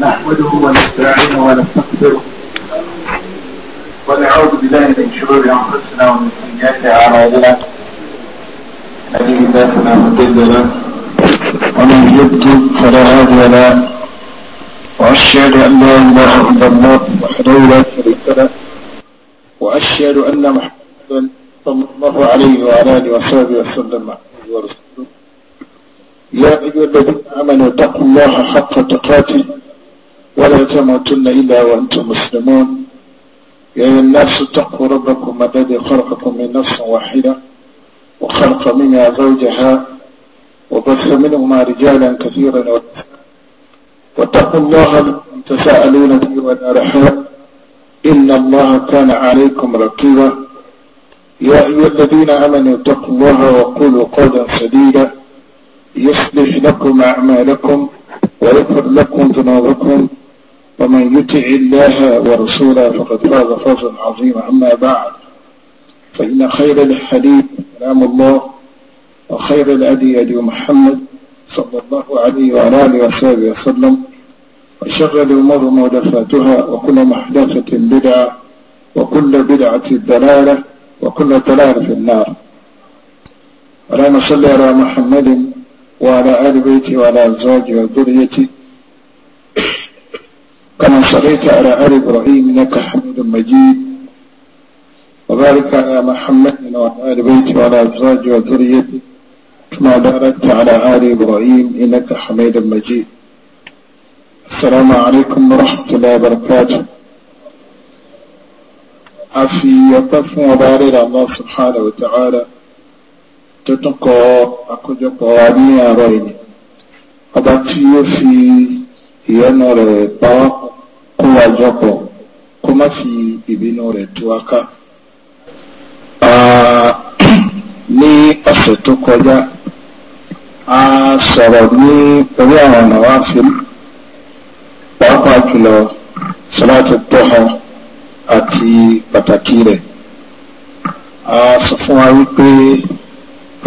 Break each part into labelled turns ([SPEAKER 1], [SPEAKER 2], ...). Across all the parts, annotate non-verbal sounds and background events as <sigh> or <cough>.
[SPEAKER 1] نحمده ونستعينه ونستغفره ونعوذ بالله من شرور انفسنا ومن سيئات اعمالنا هذه يهده فلا مضل له ومن يضلل فلا هادي له واشهد ان لا اله الا الله وحده لا شريك له واشهد ان محمدا صلى الله عليه وعلى اله وصحبه وسلم ورسوله يا ايها الذين امنوا اتقوا الله حق تقاته ولا تموتن إلا وأنتم مسلمون يا أيها الناس اتقوا ربكم الذي خلقكم من نفس واحدة وخلق منها زوجها وبث منهما رجالا كثيرا واتقوا الله لكم تساءلون به والأرحام إن الله كان عليكم رقيبا يا أيها الذين آمنوا اتقوا الله وقولوا قولا سديدا يصلح لكم أعمالكم ويغفر لكم ذنوبكم ومن يطع الله ورسوله فقد فاز فوزا عظيما أما بعد فإن خير الحديث كلام الله وخير الهدي هدي محمد صلى الله عليه وعلى آله وصحبه وسلم وشر الأمور محدثاتها وكل محدثة بدعة وكل بدعة ضلالة وكل ضلالة في النار اللهم صل على محمد وعلى آل بيته وعلى أزواجه وذريته كما صليت على آل إبراهيم إنك حميد مجيد وبارك على محمد وعلى آل بيته وعلى أزواجه وذريته كما باركت على آل إبراهيم إنك حميد مجيد السلام عليكم ورحمة الله وبركاته afi يطف fún الله سبحانه وتعالى تتقى wa ta'ala tó tún في ìyọ́nú rẹ̀ pàwọ́ kó wa jọ pọ̀ kó má fi ìbínú rẹ̀ tú wa ní ọ̀sẹ̀ tó kọjá a sọ̀rọ̀ ní orí àwọn ọ̀nà wa fi pàápàá jùlọ sọ́láàtì tọ́họ àti pàtàkì rẹ̀. a sọ fún wa wípé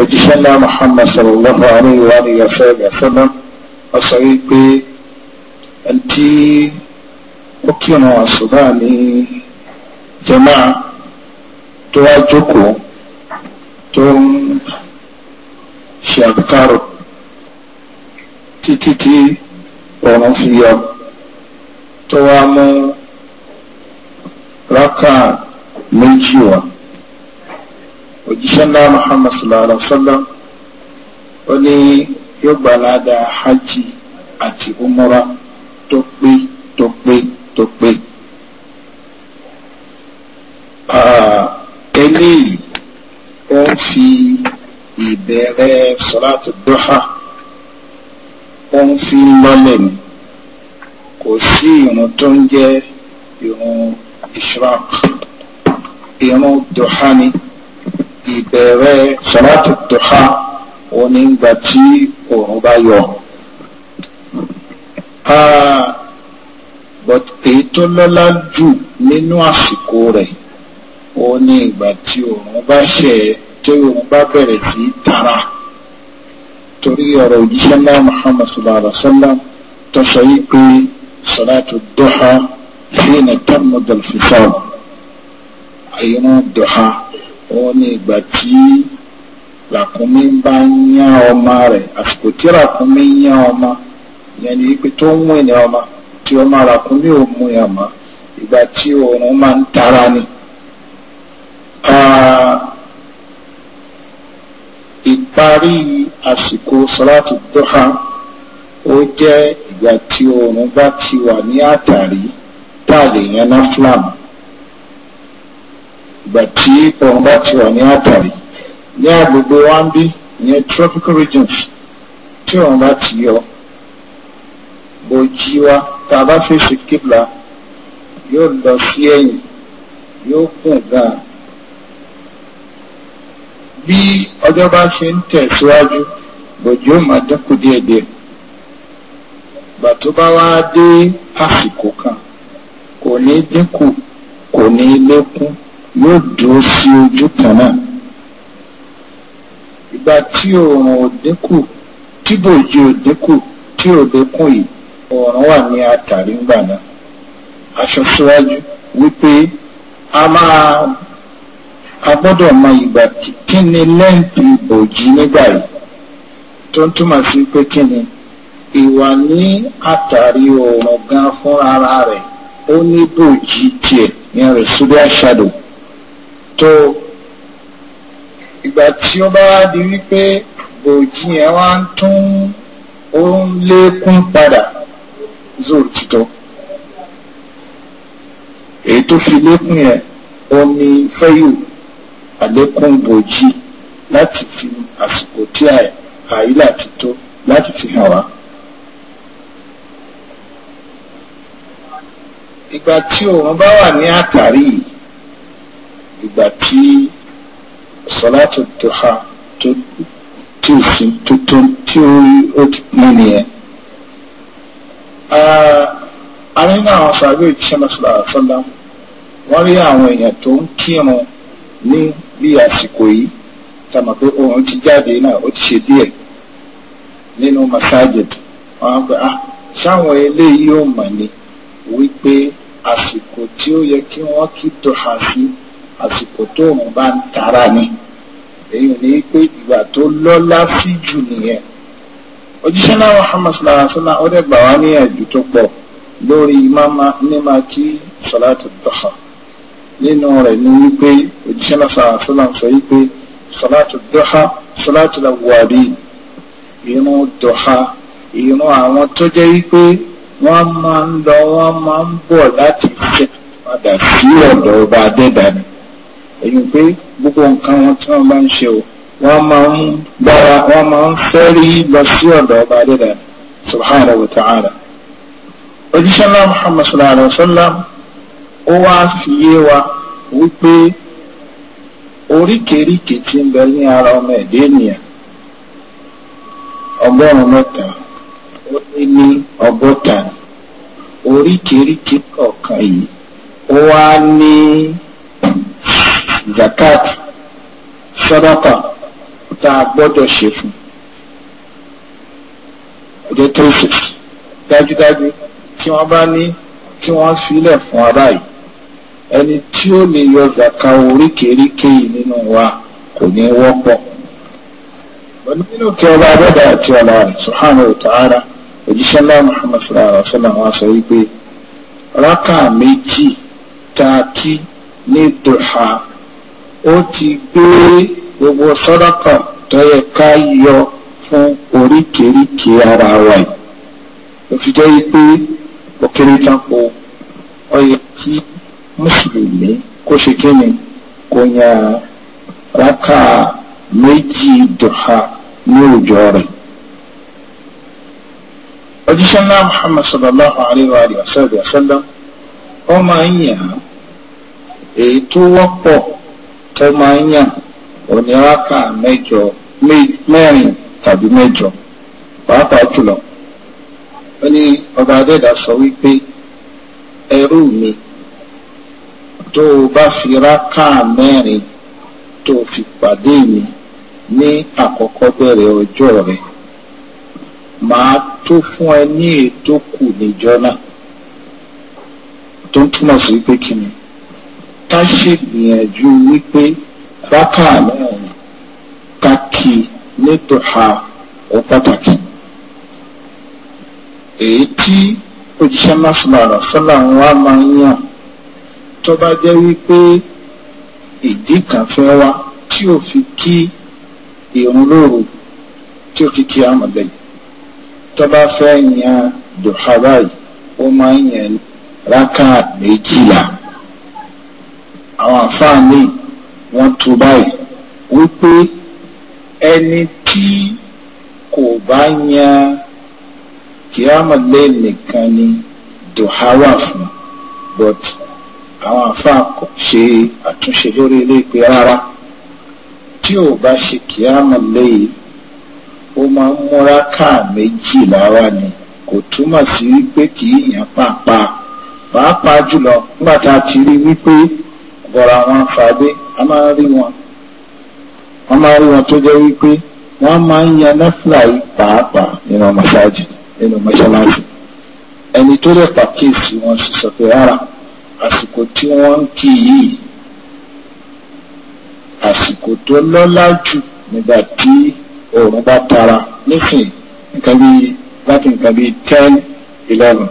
[SPEAKER 1] òjíṣẹ́ ńlá Muhammad sallallahu alayhi wa sallam ọ̀sẹ̀ wípé ẹni tí ó kírun àṣùbà ní jàmáà tó wá jókòó tó ń ṣe àbíkárò títí tí ọ̀run fi yọ tó wá mú rákà méjì wá òjíṣẹ́ náà Muhammad sallallahu alaihi wa sallam ó ní yóò gbà ládàá hajj àti umura tó pé tó pé tó pé. eléyìí ó fi ìbẹ̀rẹ̀ sọ́láàtì dọ́hà ó ń fi lọ́lẹ̀ ni kò sí ìrun tó ń jẹ́ ìrun ishraq ìrun dọ́hà ni ìbẹ̀rẹ̀ sọ́láàtì dọ́hà ó ní bá yọ but èyí tó lọ́lá jù nínú àsìkò rẹ̀ òun ni ìgbà tí òun bá ṣẹ̀ tí òun bá bẹ̀rẹ̀ sí tara torí ọ̀rọ̀ òjíṣẹ́ náà Muhammad sallallahu alaihi wa sallam tó sọ yí pé salatu duha hina tamud al-fisam irun duha òun ìgbà tí làkúnmí bá ń yá ọmọ rẹ̀ àsìkò tí làkúnmí ń yá ọmọ rẹ̀ ìyẹn ni pé tó ń wìn ní ọmọ tí ó máa ràkún ní òmu ìyàmá ìgbà tí oòrùn máa ń tara ni. ìparí àsìkò sọ́láàtì dọ́ha ó jẹ́ ìgbà tí oòrùn bá ti wà ní àtàrí táàlì yẹn ná flam ìgbà tí oòrùn bá ti wà ní àtàrí ní agbègbè wambi ìyẹn tropical regions tí oòrùn bá ti yọ bòjì wa tá a bá fèsì kíbla yóò lọ sí ẹ̀yìn yóò kùn gan-an bí ọjọ́ bá ṣe ń tẹ̀síwájú bòjì ó máa dínkù díẹ̀díẹ̀ gbà tó bá wá dé àsìkò kan kò ní dínkù kò ní lékún yóò dúró sí ojú kan náà ìgbà tí oòrùn ò dínkù tí bòjì ò dínkù tí ò lékún yìí ọ̀run wà ní àtàrí ńgbà náà aṣọ síwájú wípé a máa a gbọ́dọ̀ mọ ìgbà kí ni lẹ́ǹtì ìbòjì nígbà yìí tó ń túmọ̀ sí pé kí ni ìwà ní àtàrí ọ̀run gan fúnra rẹ̀ ó ní bòjì tiẹ̀ yẹn rẹ̀ síbẹ̀ shadow tó ìgbà tí ó bá wá di wípé bòjì yẹn wá ń tún ó ń lékún padà zoro ti tọ́ èyí tó fi lékún yẹn ó ní fẹ́yù àlékún bòjì láti fi àsìkò tí àìlà ti tó láti fi hàn wá. ìgbà tí òun bá wà ní àtàrí ìgbà tí sọlátù duha tó tí ò sí tó tó tí ó ti pín nìyẹn àwọn nínú àwọn sàbí òjíṣẹ́ lọ́sọ̀lá sọ́lá wọ́n rí àwọn èèyàn tó ń kírun ní bí àsìkò yìí tàmà pé òun ti jáde náà ó ti ṣe díẹ̀ nínú masajid wọn pé ah sáwọn eléyìí ò mọ̀ ni wípé àsìkò tí ó yẹ kí wọ́n kí dọ̀hà sí àsìkò tó òun bá ń tara ni èyí ni pé ìgbà tó lọ́lá sí jù nìyẹn òjíṣẹ́ náà Muhammad sallallahu alaihi wasallam ó dẹ̀ gbà wá ní ẹ̀jú tó pọ̀ lórí mímá kí sọ̀látù dọ̀hà nínú rẹ̀ ní wípé òjíṣẹ́ náà sallallahu alaihi wasallam sọ wípé sọ̀látù dọ̀hà sọ̀látù làwùwárí ìrun dọ̀hà ìrun àwọn tó jẹ́ wípé wọ́n máa ń lọ wọ́n máa ń bọ̀ láti jẹ́ padà sí ọ̀dọ̀ ọba adẹ́dàá ni èyí pé gbogbo nǹkan wọn tí wọ́n bá ń ṣe o wọ́n máa ń gbára wọ́n máa ń fẹ́rí lọ sí ọ̀dọ̀ ọba dídà subhanahu wa ta'ala òjíṣẹ́ náà muhammad sallallahu alayhi wa sallam ó wá fi yé wa wípé oríkèéríkèé ti ń bẹ ní ara ọmọ ẹ̀dá ènìyàn ọgọ́rùn-ún mẹ́ta ó lé ní ọgọ́ta oríkèéríkèé kọ̀ọ̀kan yìí ó wá ní zakat sadaqa tá a gbọ́dọ̀ ṣe fún ọjọ́ tó ṣe dájúdájú tí wọ́n bá ní kí wọ́n filẹ̀ fún wa báyìí ẹni tí ó lè yọ zaka oríkèéríkè yìí nínú wa kò ní wọ́pọ̀ pẹ̀lú nínú kí ọba abẹ́dà àti ọ̀la subhanahu wa ta'ala òjíṣẹ́ ńlá muhammad sallallahu alaihi wa sallam wa sọ wípé rákà méjì tá a kí ní duha ó ti gbé gbogbo sọ́dọ̀kà tó yẹ ká yọ fún oríkèéríkèé ara wa yìí ó fi jẹ́ pé ó kéré tako ó yẹ kí mùsùlùmí kó ṣe kí ni kó yan rákà méjì dùhà ní òòjọ́ rẹ̀ òjíṣẹ́ náà Muhammad sallallahu alayhi wa sallam ó máa ń yàn èyí tó wọ́pọ̀ tó máa ń yàn oníraka mẹ́jọ mẹ́rin tàbí mẹ́jọ pàápàá jùlọ ó ní ọba adẹ́dà sọ wípé ẹrú mi tó o bá fi raka mẹ́rin tó o fi pàdé mi ní àkọ́kọ́ bẹ̀rẹ̀ ọjọ́ rẹ̀ màá tó fún ẹ ní ètò kù níjọ́ náà tó ń túmọ̀ sí pé kí ni ká ṣègbìyànjú wípé rákà mẹ́rin kákì ní dùhà ó pàtàkì èyí tí òjíṣẹ́ máfìlára fọláhùn wa máa ń yàn tó bá jẹ́ wípé ìdí kan fẹ́ wá tí ò fi kí ìrun lóru tí ó fi kí àmọ̀bẹ̀yìn tó bá fẹ́ yan dùhà báyìí ó máa ń yan rákà méjìlá àwọn àfáà míì wọ́n tú báyìí wípé ẹni tí kò bá yan kìámọ̀lẹ́ nìkan ni dùhá wà fún but àwọn àfáà kò ṣe àtúnṣe lórí ilé pé rárá tí ò bá ṣe kìámọ̀lẹ́ yìí ó máa ń múra káà méjì lára ni kò túmọ̀ sí wípé kì í yàn pàápàá pàápàá jùlọ nígbà tá a ti rí wípé ọ̀gọ̀rọ̀ àwọn afáàdé a máa rí wọn a máa rí wọn tó jẹ́ wípé wọ́n máa ń yan náfìlà yìí pàápàá nínú mọ́ṣáájì nínú mọ́ṣáláṣí ẹni tó lè pàkíyèsí wọn sì sọ pé rárá àsìkò tí wọ́n ń kí yìí àsìkò tó lọ́lá jù nígbà tí òòrùn bá tara nísìnyí nǹkan bíi láti nǹkan bíi ten eleven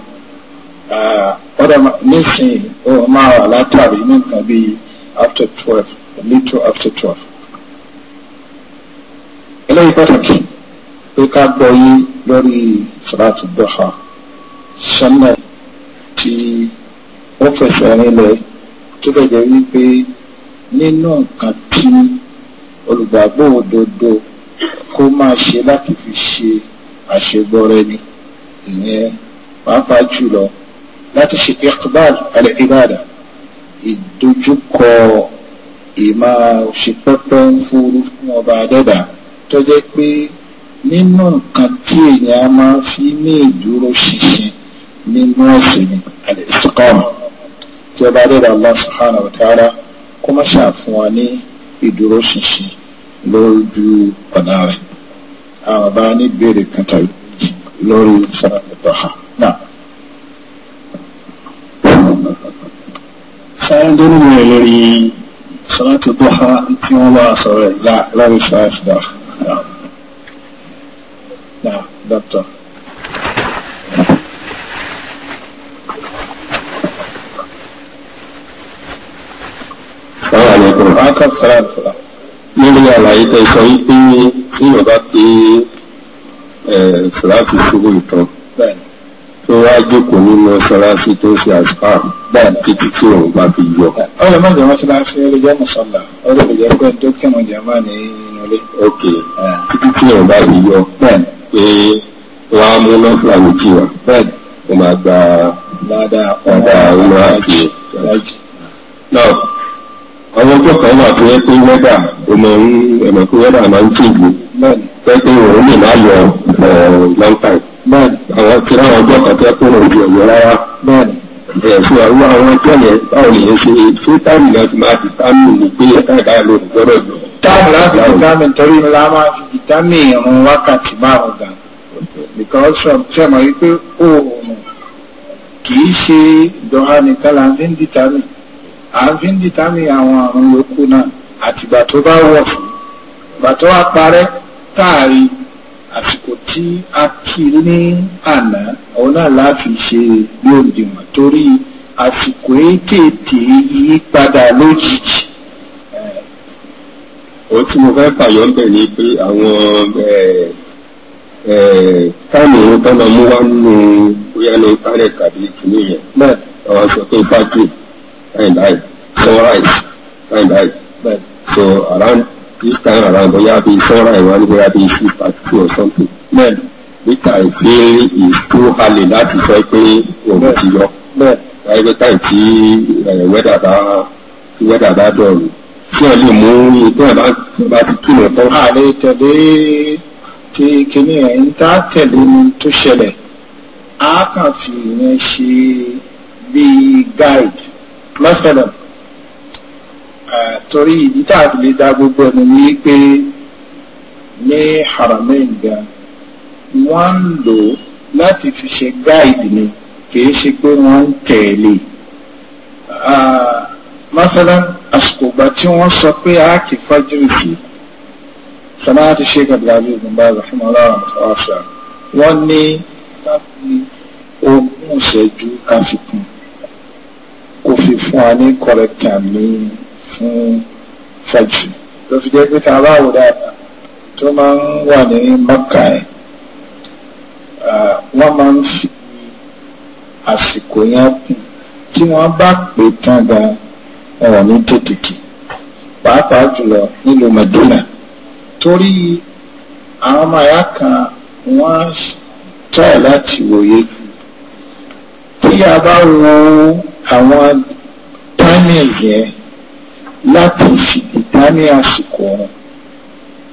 [SPEAKER 1] ọ̀dọ̀ nísìnyí òòrùn máa wà látàrí ní nǹkan bíi after twelve little after twelve. eléyìí pàtàkì pé ká gbọ́ yí lórí sàlátù dọ́ha sọ́nà tí ó fẹsẹ̀ rinlẹ̀ tó fẹ́ jẹ́ wípé nínú nǹkan tí olùgbàgbọ́ òdodo kó máa ṣe láti fi ṣe àṣegbọ́rẹ́ ni ìyẹn pàápàá jùlọ láti ṣe iqbal al-ibada ìdojúkọ ìmá òṣìpẹ́pẹ́ ń fúru fún ọba adẹ́dà tó jẹ́ pé nínú nǹkan tí èèyàn máa fi ní ìdúró ṣinṣin nínú ọ̀sìn ni al-istiqama tí ọba adẹ́dà Allah subhanahu wa ta'ala kó má ṣàfún wa ní ìdúró ṣinṣin lójú ọ̀nà rẹ̀ àwọn ọba ní ìbéèrè kan tàbí lórí sọ́nàtọ̀ ha náà. sáyẹ́ńdó nínú ẹ̀ lórí sọ́látù dọ́ha tí wọ́n bá لا ìgbà lọ́rùn ṣáàṣìdá náà dọ́tọ̀ lórí àlàyé tẹ́ sọ wípé tí wọ́n bá pé ṣọ́látù ṣubú ìtàn tó wá jókòó nínú ṣọ́látù tó ṣe àṣpáà bẹ́ẹ̀ títí tí òun bá fi yọ. ọ̀rẹ́ má jẹ́ wọ́n ti bá fi lè jẹ́ mùsọ̀lá ọ̀rẹ́ lè jẹ́ pé tó kẹ́mọ̀ jẹ́ máa ní inú ilé. ok títí tí òun bá fi yọ bẹ́ẹ̀ pé wọ́n á mú lọ́fà lójú wa bẹ́ẹ̀ ó máa gba
[SPEAKER 2] ọ̀dà ọmọ àti náà àwọn ọjọ́ kan wà tó yẹ pé wẹ́dà ọmọ ẹ̀mọ̀ pé wẹ́dà máa ń tìgbò pẹ́ pé òun lè má yọ
[SPEAKER 1] long time ẹ̀ fún àwọn àwọn ẹgbẹ́ yẹn báwo lè ṣe ṣé táàmù náà fi máa fi táàmù ní pé ẹ̀ka lórí gbọ́dọ̀ lọ. táàmù láti fi táàmù torí ńlá máa fi fi táàmù ìrún wákàtí márùn gbà because ṣe mọ̀ wípé oòrùn kì í ṣe ìdọ̀ha nìkan là ń fi ń dìtàmì à ń fi ń dìtàmì àwọn àrùn yòókù náà àtìgbà tó bá wọ̀ fún ìgbà tó wá táàrí àsìkò tí a kiri ní àná òun náà láti ṣe lóòdìmọ̀ torí àsìkò ètètè yí padà lójijì ó tí mo fẹ́ fàyọ́ ń bẹ̀ ni pé àwọn táàmì ìrún tó máa mú wá nínú bóyá ní ìpínlẹ̀ tàbí ìkíní yẹn náà àwọn sọ pé bájú báyìí báyìí sunrise báyìí báyìí so around this time around bóyá bíi sunrise wá ní bóyá bíi six thirty two or something bẹ́ẹ̀ bíkà ìfi ìtú halẹ̀ láti sọ pé òun ti yọ báyìí bíkà ìfi wẹ́dà bá wẹ́dà bá dọ̀rùn tí ẹ lè mú ìgbọ́n bá bá ti kí lọ tán. àlè tẹ̀lé tí kinní ẹ̀ ń dá tẹ̀lé tó ṣẹlẹ̀ á kàn fi ìyẹn ṣe bíi guide mẹ́fẹ̀lẹ̀ torí ìdí tá a fi lè dá gbogbo ẹni ní pé ní haramain gan wọ́n ń lò láti fi ṣe gáìdì ni kìí ṣe pé wọ́n ń tẹ̀lé ah, masalan àsìkò ìgbà tí wọ́n sọ pé a kì fájúrì sí sanáà ti ṣe gàdúrà bí ìgbìmbà ìrọ̀fúnmọ́lá ọ̀sà wọ́n ní káfí ogún ìṣẹ́jú káfí kún kò fi fún wa ní correct time ní fún fájúrì ló fi pé tá a tó máa ń wà ní mọ́kà yẹn Uh, wọ́n máa ń fi àsìkò yẹn kùn tí wọ́n bá pè tán gan ọ̀rọ̀ ní tètèkì pàápàá jùlọ nílùú Mẹdúnà torí àwọn ọmọ àyà kan wọ́n tẹ̀ láti wòye jù bí a bá wo àwọn timing yẹn láti ìdìtámì àsìkò wọn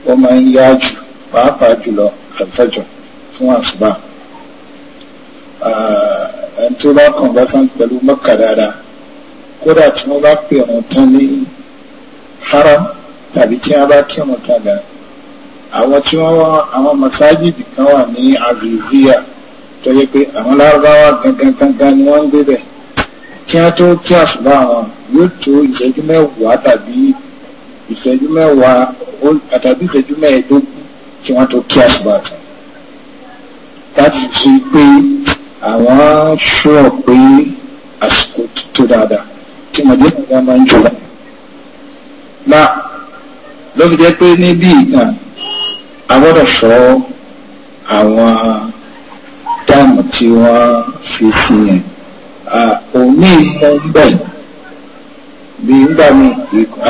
[SPEAKER 1] wọ́n máa ń yá jù pàápàá jùlọ àtẹ́jọ fún àsùbá ẹni tó bá kàn bá fún pẹ̀lú mọ́kà dáadáa kódà tí wọ́n bá pè ọ̀run tán ní haram tàbí tí wọ́n bá kí ọ̀run tán gan àwọn tí wọ́n àwọn masajidi kan wà ní agrivia tó yẹ pé àwọn lárúbáwá gangan gangan ni wọ́n ń gbé bẹ̀ kí wọ́n tó kí àsùbá àwọn yóò tó ìṣẹ́jú mẹ́wàá tàbí ìṣẹ́jú mẹ́wàá àtàbí ìṣẹ́jú mẹ́ẹ̀ẹ́dógún kí wọ́n tó kí àsùbá tán láti fi pé àwọn ṣúọ̀ pé àsìkò tó dáadáa kí mọ̀dínà bá máa ń jọba náà ló fi jẹ́ pé níbí ìgbà a gbọ́dọ̀ sọ àwọn táàmù tí wọ́n fi sí yẹn òní mú ń bẹ̀ bí nígbà mi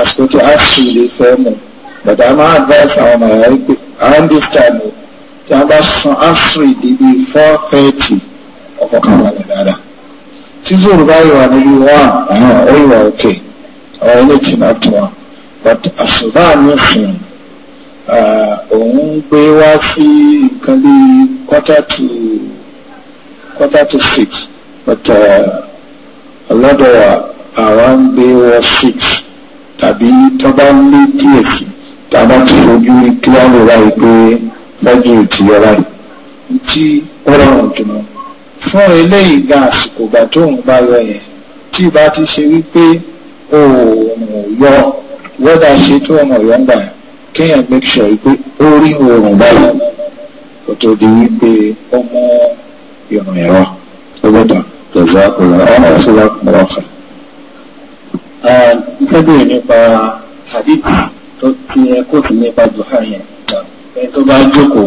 [SPEAKER 1] àsìkò tí a sì lè fẹ́ mu bàtà máa advice àwọn ọmọ ẹ̀rọ pé around this time tí wọ́n bá san asiri di bíi four ọ̀kọ̀ọ̀kan wà ní dáadáa tí zoro bá yọ wà ní bí wọ́n àwọn ọ̀rọ̀ ìwà òkè ọ̀rọ̀ ilé tì náà tó wọn but àṣùbà nísìn òun gbé wá sí nǹkan bí quarter to quarter to six but ọlọ́dọ̀ àwa ń gbé wọ six tàbí tó bá ń lé díẹ̀ sí tá a bá ti fojú kíláàmù ráì pé lọ́jọ́ ìtìyọ́ ráì tí ó rọrùn jùlọ fún eléyìí gan àsìkò ìgbà tóun bá yọ yẹn tí ìbá ti ṣe wípé oòrùn yọ wọ́dà ṣe tó ọmọ yọ ń gbà kéèyàn make sure wípé ó rí oòrùn báyìí kó tó di wípé ọmọ ìrùn ẹ̀rọ ọgbọ́dọ̀ lọ́jọ́ àkùrọ̀ ọmọ ìṣúra kùmọ̀ ọ̀fẹ́. ìfẹ́bẹ̀rẹ̀ nípa hadith tó ti ẹ̀kọ́ tó nípa duha yẹn ẹni tó bá jókòó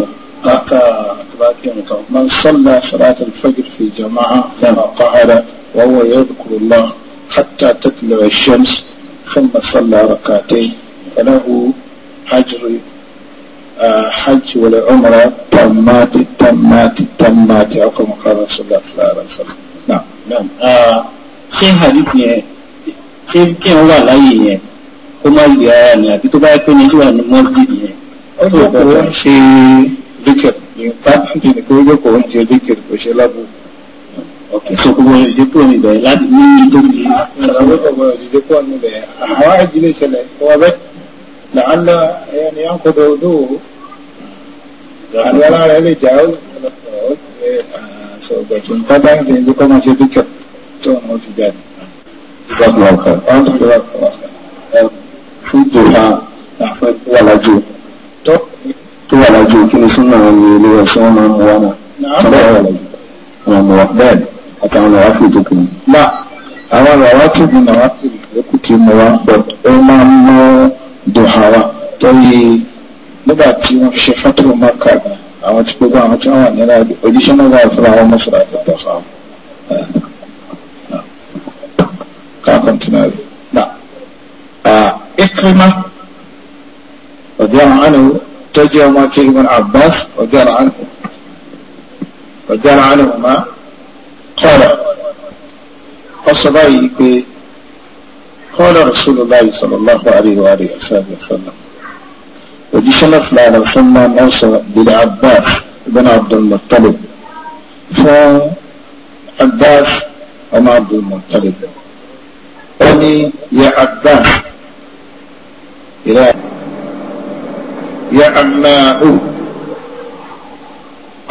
[SPEAKER 1] حقق باقي من صلى صلاة الفجر في جماعة لما قال وهو يذكر الله حتى تطلع الشمس ثم صلى ركعتين فله أجر آه، حج ولا تمات تمات تمات أو كما قال صلى الله عليه وسلم نعم نعم ṣé hadith yẹn ṣé kí n wà láyé yẹn kó má yẹ ara ni àbí tó díkẹ̀ ìyẹnfà kí ni kó yọkọ̀ oúnjẹ díkẹ̀ kò ṣe lábò ọ̀kẹ́ tó gbogbo ìdí kúrò níbẹ̀ láti ní ìdókè ọ̀rọ̀ ìdí kúrò níbẹ̀ àwọn ìdílé ṣẹlẹ̀ wọ́n bẹ́ làálà ẹ̀yẹ ni à ń kọ́dọ̀ odó àlọ́lá rẹ̀ lè jà ó sọ̀gbẹ̀ tó ń bá bá ń gbé ní kọ́mọ ṣe díkẹ̀ tó ń wọ́n fi jáde. ìjọba ọ̀kẹ́ ọ̀hún tó ń bá ọ̀kẹ́ fún ìjọba àfẹ́ wà lájú tó ní tó wà lájú kí ni súnmọ́
[SPEAKER 2] àwọn ní ilé ẹ̀sìn wọn máa ń mú wa náà sọ́dọ̀ wà lájú wọn mú wa bẹ́ẹ̀ àtàwọn làwọn fi ìdókò ní. mà àwọn làwọn tó bí làwọn fi ìdókò
[SPEAKER 1] kì í mú wa bọ̀ ó máa ń mú dùhà wa torí nígbà tí wọ́n fi ṣe fátúrò má kàgbà àwọn tí gbogbo àwọn tí wọ́n wà nílẹ̀ ojúṣe náà wà fúnra wọn mọ̀ fúnra ìgbà fà wọn. káàkiri tí náà rí. Ikrima, ọ̀dọ́ àwọn ànàwó tó jẹ́ ọmọ kirimun abbas ọjọ́ra alùmọ́ kọ́lọ̀ ọ sọ báyìí pé kọ́lọ̀ rasulullahi sallallahu alaihi wa alihi wa sallam òjíṣẹ́ náà fúlàní fún máa ń sọ bíi abbas ibn abdul muttalib fún abbas ọmọ abdul muttalib ó ní ya abbas ìrẹ́ yẹ anáhù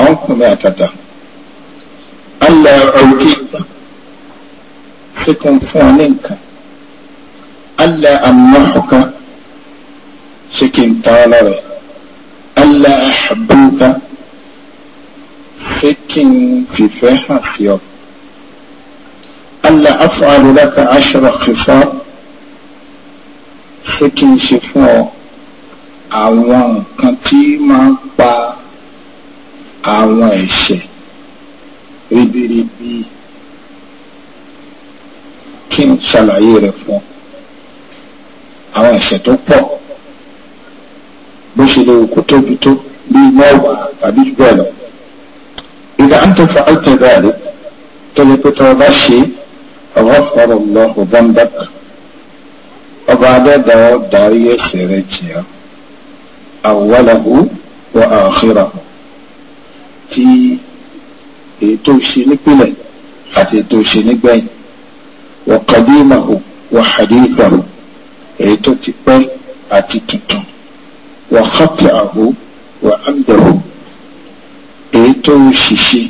[SPEAKER 1] àwọn kùnlẹ̀ àtàtà alẹ́ ọ̀rùkì kíkún fún ọ ní nǹkan alẹ́ amáhùká ṣe kí n ta ọ lọ́rẹ̀ alẹ́ àbúkà ṣe kí hàn sí ọ alẹ́ afọ àlùlákà aṣọ àfìfọ́ ṣe ṣe fún ọ àwọn nǹkan tí máa ń pa àwọn ẹ̀ṣẹ̀ ribiribi kí n ṣàlàyé rẹ̀ fún àwọn ẹ̀ṣẹ̀ tó pọ̀ bó ṣe lè kó tóbi tó bíi mẹ́wàá tàbí jù bẹ́ẹ̀ lọ. ìdá ń tó fa àìtẹ̀dá rẹ̀ tó lè pé tọ́ bá ṣe ghafara Allahu dhanbak ọba adẹ́dàá darí ẹ̀ṣẹ̀ rẹ̀ jìyà awwalahu wa akhirahu fi ètò ṣe nípìnlẹ̀ àti ètò ṣe nígbẹ̀yìn wa qadimahu wa hadithahu ètò ti pẹ́ àti tuntun wa khati'ahu wa amdahu ètò ṣìṣe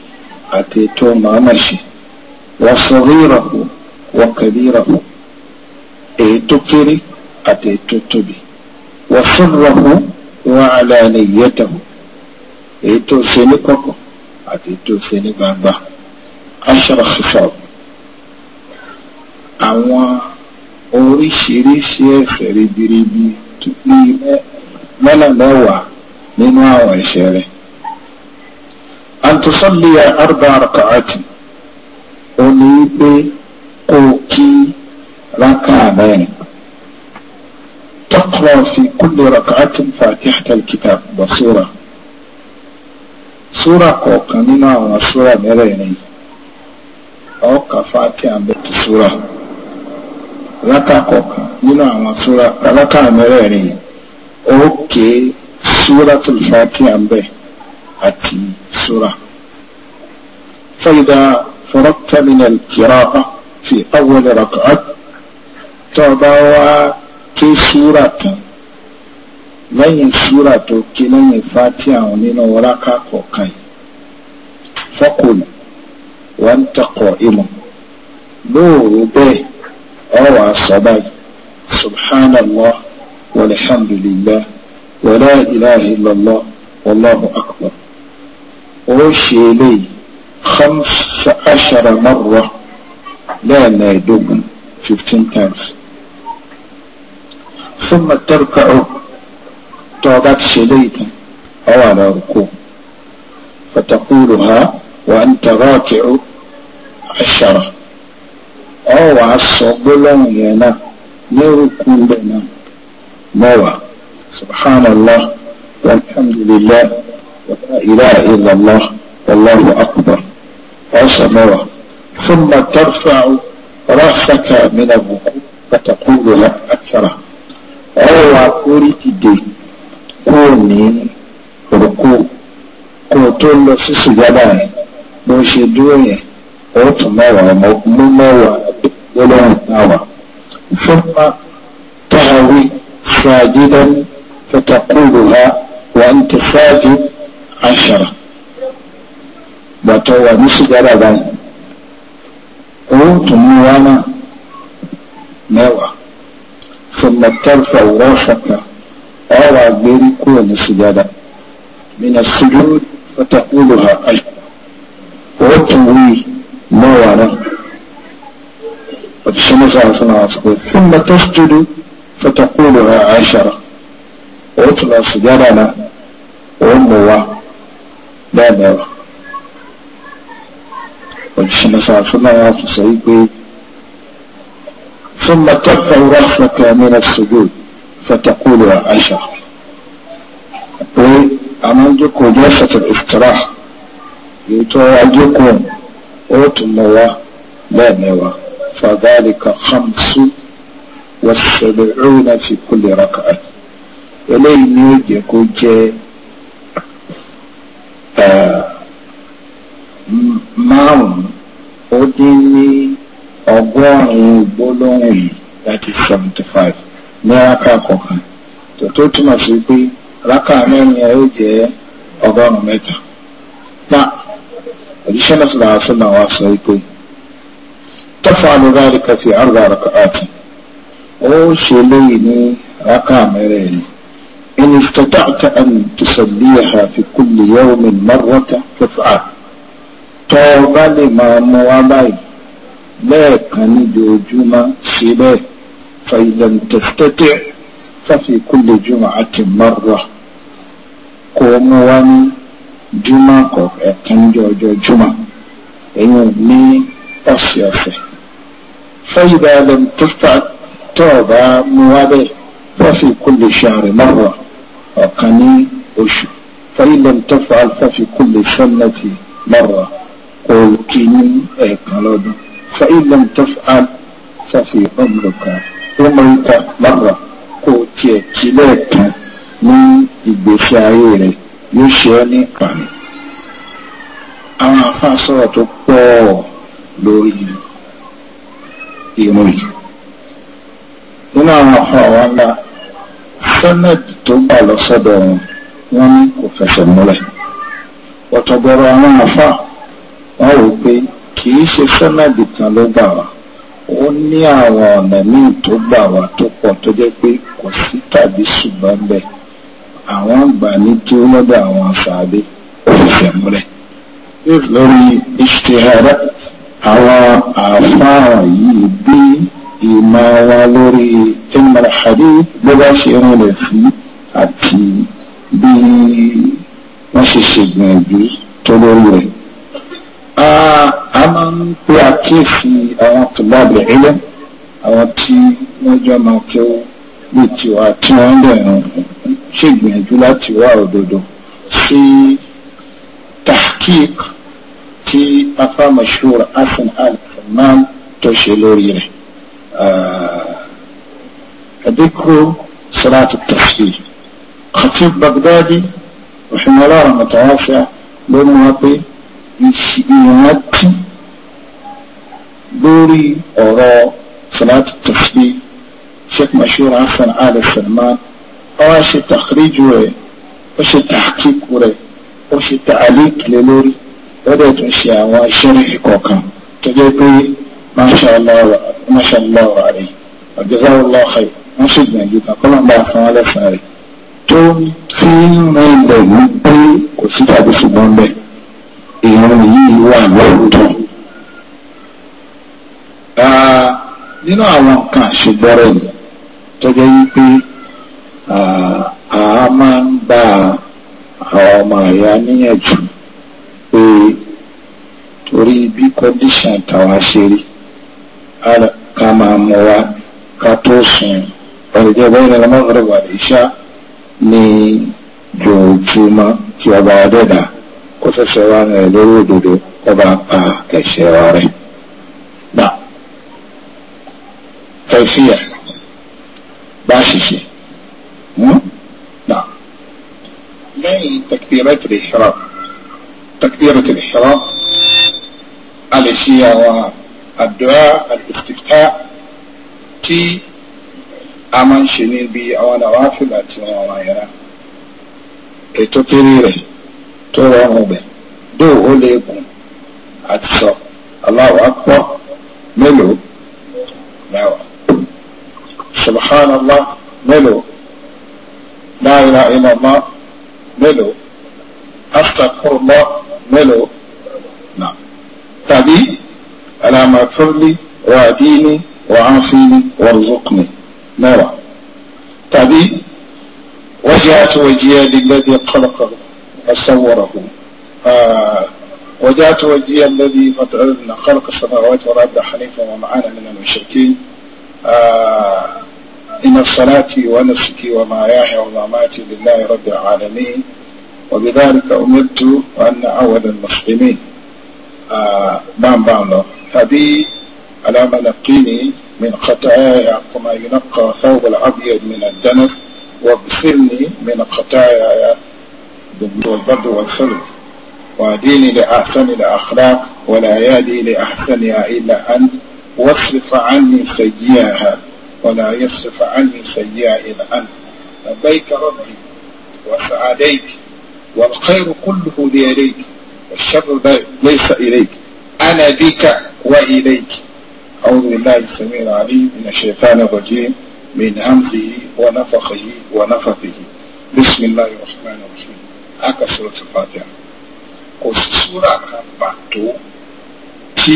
[SPEAKER 1] àti ètò màmáṣe wa saghirahu wa kabirahu ètò kéré àti ètò tóbi wa sirrahu. وعلانيته èyí tó ṣe ní kọ̀kọ̀ àti tó ṣe ní gbangba ashra khisab àwọn oríṣiríṣi ẹ̀ṣẹ̀ ribiribi tó bí mẹ́lẹ̀mẹ́wàá nínú àwọn ẹ̀ṣẹ̀ rẹ̀ an tusalliya arba raka'ati ó ní pé kó kí rákà mẹ́rin تقرأ في كل ركعة فاتحة الكتاب بصورة سورة كوكانينا وصورة مريني أو كفاتحة بيت سورة ركعة كوكانينا وصورة ركعة مريني أوكي سورة الفاتحة بيت أتي سورة فإذا فرقت من القراءة في أول ركعة تضوى ké súrà tán lẹ́yìn súrà tó ké lẹ́yìn fati àwọn nínú rákà kọ̀ọ̀kan yìí fọ́kùnù wọ́n ń tọkọ̀ ìmọ̀ lóòrò bẹ́ẹ̀ ọ̀rọ̀ àsọ̀bá yìí subhanallah walhamdulillah wala ilaha illallah wallahu akbar ó ṣe eléyìí khamsa ashara marra lẹ́ẹ̀mẹ́ẹ̀dógún fifteen times. ثم تركع طابت شديدا أو على ركوع فتقولها وأنت راكع عشرة أو عصب لنا نركو لنا موى سبحان الله والحمد لله ولا إله إلا الله والله أكبر عصى موى ثم ترفع رأسك من الركوع فتقولها أكثرها ẹ wà forí dìde kó o ní òkú kó o tó lọ sí sùgbọ́dà yẹn bó ṣe dúró yẹn ó tún mẹ́wàá mú mẹ́wàá gbólóhùn mẹ́wàá fúnpa tàwí sàdídán fẹtàkùrù ha wà ń tẹ̀síwájú àṣàrà gbàtọ̀ wà ní sùgbọ́dà báyìí ó tún náà mẹ́wàá. ثم ترفع راسك أو عبيري كون سجادة من السجود فتقولها أي وتوي موارا وتسمى عصنا ثم تسجد فتقولها عشرة وتلا سجادة وموا لا نوى وتسمى عصنا عصنا ثم ترفع رأسك من السجود فتقول يا عائشة وعملتكم جلسة الاستراحة يتواجدكم وتموا لا نوى فذلك خمس والسبعون في كل ركعة eléyìí ni يكون je jẹ́ kó أوديني ọgọ́rùn-ún gbólóhùn yìí láti seventy five ní rákà kọ̀ọ̀kan tó tó túmọ̀ sí pé rákà mẹ́rin ẹ̀ ó jẹ́ ọgọ́rùn-ún mẹ́ta. náà òjíṣẹ́ náà sọ̀rọ̀ àṣọ náà sọ pé tọ́fà alùbáàrí kàfi àrùbá rákà àti ó ṣe léyìí ní rákà mẹ́rin yìí. إن استطعت أن تصليها في كل يوم مرة فافعل. tọ́ ọ bá lè máa mú wá báyìí lẹ́ẹ̀kan níjojúmọ́ ṣe bẹ́ẹ̀ فإن لم تستطع ففي كل جمعة مرة kòmù wa ní jùmọ̀ kọ̀ ẹ̀kan ní ọjọ́ jùmọ̀ èyí ní ọ̀sẹ̀ ọ̀sẹ̀ fẹ́yìdá lẹ́m tófà tó o bá mú wa bẹ́ẹ̀ fọ́fì kúlè ṣàrẹ̀ mọ́wà ọ̀kan ní oṣù fẹ́yìdá lẹ́m sọ́nà kò kí ní ẹ̀kan lọ́dún. فإن لم تفعل ففي عمرك عمرك مرة kò tiẹ̀ tí lẹ́ẹ̀kan ní ìgbésí ayé rẹ̀ yóò ṣe ọ́ ní àmì àwọn àfáà sọ̀rọ̀ tó pọ̀ lórí irun yìí nínú àwọn àfáà wa ńlá sẹ́nẹ̀tì tó gbà lọ sọ́dọ̀ wọn wọ́n ní kò fẹsẹ̀ múlẹ̀ ọ̀tọ̀gbọ̀rọ̀ àwọn àfáà wọ́n rò pé kì í ṣe sẹ́nẹ̀tì nìkan ló gbà wá ó ní àwọn ọ̀nà míì tó gbà wá tó pọ̀ tó jẹ́ pé kò sí tàbí ṣùgbọ́n bẹ́ẹ̀ àwọn àgbà ní tí ó lọ́dọ̀ àwọn àfààbí òfìfẹ́ múlẹ̀ lórí ìṣèhàrá àwọn àfáà yìí bí ìmọ̀ wa lórí ìmọ̀ràn àdé bó bá ṣe ń rẹ̀ fún àti bí wọ́n ṣe ṣègbìyànjú tó lórí rẹ̀ àkíyèsí àwọn tòbábẹ̀ ilẹ̀ àwọn tí wọ́n jọ máa kí ó lè tiwa tí wọ́n ń bẹ̀rẹ̀ ṣègbìyànjú láti wá òdodo sí tahqiq tí afá mashur hasan al-imam tó ṣe lórí rẹ̀ ẹ̀dínkù sọ́láàtù tẹ̀sí khatib baghdadi òṣùwọ̀n ọlọ́run ló mú wa pé ìrántí lórí ọ̀rọ̀ salatu tasbih sheikh mashur hasan ali salman ọwọ́ ṣe tàkìríjù rẹ̀ ó ṣe tàkìkù rẹ̀ ó ṣe tààlíkìlẹ̀ lórí lọ́dọ̀ tó ṣe àwọn iṣẹ́ kọ̀ọ̀kan tó jẹ́ pé mashallah rẹ̀ jazakallahu khair wọ́n sì gbìyànjú kan kọ́ lọ́nà fún wọn lẹ́sàn-án rẹ̀ tó fi ń rìn lẹ̀ wípé kò sí tàbí ṣùgbọ́n bẹ́ẹ̀ èèyàn yìí wà lóòótọ́. Ah, nínú àwọn nǹkan àṣegbọ́rọ̀ yìí tọ́jọ́ wípé ah, a máa ń gba àwọn ọmọ àyà níyànjú pé torí bí kọ́ndíṣàn tàwa ṣe rí ká máa mú wa ká tó sùn ọ̀rẹ́jẹ́ bẹ́ẹ̀ ni ọmọ ọ̀rẹ́ wà níṣà ní jòjúmọ́ kí ọba ọdẹ́dà kó fẹ́fẹ́ wá rẹ̀ lórí òdodo ọba pa ẹ̀ṣẹ̀ wa rẹ̀ كيفية ba shi shi نعم من تكبيرات الإحرام تكبيرة الإحرام التي هو الدعاء الاستفتاء تي أمان شنين بي أو نوافل أتي ورايرا ètò kéré tó rọrùn bẹ̀ dó ó lè gùn àti sọ aláwọ̀ سبحان الله ملو لا إله إلا الله ملو أستغفر الله ملو نعم تبي على ما لي وأديني وعافيني وارزقني نرى نعم. تبي وجهت وجهي للذي خلقه وصوره آه وجهت وجهي الذي خلق السماوات والأرض حنيفا ومعانا من المشركين آه، إن صلاتي ونفسي ومعياي ومماتي لله رب العالمين وبذلك أمرت وأن أول المسلمين آه، نعم بعض نعم، نعم. هذه على ما نقيني من خطاياي كما ينقى ثوب الأبيض من الدنس وابصرني من خطاياي بالبر والخلق وديني لأحسن الأخلاق ولا يدي لأحسنها إلا أنت واصرف عني سيئها ولا يصرف عني سيئا أنت لبيك ربي وسعديك والخير كله ليديك والشر ليس إليك أنا بك وإليك أعوذ بالله السميع العليم من الشيطان الرجيم من همزه ونفخه ونفخه بسم الله الرحمن الرحيم هكا سورة الفاتحة kò سورة súrà kan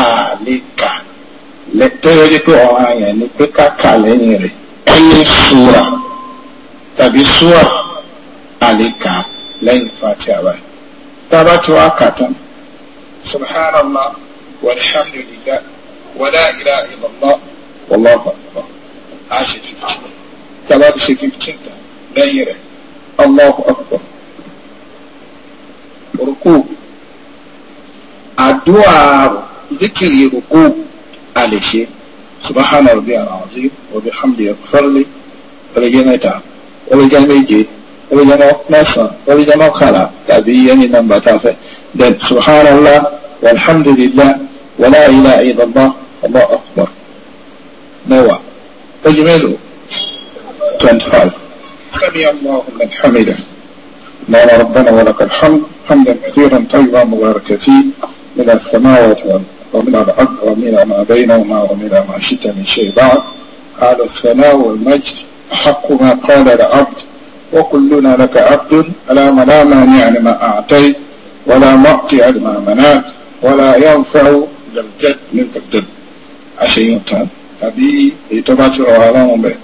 [SPEAKER 1] àlè kà tọ́jọ́ jẹ́ pé ọ̀ràn àyàn ni pé ká kà lẹ́yìn rẹ̀ ó ní súra tàbí súra àlè kà lẹ́yìn Fatiha báyìí tá a bá ti wá kà tán subhanallah walhamdulillah wala ilaha illallah wallahu akbar a ṣe fifteen tá a bá ti ṣe fifteen tán lẹ́yìn rẹ̀ allahu akbar orúkú àdúrà rò. ذكر ركوب على شيء سبحان ربي العظيم وبحمد يغفر لي ولجميتا ولجميجي ولجمع نصر ولجمع خلا تابعيا يعني نمبر تافه دل سبحان الله والحمد لله ولا إله إلا الله الله أكبر نوى تجميله 25 سمع الله من حمده مولا ربنا ولك الحمد حمدا كثيرا طيبا مباركا فيه من السماوات والارض ومن الحق ومن ما بينهما ومن ما شئت من شيء بعد قال الثناء والمجد حق ما قال العبد وكلنا لك عبد ألا لا مانع لما أعطيت ولا معطي لما منعت ولا ينفع ذا الجد منك الجد عشان ينتهى هذه يتبات العالم به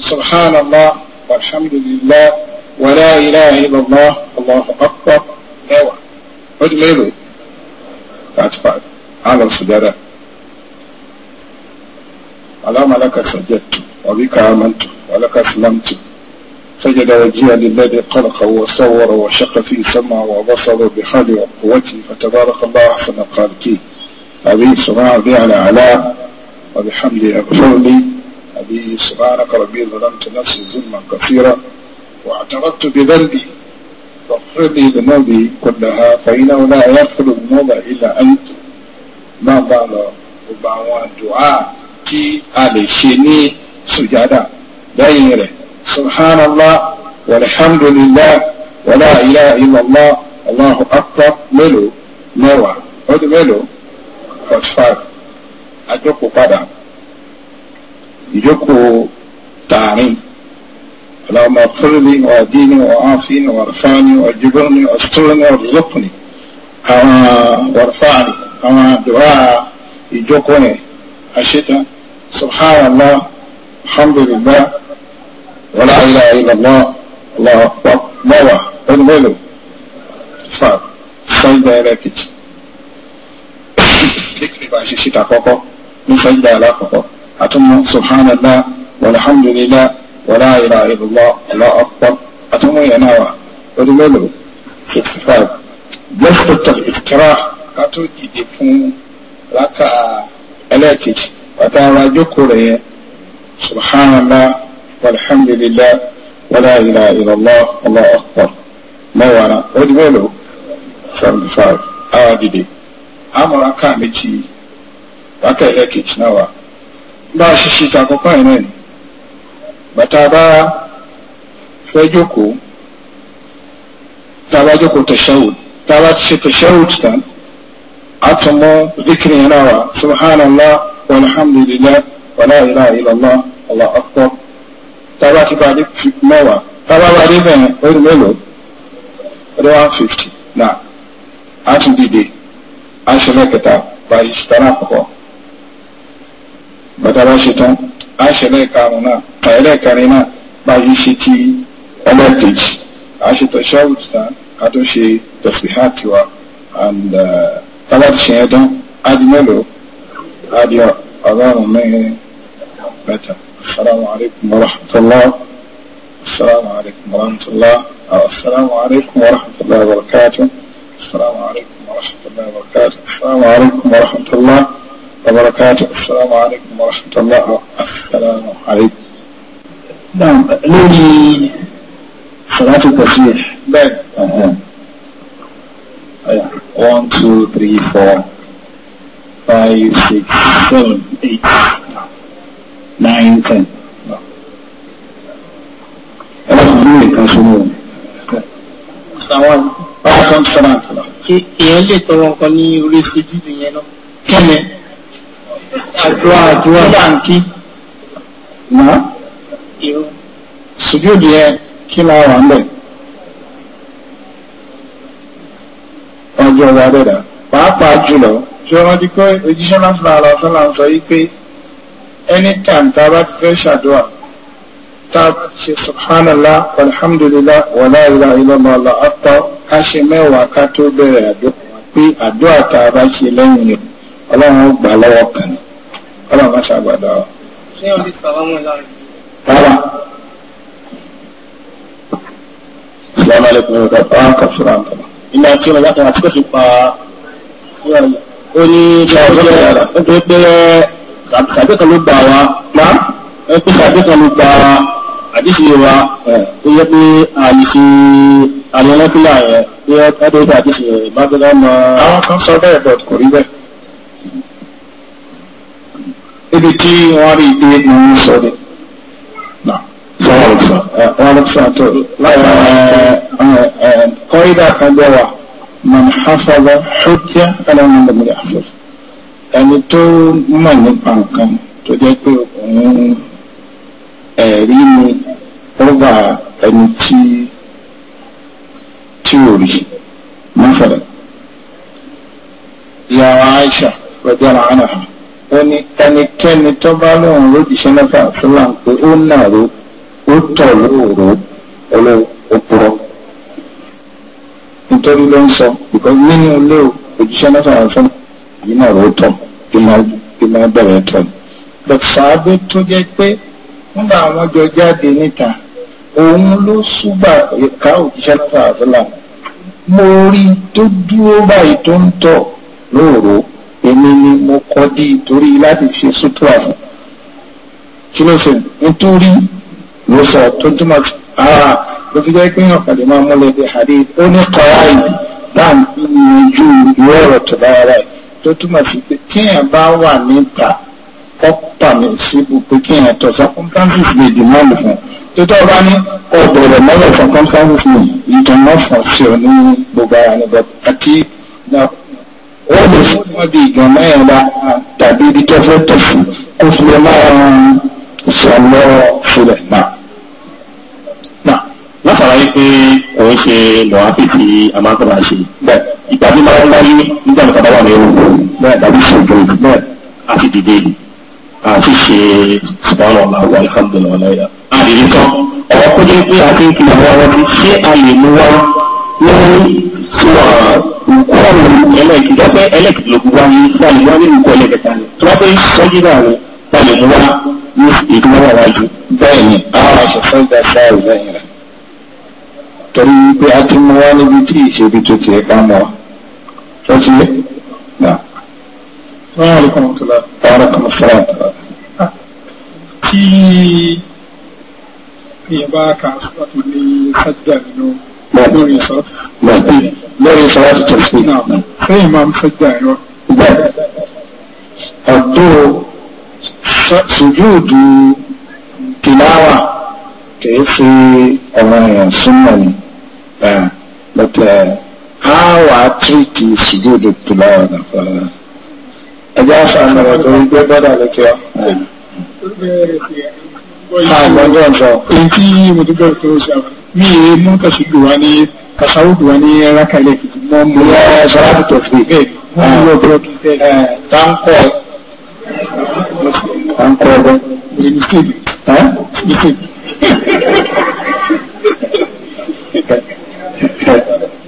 [SPEAKER 1] سبحان الله والحمد لله ولا إله إلا الله الله أكبر أيوة أجمله بعد بعد على على اللهم لك سجدت وبك آمنت ولك أسلمت سجد وجهي للذي خلق وصور وشق فيه سمع وبصره بخالي وقوتي فتبارك الله أحسن الخالقين أبي سماع بي على علاء وبحمده أغفر لي أبي سبحانك ربي ظلمت نفسي ظلما كثيرا واعترضت بذنبي فاغفر لي ذنوبي كلها فإنه لا يغفر الذنوب إلا أنت máa bá lọ gbogbo àwọn àdùá tí a lè ṣe ní sùjádà lẹ́yìn rẹ̀ subhanallah walhamdulillah wala ilaha illallah allahu akbar mélòó mẹ́wàá ọdún mélòó forty five àjókòó padà ìjókòó tààrin اللهم اغفر لي وأديني وأعافيني وارفعني وجبرني واسترني وارزقني وارفعني àwọn àdúrà ìjókòó yẹn àṣetán subhanallah alhamdulillah wala ilaha illallah Allahu akbar mẹ́wàá ọdún mélòó fà sọ́jà ẹlẹ́kìtì kékeré bá ṣe síta kọ́kọ́ ní sọ́jà alákọ̀ọ́kọ́ àtúmọ̀ subhanallah walhamdulillah wala ilaha illallah Allahu akbar àtúmọ̀ yẹn náà wà ọdún mélòó 65 lẹ́fẹ̀ẹ́ ìtìkìrá ká tó dìde fún rákà ẹlẹ́ẹ̀kejì bàtà ara jókòó rẹ̀ yẹn subhanallah walhamdulillah wàlá ilà ìrọ̀lọ́ ọlọ́ ọ̀pọ̀ mẹ́wàá ó di mélòó seventy five àwa dìde àmọ́ rákà méjì rákà ẹlẹ́ẹ̀kejì náà wà bá a ṣe ṣe ìtàkọ́kọ́ yẹn náà ni bàtà bá fẹ́ jókòó tá a bá jókòó tẹ̀sẹ̀wò tá a bá ti ṣe tẹ̀sẹ̀wò tán أتمو ذكر هنا سبحان الله والحمد لله ولا إله إلا الله الله أكبر تابعك بعد موى تابع بعد بين غير ملو رواه 50 نعم أتم ديدي أشهر كتاب بايش تنافقه bàtàbà ṣe tán a ṣẹlẹ̀ karùn-ún náà kàílẹ̀ kẹrin náà bá yí ṣe uh, bàbá ti ṣe yẹn tán á di mélòó á di ọgọ́rùn-ún mẹ́rin mẹ́ta asalaamu alaykum wa rahmatulah asalaamu alaykum wa rahmatulah asalaamu alaykum wa rahmatulah wa barakatuh asalaamu alaykum wa rahmatulah wa barakatuh asalaamu alaykum wa rahmatulah wa barakatuh asalaamu alaykum wa rahmatulah asalaamu alaykum. نعم لي صلاة التصبيح بلى one, two, three, four, five, six, seven, eight, nine, ten. Ẹlọ́run ní ìkan ṣúná o. Àwọn ọ̀sán sọ́nà àtàlà. Èèyàn lè tọrọ nǹkan ní orí ìṣojú ìyẹn náà. Kẹ́mi, àdúrà àdúrà bá ń kí. Màá. Ìrù. Ṣùgbọ́n ìdíyẹ kí máa wà ń bẹ̀. ọjọ́ wa dẹ́dà pàápàá jùlọ ṣé wọ́n ti pé òjíṣẹ́ lásìlá àlọ́sán là ń sọ yí pé ẹni tàǹtà bá ti fẹ́ ṣàdúrà tá a ṣe subhanallah alhamdulillah wa la ilaha illallah Allahu akbar ká ṣe mẹ́wàá ká tó bẹ̀rẹ̀ àdúrà pé àdúrà tá a bá ṣe lẹ́yìn rẹ̀ ọlọ́run ó gbà lọ́wọ́ kan ọlọ́run má ṣàgbàdà ọ.
[SPEAKER 2] ṣé wọ́n ti sọ̀rọ̀ mọ́ lára? rárá
[SPEAKER 1] ilẹ̀ kí wọn látara tí kò fi pa um, ó ní bí wọn tó lọ́yà rà ó tó pé tàbí kan ló gbà wá má ó pé tàbí kan ló gbà wá àdìsí wa um, ó yẹ pé àyè fi àwọn ọlọ́pìlà yẹn bí wọ́n bá dé àdìsí ìbágbélá mọ́. àwọn kan sọ bẹ́ẹ̀ bọ̀ kò rí bẹ́ẹ̀. ibi tí wọ́n rí i pé mo ń sọ ni kọ́ídà kan bẹ́ wà man hafaza hujja aláwọn ọmọ ìyàfẹ́ ẹni tó mọ̀ nípa nǹkan tó jẹ́ pé òun ẹ̀rí ni ọba ẹni tí tí ò rí mọ́fẹ̀rẹ̀ ìyàwó Aisha rọjọ́ làánà ó ní ẹnikẹ́ni tó bá lóun lójìṣẹ́ náà fà fúlàn pé ó nàró ó tọ̀ wó òru ọlọ́ òpùrọ̀ nítorí ló ń sọ because nínú ilé òjíṣẹ́ náà sọ̀rọ̀ fún yìí náà ló tọ̀ ìmọ̀ bẹ̀rẹ̀ tọ̀ lọ́sàábé tó jẹ́ pé nígbà àwọn jọ jáde níta òun ló súgbà ká òjíṣẹ́ náà sọ̀rọ̀ fún làwọn mo rí tó dúró báyìí tó ń tọ̀ lóòrò èmi ni mo kọ́ dí torí láti ṣe sútúwà fún kí ló fẹ́ nítorí ló sọ tó túmọ̀ ara ah, ló fi jẹ́ pé hàn pàdé máa múlẹ̀ bí hadith ó ní kọ́ra ìlú náà níyanjú ìwé ọ̀rọ̀ tó bá ara ẹ̀ tó túmọ̀ sí pé kéèyàn bá wà níta kọ́ pàmì síbu pé kéèyàn tọ̀ circumstances lè dì mọ́ọ̀lù fún tó tọ́ bá ní ọ̀bọ̀rọ̀ mọ́lẹ̀ circumstances lè ìtàn náà fọ̀ sí ní gbogbo ara ní bọ̀ àti wọ́n lè fún wọn bí ìgbọ̀n mẹ́rin bá tàbí ibi tó fẹ́ tẹ̀sí kó fi máa sọ̀rọ̀
[SPEAKER 3] ṣe lọ àpètì àmàkọ́ra ṣe bẹ́ẹ̀ ìgbà tí máa ń wáyé nígbà tí bàbá wà ní ewu bẹ́ẹ̀ tàbí ṣòjò bẹ́ẹ̀ a ti dìde a ti ṣe ṣùgbọ́n ọ̀la wà alhamdulilayi ọ̀láyà. àdìrí kan ọ̀rọ̀ kó jẹ́ pé a ti ń kiri àwọn ọmọ tí ṣé a lè mú wá ní
[SPEAKER 2] tiwa nkọ́ọ̀lù ẹlẹ́ẹ̀kì lọ́pẹ́ ẹlẹ́ẹ̀kì ló wá ní báyìí wá nínú ikọ̀ ẹlẹ́ẹ̀kẹta ni tí
[SPEAKER 1] wọ́n fẹ́ sọ́jú náà ni báyìí mú wá ní ìdúró wà wájú bẹ́ẹ̀ ni a ṣẹ̀fẹ́ gbà sáà ìlú ẹ̀yìn rẹ̀ torí pé a ti mú wá níbi tí ìṣebi tó ti ẹ̀ka mọ́ tó ti yẹ. Tí ah. èèyàn bá ka àṣùpá tó ní sájà nínú lórí ìṣọ́. Lórí ìṣọ́ láti tẹ̀lé sí. Sẹ́yìn máa ń sájà ẹ̀rọ. Ọ̀dọ́ sùjúùdù tìláwà kìí ṣe ọ̀rọ̀ èèyàn súnmọ̀ ni. Um, but uh, how uh, I treat sujood tilawa na fa ẹjọ́ àfààní ọ̀rọ̀ tó ń gbé bọ́dà lókè ọ́. àgbọ̀njọ́ sọ. èyí tí mo ti gbọ́dọ̀ tó ṣe àwọn mi ì mú kàṣí lù wá ní kàṣáwó lù wá ní rákàlẹ̀ kìkì mọ́ mo yá ṣọlá tó tọ̀ fún mi. mo ń lọ bọ́ kí n tẹ́ ẹ táǹkọ̀ ẹ. táǹkọ̀ ẹ bọ́. mo ní mistake. mistake. Wàhálàkùn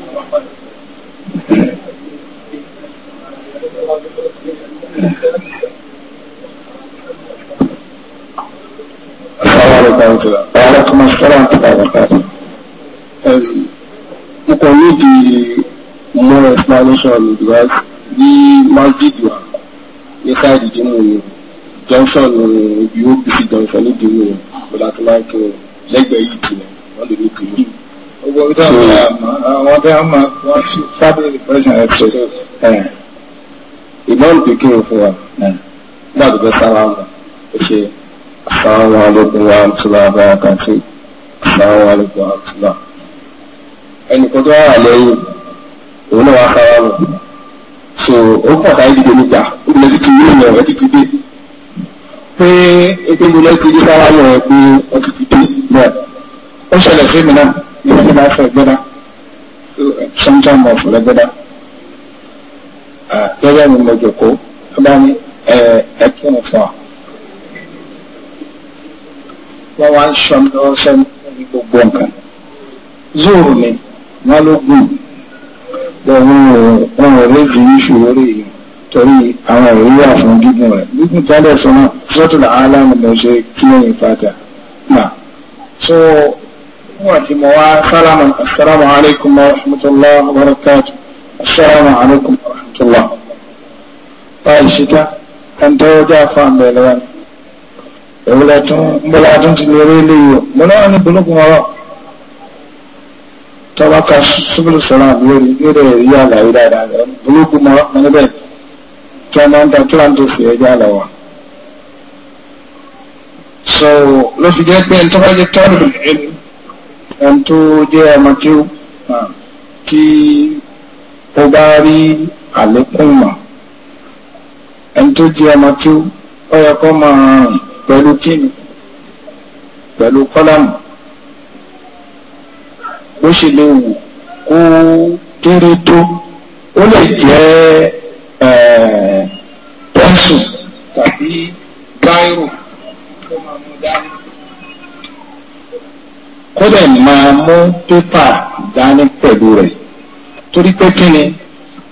[SPEAKER 1] Mọ́síkọ́lá ń tàbí àbàkàtà. Mo kàn ní di more explanation because bí Masjid wa ní sáìdì dínú yìí, junction ibi OPC junction ní dínú yìí, mo dàtúmọ̀ kí lẹ́gbẹ̀ẹ́ yìí tì náà, gbogbo ibi tó àwọn tí wọ́n máa wọ́n sí sábẹ́ ìpẹ́sàn ẹ̀sẹ̀ ìmọ̀n pikin fún wa
[SPEAKER 2] nígbà
[SPEAKER 1] tó fẹ́ sára wọn ó ṣe asáwọn alẹ́kùn wa àtúlá abára kan sí asáwọn alẹ́kùn wa àtúlá ẹnì kan tó wà lẹ́yìn òun náà wá sára wọn so ó kàn sáyé dìde níta ó lè ti ní ìmọ̀ ẹ̀ ti fi dé pé ètò ìmúlẹ̀ ti di sára wọn ẹ̀ pé ẹ̀ ti fi dé náà ó ṣẹlẹ̀ sí mi náà you know, the life of brother, sometime of the brother, gẹ́gẹ́ bí mo jòkó, ó bá ní ẹ̀kún fún wa. Wọ́n wá ń sọ mi lọ́wọ́ sẹ́nu ní gbogbo nǹkan. Zóòrò ni wọ́n ló gùn. Wọ́n ò rí fi ìṣòro rí i torí àwọn ìrírí wà fún gígùn rẹ̀. Gígùn tẹ́lẹ̀ sọ náà, sọ́tò làálàmù lọ ṣe kí lóyìn fàtà. Nà, so níwọ̀n tí mo wá sálámù asalaamu alaykum wa rahmatulah wa barakatu asalaamu alaykum wa rahmatulah. báyìí ṣíkà ẹni tó jẹ́ àfáàmì ẹ̀ lọ́wọ́ ìwúlẹ̀ tún mbọ́lá tún ti lè rí ilé yìí o mo náà ní bulúkú ọ̀rọ̀ tọ́ba ka súbúlù sọ̀rọ̀ àbúrò rí nílẹ̀ rí àlàyé dáadáa rẹ̀ bulúkú ọ̀rọ̀ mọ́ níbẹ̀ tí wọ́n máa ń ta kíláǹtì fi ẹjọ́ àlọ́ wa. so ló fi jẹ́ pé tọ́ba jẹ́ tọ́lù ẹni ẹn tó jẹ́ ọmọ kí ó kí ó bá rí àlékún mọ̀ ẹn tó jẹ́ ọmọ kí ó ó yẹ kó máa rìn pẹ̀lú kíni pẹ̀lú kọ́lámù bó ṣe lè wù kó kéré tó ó lè jẹ́ pẹ́ńsù tàbí báírò tó máa mú dání kó dẹ̀ máa mú pépà dání pẹ̀lú rẹ̀ torí pé kí ni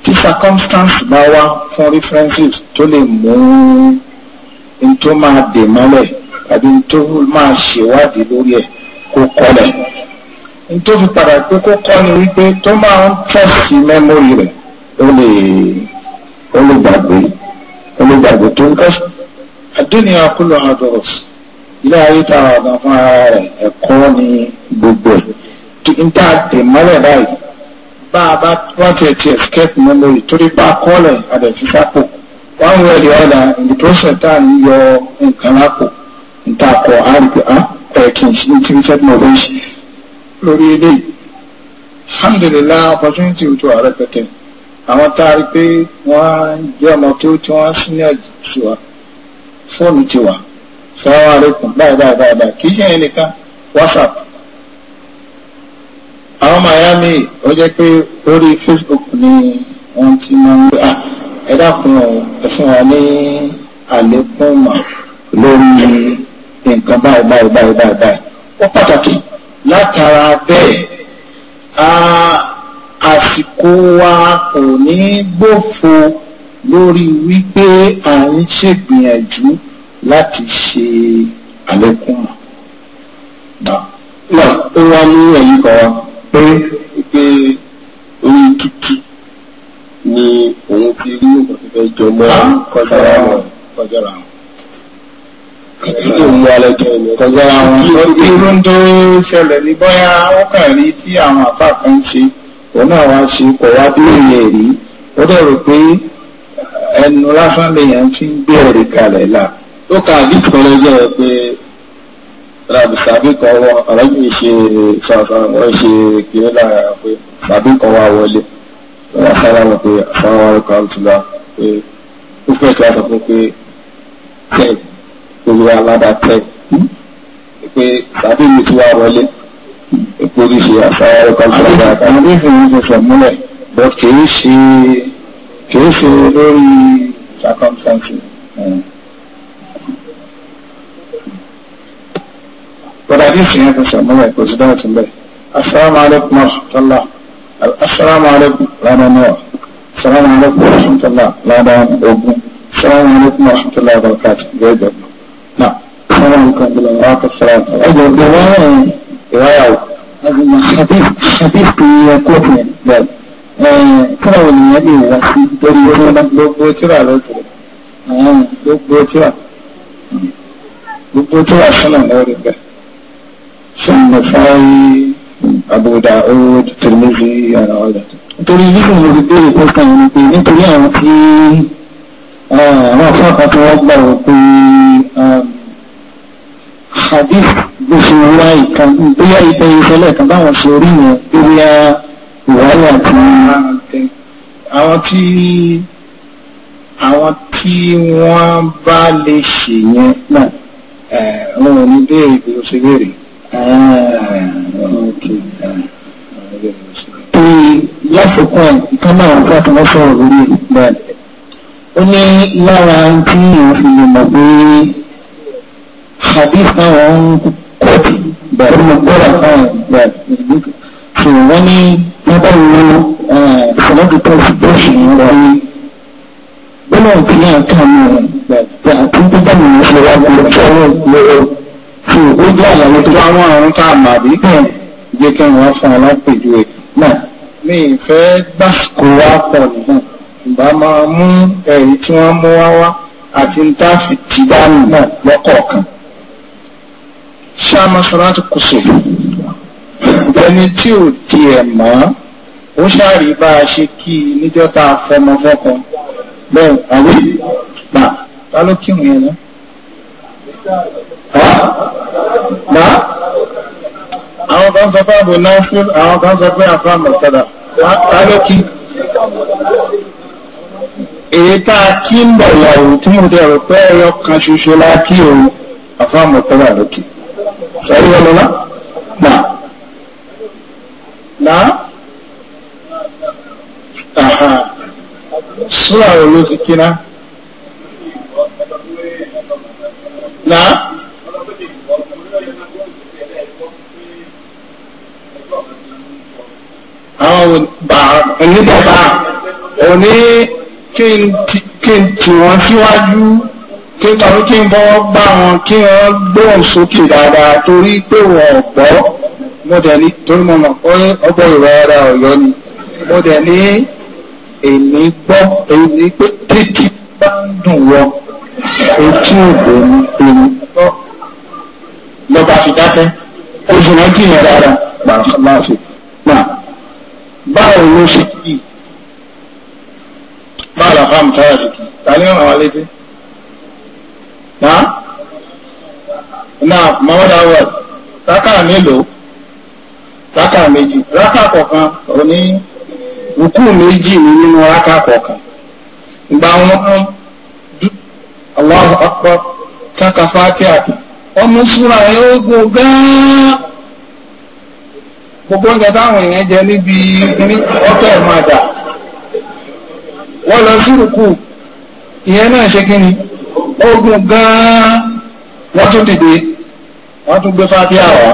[SPEAKER 1] tí circumstance bá wá fún references tó lè mú n tó máa dè mọ́lẹ̀ tàbí n tó máa ṣèwádìí lórí ẹ̀ kó kọlẹ̀ n tó fi padà pé kó kọ́ ni wípé tó máa ń trust memory rẹ̀ ó lè ó lè gbàgbé ó lè gbàgbé tó ń kọ́ àdéhùn akúlọ̀ adọ́rọ̀sì ilé ayé tá a ọ̀gá fún ara rẹ̀ ẹ̀kọ́ ni gbogbo ẹ̀ n tá a dè mọ́lẹ̀ báyìí bá a bá wọ́n ti ti escape memory torí bá a kọ́lẹ̀ àdẹ̀físàpò one way or the other in the process tá a ń yọ nǹkan lápò n tá a kọ àrùkù á ẹ̀kìn ní tí n fẹ́ mọ̀ bó ń ṣe lórí ilé alhamdulillah opportunity tó ààrẹ pẹ̀tẹ̀ àwọn tá a rí pé wọ́n jẹ́ ọmọ tó tí wọ́n senior sí wa fóònù ti wà salamu alaikum báyìí báyìí báyìí báyìí kì í ṣe yẹn whatsapp àwọn miami ó jẹ́ pé orí facebook ni wọ́n ti máa ń gbé à ẹ dákun ẹ fún wa ní àlékún mà lórí nǹkan báyìí báyìí báyìí báyìí báyìí ó pàtàkì látara bẹ́ẹ̀ a àsìkò wa kò ní gbòfo lórí wípé à ń ṣègbìyànjú láti ṣe àlékún náà. náà ó wá ní ẹ̀yí kan wá pé pé orí kíkí ni òun ti rí nǹkan tó fẹ́ jọ mọ́ kọjára wọn kọjára wọn. kíkí tó mú alẹ́ jẹ ìyẹn kọjára wọn. irú tó ṣẹlẹ̀ ní bóyá ó kàn rí tí àwọn àbá kan ń ṣe òun náà wá ṣe kọ̀ wá bí èèyàn rí ó dẹ̀ rò pé ẹnu lásán lèèyàn ti ń gbé ẹ̀rí kalẹ̀ láà ó ka àdìsí kan lọ́jọ́ ẹ pé rabi sàbí kan wọn ọ̀rẹ́bí ṣe fàfàn wọ́n ṣe kiri lára pé sàbí kan wà wọlé wọ́n wá sára wọn pé àsáwọn wọn kan tù lọ pé ó fẹ́ kí wọ́n sọ fún pé ten olùwà aláda ten pé sàbí mi ti wá wọlé epo ní ṣe àsáwọn wọn kan tù lọ àwọn ìfẹ́ yìí fẹsẹ̀ múlẹ̀ bọ́ kì ṣe kì ṣe lórí circumstances. Hmm. تاريخ هي بس مدى كزدان تنبه السلام عليكم ورحمة الله السلام عليكم لا دام السلام عليكم ورحمة الله لا دام السلام عليكم ورحمة الله وبركاته جاي جاي نعم السلام عليكم ورحمة الله وبركاته السلام عليكم أجل رواية رواية أجل حديث حديث كي يكون بل كنا ولي يدي ورسي دوري ورسي دوري ورسي دوري ورسي دوري ورسي دوري ورسي دوري ورسي دوري ورسي دوري Nasa'i Abu Dawud Tirmidhi and all that nítorí yíkò mo rí bẹ́ẹ̀ pẹ́ta yìí pé nítorí àwọn tí eh, àwọn afọ́ka tó wọ́n
[SPEAKER 2] gbà wọ́n pé eh, hadith bó ṣe wá ìkan
[SPEAKER 1] bóyá ibẹ̀ ìṣẹ̀lẹ̀ kan báwọn ṣe rí yẹn bóyá ìwáyà tí àwọn tí àwọn wọ́n bá lè ṣèyẹn náà eh, wọn ò ní bẹ́ẹ̀ bí ó ṣe béèrè
[SPEAKER 2] láfikún nǹkan náà ń fàtí wọ́n sọ̀rọ̀ lórí ìgbàlẹ̀ ó ní lára tí èèyàn fi lè mọ̀ pé hadith náà wọ́n ń kọ́ tí bẹ̀rẹ̀ mo gbọ́dọ̀ náà gbà ìgbìkọ̀ ṣò wọ́n ní wọ́n bá wo sọ̀rọ̀dù tó fi bó ṣe ń wọlé gbọ́dọ̀ tí náà kà mí gbà
[SPEAKER 1] àti gbọ́dọ̀ mi ṣe wá gbọ́dọ̀ tó ó jẹ́ àyàwó tó bá wọ́n àrùn tá a mà bí jẹ́ kí wọ́n fún alápèjú ẹ̀ náà mi ìfẹ́ gbà kó wá pọ̀ nìkan ìbá máa mú ẹ̀rí tí wọ́n mú wá wá àti ń tá fi ti dánù náà lọ́kọ̀ọ̀kan ṣáàmà sọ́láàtì kùsù ẹni tí ò di ẹ̀ mọ́ ó ṣàrí bá a ṣe kí i níjọ́ tá a fọmọ fọ́kan bẹ́ẹ̀ àwọn ìgbà ta ló kírun yẹn náà. Nà? Àwọn kan sọ pé àbò náà fún àwọn kan sọ pé àfá mọ̀sádà. Ta ló kí? Èyí tá a kí ń bọ̀ yàwó tí mo dẹ̀ rò pé ẹyọ kan ṣoṣo la kí òun àfá mọ̀sádà lókè. Sọ̀rọ̀ yẹn lọ́la? Nà? Nà? Súra wo ló kí náà? àwọn oníbàbà òní kí n tì wọ́n síwájú kí tàbí kí n bọ́wọ́ gbá wọn kí wọ́n gbóhùn sókè dáadáa torí pé wọ́n ọ̀pọ̀ mọ́dẹ̀ ní torí mo mọ̀ pé ọgbọ́n ìwà ara ọ̀yọ́ ni mọ́dẹ̀ ní èmi gbọ́ èmi pé títí bá ń dùn wọn etí òbò ni èmi gbọ́ lọ́ba fi báwo ló ṣe kí báwo la táyà ṣe kí ta ọ̀nà wa létí náà náà mọ́wọ́dá wà rákà mélòó rákà méjì rákà kọ̀ọ̀kan òní rùkú méjì ní nínú rákà kọ̀ọ̀kan ìgbà wọn Allahu akbar káka fátíà ọmọ yóò gbó gán gbogbo oúnjẹ táwọn èèyàn jẹ níbi ní ọ̀fẹ́ máa dà wọ́n lọ sí rùkù ìyẹn náà ṣe kí ni ogun gan-an wọ́n tún dìde wọ́n tún gbé fáfíà wá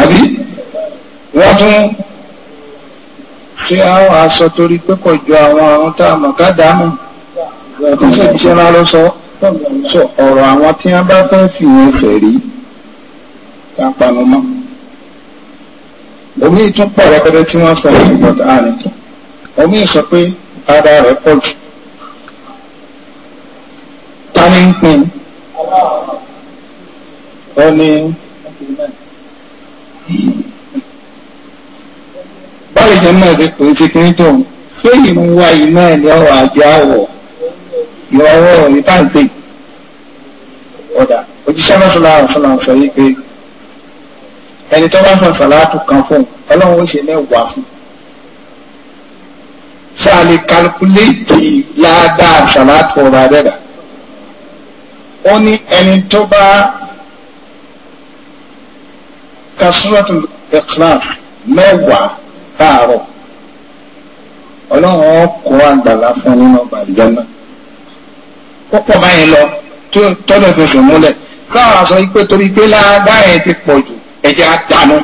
[SPEAKER 1] àbí wọ́n tún ṣe àwọn aṣọ torí pé kò jọ àwọn àwọn tá a mọ̀ ká dámọ̀ kí ṣe ńlá lọ sọ ọ̀rọ̀ àwọn tí wọ́n bá fẹ́ fi wọ́n fẹ̀ rí ká mọ́ omi tún pọ̀ rẹpẹtẹ tí wọ́n sọ ní but àárín tán omi sọ pé ara rẹ̀ pọ̀ jù ta ni ń pin ọ ni báyìí jẹ́ náà ti pè é ti kí ní tòun ṣé ìmú wa iná ẹ̀ ní ọ̀rọ̀ àti àwọ̀ ìwà ọ̀rọ̀ ìtàǹtẹ̀ ọ̀dà òjíṣẹ́ mọ́sálà ọ̀sán àwọn sọ yìí pé ẹni tó bá fọn sọ̀láàtù kan fún ọlọ́run ó ṣe mẹ́wàá fún ṣé a lè kalkuléètì ládàá sọ̀láàtù ọba rẹ̀dà ó ní ẹni tó bá ka súrọ̀tù Ikhlas mẹ́wàá láàárọ̀ ọlọ́run ọkọ̀ àgbàlá fún nínú ọba àdìjọ́nà ó báyìí lọ tọ́lọ̀ fẹsẹ̀ múlẹ̀ láwọn aṣọ ipé torí pé ládàá yẹn ti pọ̀ jù ẹjẹ́ àtànú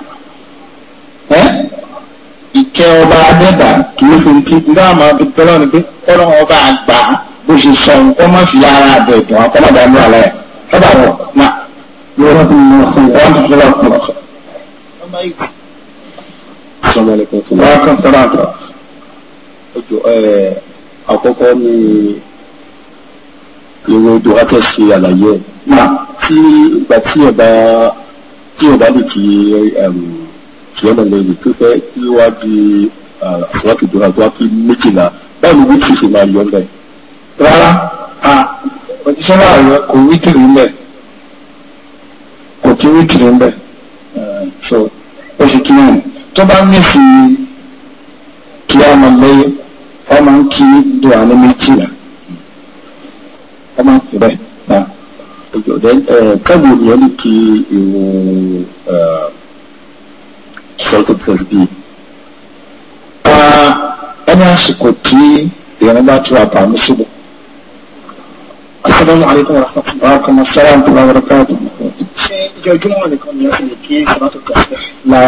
[SPEAKER 1] ìkẹ́ ọba adẹ́gbà kì í fi kí ní àwọn ọmọ ìpínlẹ̀ ọ̀nà pé kọ́nà ọba àgbà bó ṣe sọ nǹkan má fi ara àbẹ̀ dùn akọ́nàdà ní àlẹ́ ọba rọ̀ nà lọ́wọ́ bí mo fi wọ́n ti fi lọ́pọ̀ lọ́sọ̀. ni ìwé ojú akẹ́sì àlàyé náà tí ìgbà tí ẹ̀ bá tí o bá lè fi ṣìyọ́nà um, lẹ́yìn tó fẹ́ kí wá di uh, àṣewájú ìdúrà tó méjìlá báwo ni wíìtì ṣe máa yọ mẹ́. rárá a òjíṣẹ́ náà yọ kò wíìtì rí mẹ́ kò kí wíìtì rí mẹ́ so ó ṣe kí wọ́n tó bá ní fi kí ọmọ lẹ́yìn ọmọ ń kí dùn àní méjìlá ọmọ ń pè bẹ́ẹ̀ ẹjọ́ dẹ́n káàbù ni ẹni kí irun eh, sọ́tò pẹ̀lú bíi ẹni àsìkò tí ìrìn bá tún àbámu síbò. Assalamu alaikum wa rahmatullahi wa kama sara ntura wa barakatu. Ṣé ìjọ Júmọ̀ nìkan ni a lè kí Sàmátò Kàṣẹ́? La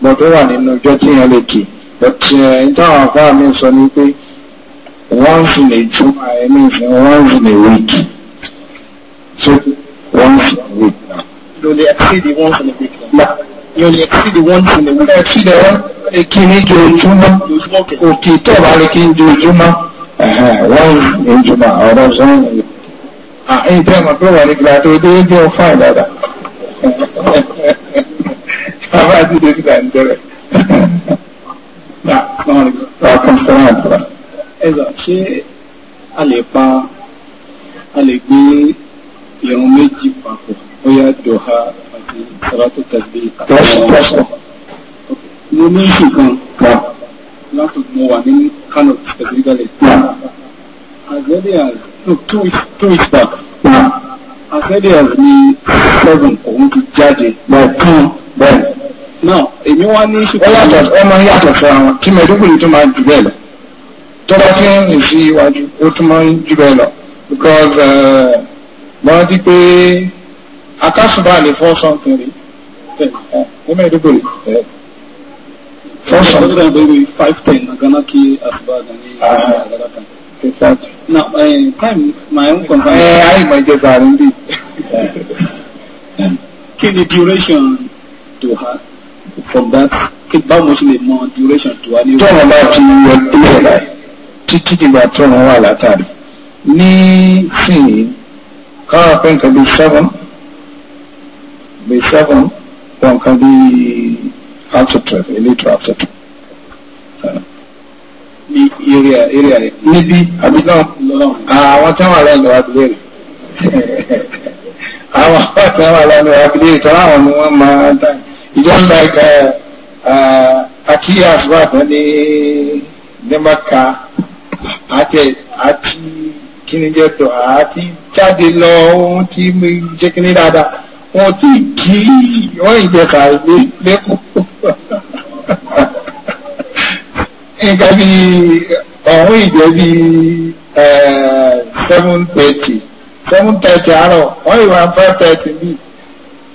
[SPEAKER 1] gbọ́dọ̀ wà nínú ìjọ tí yẹn lè kí. Bọ̀tì ìjọ eh, àwọn afárá mi sọ ni pé once in a Júmọ̀ ẹ̀ ní ìfẹ́ once in a week. So one week now. Do they exceed the once in a week now? You only exceed the once in a week. Exceed the one. Èkí ní jojúmọ́. Òkè tó bá lè kí ní jojúmọ́. Wọ́n ní jùmọ̀ ọ̀rọ̀ sọ́yìn. Àyìn tí a mọ̀ pé wà ní gbà tó dé dé ọ̀fà ìdàdà. Bàbá àti dókítà ń tẹ́lẹ̀. Ẹ̀zà ṣé a lè pa a lè gbé ìrun méjì papọ̀ bóyá dọ̀ha àti sàrátù tàbí àtàwọn mo ní nǹkan kan láti mo wà ní Kano specifically as early as no two weeks two weeks back as early as ní seven òun ti jáde lọ́ọ̀kan bẹ́ẹ̀ náà èmi wá ní ṣùgbọ́n yàtọ̀ ọmọ yàtọ̀ fún àwọn kí mẹ́ẹ̀ẹ́dógún tó máa jù bẹ́ẹ̀ lọ tọ́ba tí ń rìn sí iwájú ó tún máa ń jù bẹ́ẹ̀ lọ because uh, wọ́n ti pé akásùbà lè fọ́ sọ́ǹtì rí ní eh, mẹ́ẹ̀ẹ́dógòrè eh, fọ́ sọ́ǹtì rí bẹ́ẹ̀ bí five ten gánà kí àsùbà gan ní ah. àgbàdá kan. na eh, time my own concern. ẹ àìmọ̀ ìjọba rẹ̀ ń bì. kí ni duration to her from that báwo mo ṣe lè duration to her. tọ́wọ́n bá ti yọ dé ẹ̀ láì títí dìgbà tọ́wọ́n wà látàrí ní sìn yìí pé nǹkan bíi seven bíi seven wọ nǹkan bíi after twelve a little after twelve ní eré eré ayé níbi àbí náà àwọn tí wọn lẹ́nu wa bìlẹ̀ rẹ̀ àwọn tí wọn lẹ́nu wa bìlẹ̀ rẹ̀ tọ́lá àwọn ni wọ́n máa ń dá ìjọ ń like akíyà fún àgbọn ní ní maka àti àti kíni jẹ́ tọ́ jáde lọ ohun tí jẹ́ kí ní dáadáa wọn tí kí wọ́n ìgbẹ̀ka ìgbé lẹ́kọ̀ọ́ nǹkan bí ọ̀hún ìgbẹ́ bí seven thirty seven thirty àárọ̀ wọ́n ìwà five thirty bí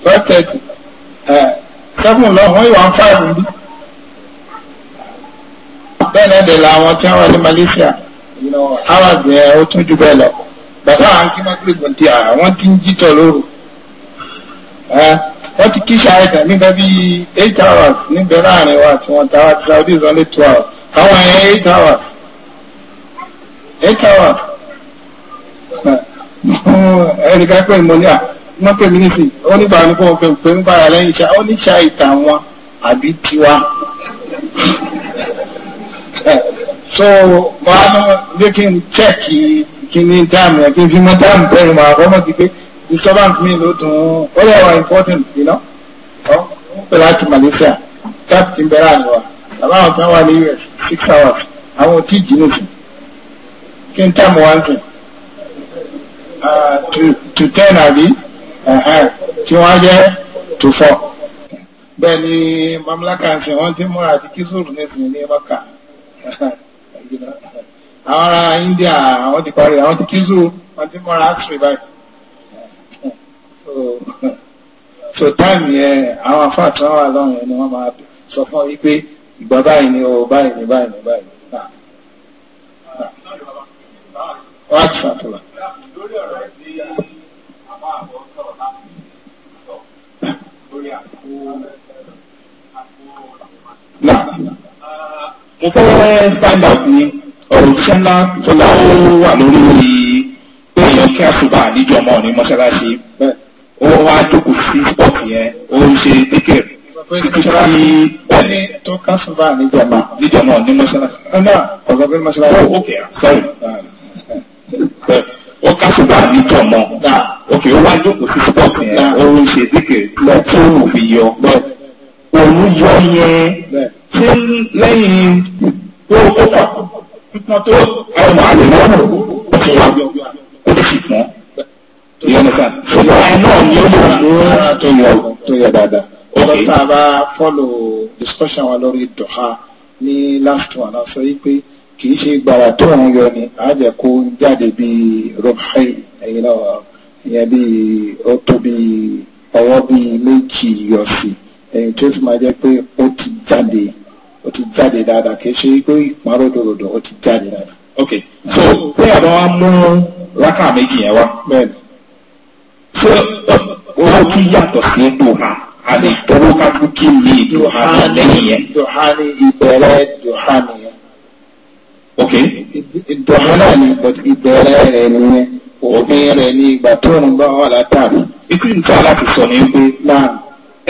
[SPEAKER 1] five thirty seven lọ wọ́n ìwà five bí bẹ́ẹ̀ náà dẹ̀ làwọn tí wọ́n wà ní Malaysia àwọn àgbẹ̀ ó tún jù bẹ́ẹ̀ lọ bàbá àwọn kí máa gbégbòn ti àwọn tí ń jítọ̀ lóru wọ́n ti kíṣà ẹ̀dà níbẹ̀ bí eight hours níbẹ̀ láàrin wa tí wọ́n tàwa ti saudi is only two hours àwọn ẹ̀yẹ eight hours eight hours ẹnìkan pé mo ní à wọ́n pè mí nísìn ó nígbà ní kó o fẹ́ pé ń bára lẹ́yìn iṣẹ́ ó níṣà wọn àbí tiwa so wàá lé kí n chẹ́ẹ̀kì. Kini ní táàmù ẹ̀ kí n fi mọ́ táàmù bẹ́ẹ̀ mà àwọn disturbance mi ló dùn ún ó yẹ important you know ọ ń pè láti Malaysia táàpù ti ń bẹ̀rẹ̀ àná wa bàbá àwọn kan wà ní US six hours àwọn ò tí ì jìnnà sí kí n táàmù wá ń sìn to ten àbí tí wọ́n jẹ́ to four bẹ́ẹ̀ ni mamlaka ń sìn wọ́n ti múra àti kí zoro ní ìsìn ní maka àwọn ará India àwọn ti parí àwọn ti kízú wọn ti mọ́ra áṣírí báyìí so táìmì yẹn àwọn afáà tí wọ́n wà lọ́rùn ni wọ́n máa sọ fún yí pé ìgbà báyìí ni o báyìí ni báyìí ni báyìí náà. wọ́n ti fàtúlà. lórí ọ̀rọ̀
[SPEAKER 2] mo fẹ́
[SPEAKER 1] find out ni ọ̀rọ̀ iṣẹ́ ńlá tó láwọ́ wà lórí pé èèyàn kí àṣùbà níjọ ọmọ ní mọ́ṣáláṣí ó wá jókòó sí spọ́ọ̀tù yẹn ó ń ṣe dékè títí sáyé ẹni tó ká àṣùbà níjọ ọmọ níjọ ọmọ ní mọ́ṣáláṣí ọ̀nà ọ̀gá pé mọ́ṣáláṣí oh, ó kẹ́ sọ́ọ̀rì ó ká àṣùbà níjọ ọmọ òkè ó wá jókòó sí spọ́ọ̀tù yẹn ó ń ṣe dékè tí ó fi yọ òun
[SPEAKER 2] yọ yẹn ṣé lẹ́yìn ó
[SPEAKER 1] kọ́ pọn tó ọmọ àlùmọ́ ọ̀rọ̀ ó ti yọ ó sì pọn ìyọnu kan ṣùgbọ́n ẹ náà ni ó lè mú ara tó yọ tó yọ dáadáa. ọ̀rọ̀ tá a bá fọ́lọ̀ discussion wa lórí dọ̀ha ní last one a sọ yìí pé kì í ṣe gbàrà tó ń yọ ni àjẹ kó jáde bíi rọ́bàì ẹ̀yin náà ìyẹn bíi ó tó bíi ọwọ́ bíi méjì yọ sí ẹ̀yin tó sì máa jẹ́ pé ó ti jáde ó ti jáde dáadáa kì í ṣe pé ìparọ́ dòdòdò ó ti jáde dáadáa. ok so bí àbá wa mú rákà méjì yẹn wá. bẹ́ẹ̀ni. so owó tí yàtọ̀ sí a àlè tọwọ́ ká tún kí mi dùhà lẹ́yìn yẹn. dùhà ni ìbẹ̀rẹ̀ dùhà nìyẹn. ok dùhà náà ni ìbẹ̀rẹ̀ rẹ̀ nìyẹn òfin rẹ̀ ní ìgbà tó ń bá wà látàrí. ikú nǹkan láti sọ ní pé náà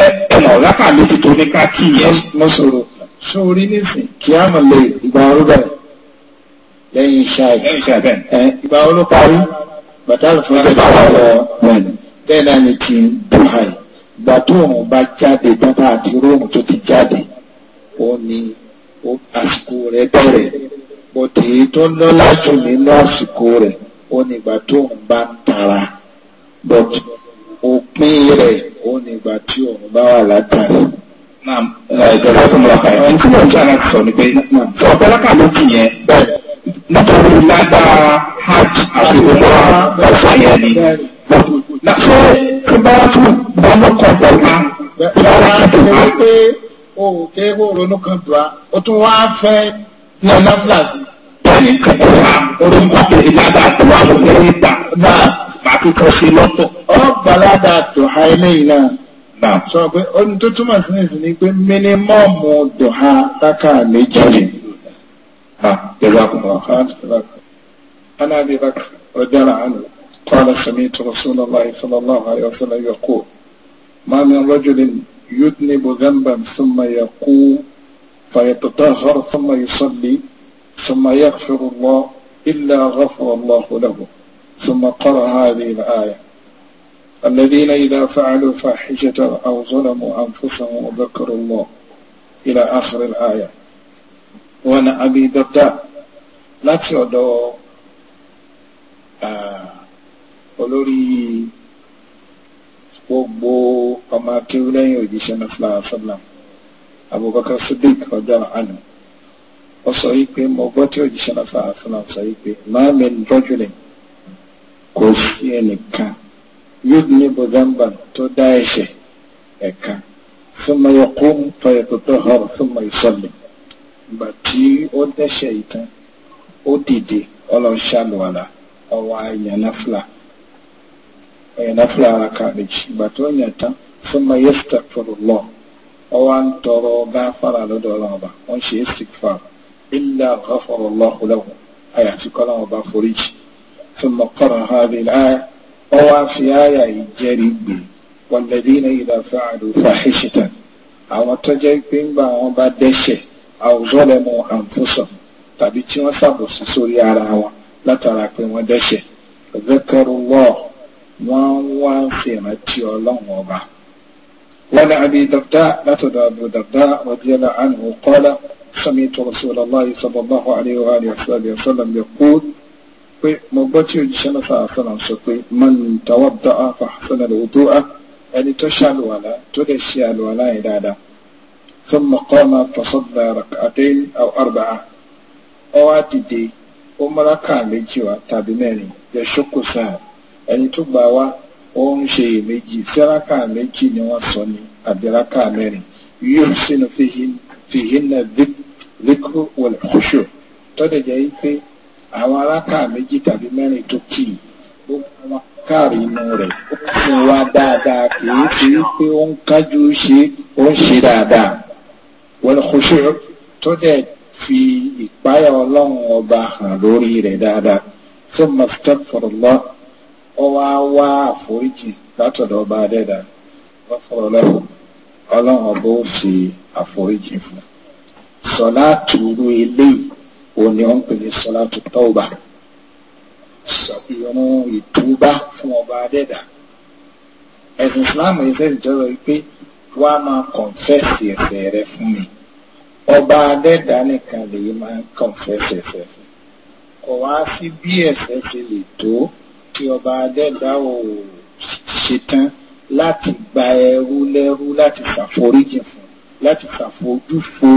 [SPEAKER 1] ẹ ẹ mọ̀ rákà méjì tó ní ká kí yẹn. mo sọ̀rọ̀ sún orí nísìn kí á mọ̀ lè ìgbà ọrún bẹ̀rẹ̀ lẹ́yìn iṣẹ́ ẹ̀ ìgbà ọrún parí bàtà fún ẹgbẹ́ bá wà lọ rẹ̀ bẹ́ẹ̀ náà ni ti ń bù hàì ìgbà tó òun bá jáde bàbá àti róòmù tó ti jáde ó ní àsìkò rẹ̀ bẹ̀rẹ̀ bọ̀dé tó lọ́lá jù nínú àsìkò rẹ̀ ó ní ìgbà òun bá ń tara bọ̀dé òpin rẹ̀ ó ní ìgbà òun bá wà látàrí ìjọba tó mọ̀ ọ́kà ẹni tí mò ń jára sọ ni pé sọ ọ̀pọ̀lọpọ̀
[SPEAKER 3] méjì yẹn nítorí lágbára hajj àti òmùra ọ̀fà yẹn ni ṣé tí bá tún
[SPEAKER 1] bá lọ́kọ̀ bọ̀lá lọ́wọ́ àti wá. pé o ò ké o ronú kan dùn á o tún wá fẹ́ ní ọ̀nà fúlàsì. bẹ́ẹ̀ni kẹ̀kẹ́ wa orúkọ tèmi lágbà tó wà lórí ìgbà náà màá tún kọ́ sí lọ́tọ̀. ọ̀ bàlá dà tó ha eléyìí náà. sọ pé ohun tó túmọ̀ sí ìsìn ni pé mínímọ́ọ̀mù dùhà rákà méjì ni ìlú àkùnrin ọ̀hán anábì rákà قال سمعت رسول الله صلى الله عليه وسلم يقول ما من رجل يذنب ذنبا ثم يقوم فيتطهر ثم يصلي ثم يغفر الله إلا غفر الله له ثم قرأ هذه الآية الذين إذا فعلوا فاحشة أو ظلموا أنفسهم ذكروا الله إلى آخر الآية وأنا أبي درداء لا ọ̀dọ̀ olórí gbogbo ọmọ akéwú lẹ́yìn òjíṣẹ́ náà fúláfúlám Abubakar Siddiq ọjọ́ àánú ó sọ wípé mo gbọ́ tí òjíṣẹ́ náà fúláfúlám sọ wípé máa mi rọ́jùlẹ̀ kò sí ẹnìkan yudnibu dhanban tó dá ẹ̀ṣẹ̀ ẹ̀kan thumma yaqum fayatatahhar thumma yusalli ìgbà tí ó dẹ́ṣẹ̀ ìtàn ó dìde ọlọ́ṣàlùwàlà ọwọ́ àyànnáfìlà àyànnáfìlà ara kàrìjì ìgbà tó yàn tán thumma yastaghfirullah ọwọ́ à ń tọrọ gáfàrà lọ́dọ̀ ọlọ́ọ̀bà wọ́n ṣe istighfar illa ghafarallahu lahu àyàfi kọ́lọ́ọ̀bà foríjì thumma qara hadhihi al-aya wọ́n wá fi àyà yìí jẹ́rìí gbé walladhina idha fa'alu fahishatan àwọn tó jẹ́ pé ń bá wọn bá dẹ́ṣẹ̀ aw zalamu anfusahum tàbí tí wọ́n ṣàbòsí sórí ara wọn látara pé wọ́n dẹ́ṣẹ̀ dhakarullah wọ́n wá ń fi ìrántí ọlọ́run ọba. وعن أبي درداء نتد أبو درداء رضي الله عنه قال سمعت رسول الله صلى الله عليه وآله وصحبه وسلم يقول pé mo gbọ́ tí òjíṣẹ́ náà sàásàlà sọ pé man tawadda'a fa ahsana al-wudu'a ẹni tó ṣàlùwàlá tó lè ṣe àlùwàlá yẹn dáadáa thumma qama fasalla rak'atayn aw arba'a ó wá dìde ó múra káà méjì wá tàbí mẹ́rin yashukku sáà ẹni tó gbà wá ó ń ṣe iyèméjì sẹ́ráka méjì ni wọ́n sọ ní àbíraka mẹ́rin yóò sínú fìhínà dhikru wal khushu tọ́lẹ̀ jẹ́ pé àwọn aráka méjì tàbí mẹ́rin tó kì í gbogbo wọn káàrí inú rẹ̀ ó mú wa dáadáa kìí ṣe pé ó ń kájú ṣe ó ń ṣe dáadáa wal khushu tó dẹ̀ fi ìpáyà ọlọ́run ọba hàn lórí rẹ̀ dáadáa thumma astaghfirullah ọ wá wá àforíjì látọ̀dọ̀ ọba adẹ́dà lọ́fọ̀rọ̀ lẹ́fọ̀ ọlọ́run ọba ó fi àforíjì fún sọ̀lá tùrú eléyìí òun ni wọ́n ń pè ní sọ́látù tọ́ọ̀bà ìrun ìtúbá fún ọba adẹ́dà ẹ̀sìn Islam ẹ̀sẹ̀ ìjọba wípé wá máa kọ̀ǹfẹ́sì ẹ̀ṣẹ̀ rẹ fún mi ọba adẹ́dà nìkan lèyí máa ń kọ̀ǹfẹ́sì ẹ̀ṣẹ̀ fún kò wá sí bí ẹ̀ṣẹ̀ ṣe lè tó kí ọba adẹ́dà ò ṣetán láti gba ẹrú lẹ́rú láti ṣàforíjì fún láti ṣàfojúfo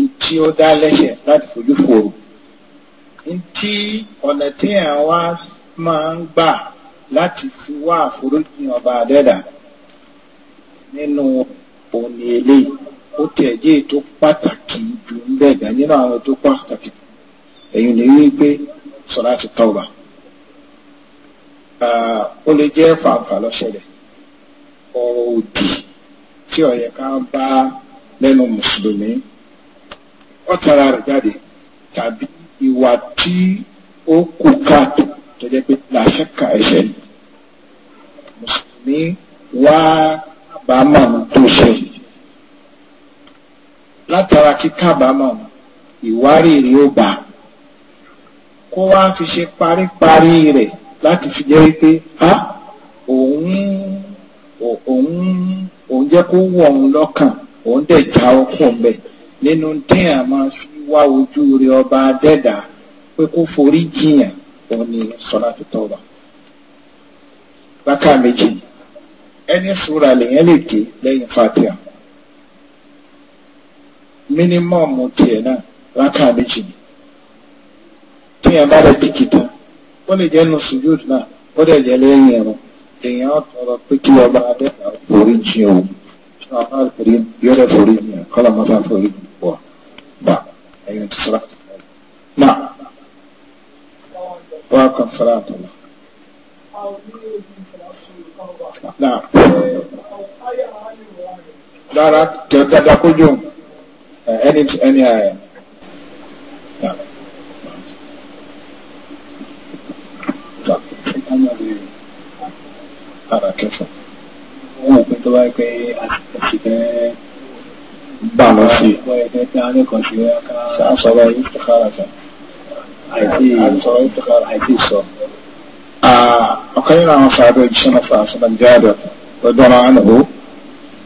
[SPEAKER 1] n tí ó dá lẹ́sẹ̀ láti fojú fòrò n tí ọ̀nà téèyàn wá máa ń gbà láti fi wá àforíjì ọba àdẹ́dà nínú òní eléyìí ó tẹ̀jé tó pàtàkì jù ń bẹ̀gà nínú àwọn tó pàtàkì ẹ̀yìn lè rí pé sọ̀rọ̀ àti tọ́ba ó lè jẹ́ fàǹfà lọ́sẹ̀rẹ̀ ọ̀rọ̀ òdì tí ó yẹ ká bá lẹ́nu mùsùlùmí tara rẹ̀ jáde tàbí ìwà tí ó kù káàtó tó jẹ́ pé làṣẹ ka ẹ̀ṣẹ̀ ni mùsùlùmí wá kábàámọ̀ tó ṣe látara kí kábàámọ̀ ìwárìrì ó bà kó wá fi ṣe paríparí rẹ̀ láti fi jẹ́ wípé a òun òun òun jẹ́ kó wọ̀ òun lọ́kàn òun dẹ̀ já ọkùnrin bẹ́ẹ̀. nínú téèyàn máa fi wá ojú rẹ ọba adẹ́dà pé kó forí jiyàn òun ni sọ́látù tọ́ba bákà méjì ẹni sùúrà lèyàn lè ké lẹ́yìn fatia mínímọ̀mù tiẹ̀ náà bákà méjì ni bá lè dìkìtà ó lè jẹ́ nu sùjúdù náà ó lè jẹ́ lẹ́yìn ẹ̀rọ èèyàn tọrọ pé kí ọba adẹ́ta forí jiyàn òun ṣé ọba forí kọ́lá forí نعم أين صلاة نعم واقم صلاة الله نعم dára dáadáa kó jò ẹni ẹni ààyè. ara kẹfà wọn ò pé tó bá pé àti bẹ́ẹ̀. bàmọ́ sí sàásọ̀rọ̀ ìtìkára kan àìsí sọ. ọ̀kan nínú àwọn fàádọ́ ìjíṣẹ́ náà fàá sọ́nà jáde ọ̀dọ́nà ànàbó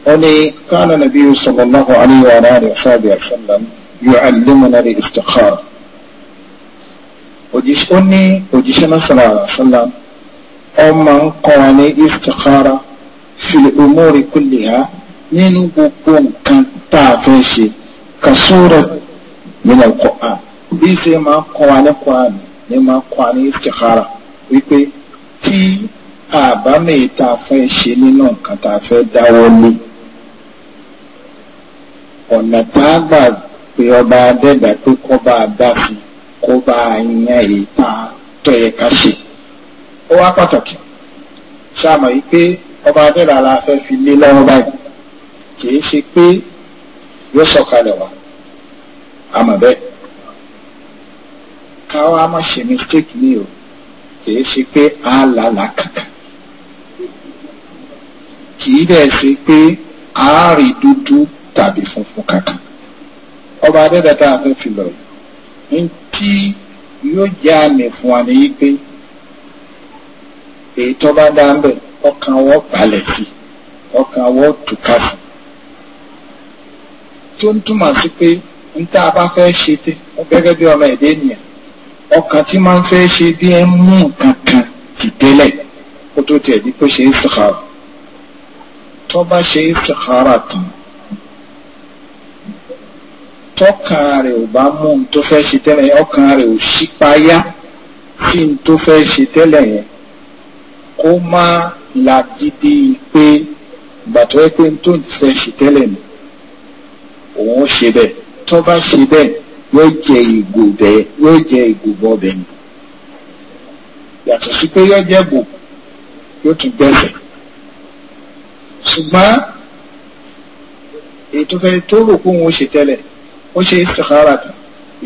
[SPEAKER 1] ó ní kánà nàbí sallallahu alaihi wa alihi wa sahbihi wa sallam yu'allimuna al-istikhara ó ní òjíṣẹ́ náà sọ̀rọ̀ àṣọ́lá ọmọ ń kọ́ wa ní istikhara fil umuri kulliha nínú gbogbo nǹkan tá a fẹ́ ṣe kàṣúrọ̀ nínú Qur'an bí ṣe máa kọ́ wa ní Qur'an ní máa kọ́ wa ní istikhara wípé tí àbámẹ́yìí tá a fẹ́ ṣe nínú nǹkan tá a fẹ́ dáwọ́ lé ọ̀nà tá a gbà pé ọba adẹ́gbà pé kó bá a dá sí kó bá a yan èyí tá a tọ́ yẹ ká ṣe ó wá pàtàkì ṣáà mọ̀ yìí ọba adẹ́gbà la fẹ́ fi lé lọ́wọ́ báyìí kì í ṣe pé yóò sọ̀kalẹ̀ wá àmọ́ bẹ́ẹ̀ káwa má ṣe mistake ní o kìí ṣe pé a làlà kàkà kìí dẹ̀ ṣe pé a rí dúdú tàbí funfun kàkà ọba adẹ́dàá tá a fẹ́ fi lọ yìí ntí yóò jẹ́ àmì fún wa nìyí pé èyí tó bá dá ń bẹ̀ ọkàn wọ́n balẹ̀ sí ọkàn wọ́n tùkà sí tó ń túmọ̀ sí pé n tá a bá fẹ́ ṣe gẹ́gẹ́ bí ọmọ ẹ̀dẹ́ ènìyàn ọkàn tí máa ń fẹ́ ṣe bí ẹ mú nǹkan kan dìdélẹ̀ kó tó tiẹ̀ ní kó ṣe istikhara tó bá ṣe istikhara tán tọ́kàn rẹ̀ ò bá mú un tó fẹ́ ṣe tẹ́lẹ̀ yẹn ọkàn rẹ̀ ò ṣípayá sí n tó fẹ́ ṣe tẹ́lẹ̀ yẹn kó má làgídí pé bàtọ́ ẹ pé n tó fẹ́ ṣe tẹ́lẹ̀ ni òun ó ṣe bẹ́ẹ̀ tó bá ṣe bẹ́ẹ̀ yóò jẹ ìgò bẹ́ẹ̀ yóò jẹ ìgò bọ́ bẹ́ẹ̀ ni yàtọ̀ sí pé yóò jẹ bò yóò tún gbẹ̀fẹ̀ ṣùgbọ́n ètò fẹ́ tó rò pé òun ó ṣe tẹ́lẹ̀ ó ṣe istikhara kan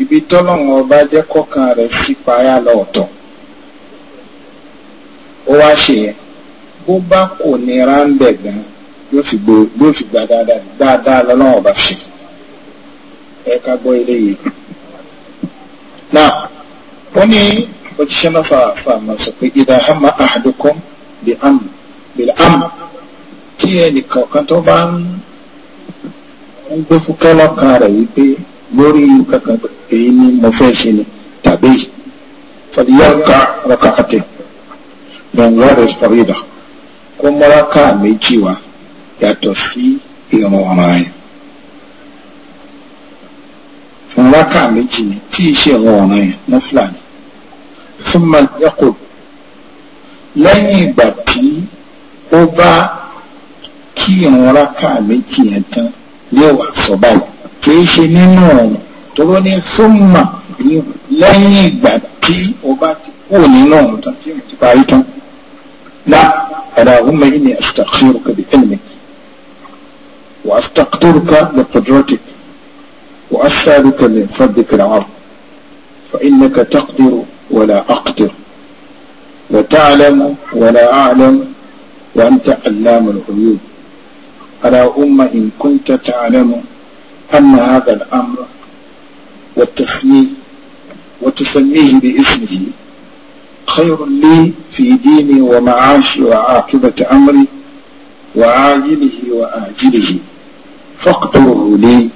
[SPEAKER 1] ibi tọ́lọ́run ọba jẹ́ kọ́kan rẹ̀ sí payá lọ́ọ̀tọ̀ ó wá ṣe yẹn bó bá kò nira ń gan yóò fi gbà dáadáa dáadáa lọ́lọ́run ọba ṣe ẹ̀ka gbọ́ ilé yìí. Náà wọ́n ní òjíṣẹ́ náà fà sọ pé ìdá hama ahadukum bí am bí am kí ẹnìkan kan tó bá ń gbé fúkẹ́ lọ́kàn rẹ̀ wípé lórí kankan èyí ni mo fẹ́ ṣe ni tàbí fàdíyàká rọ̀kà àti gbọ̀ngàn rẹ̀ kó mọ́ra ká méjì wá yàtọ̀ sí ìrọ̀rùn ayọ̀ fún rákà méjì ni tí í ṣe ìran ọ̀ràn yẹn ní fúlàní fún mọ̀lẹ́kò lẹ́yìn ìgbà tí ó bá kí ìran rákà méjì yẹn tán yóò wà sọ báyìí kì í ṣe nínú ọ̀run tó ló ní fún mà lẹ́yìn ìgbà tí ó bá kú nínú ọ̀run tán tí ó ti parí tán lá ẹ̀rọ àwọn ọmọ yìí ni astaghfiruka bi ilmik wa astaghfiruka bi qudratik. وأسألك من فضلك العظيم فإنك تقدر ولا أقدر وتعلم ولا أعلم وأنت علام الغيوب ألا أم إن كنت تعلم أن هذا الأمر والتسميه وتسميه باسمه خير لي في ديني ومعاشي وعاقبة أمري وعاجله وآجله فاقدره لي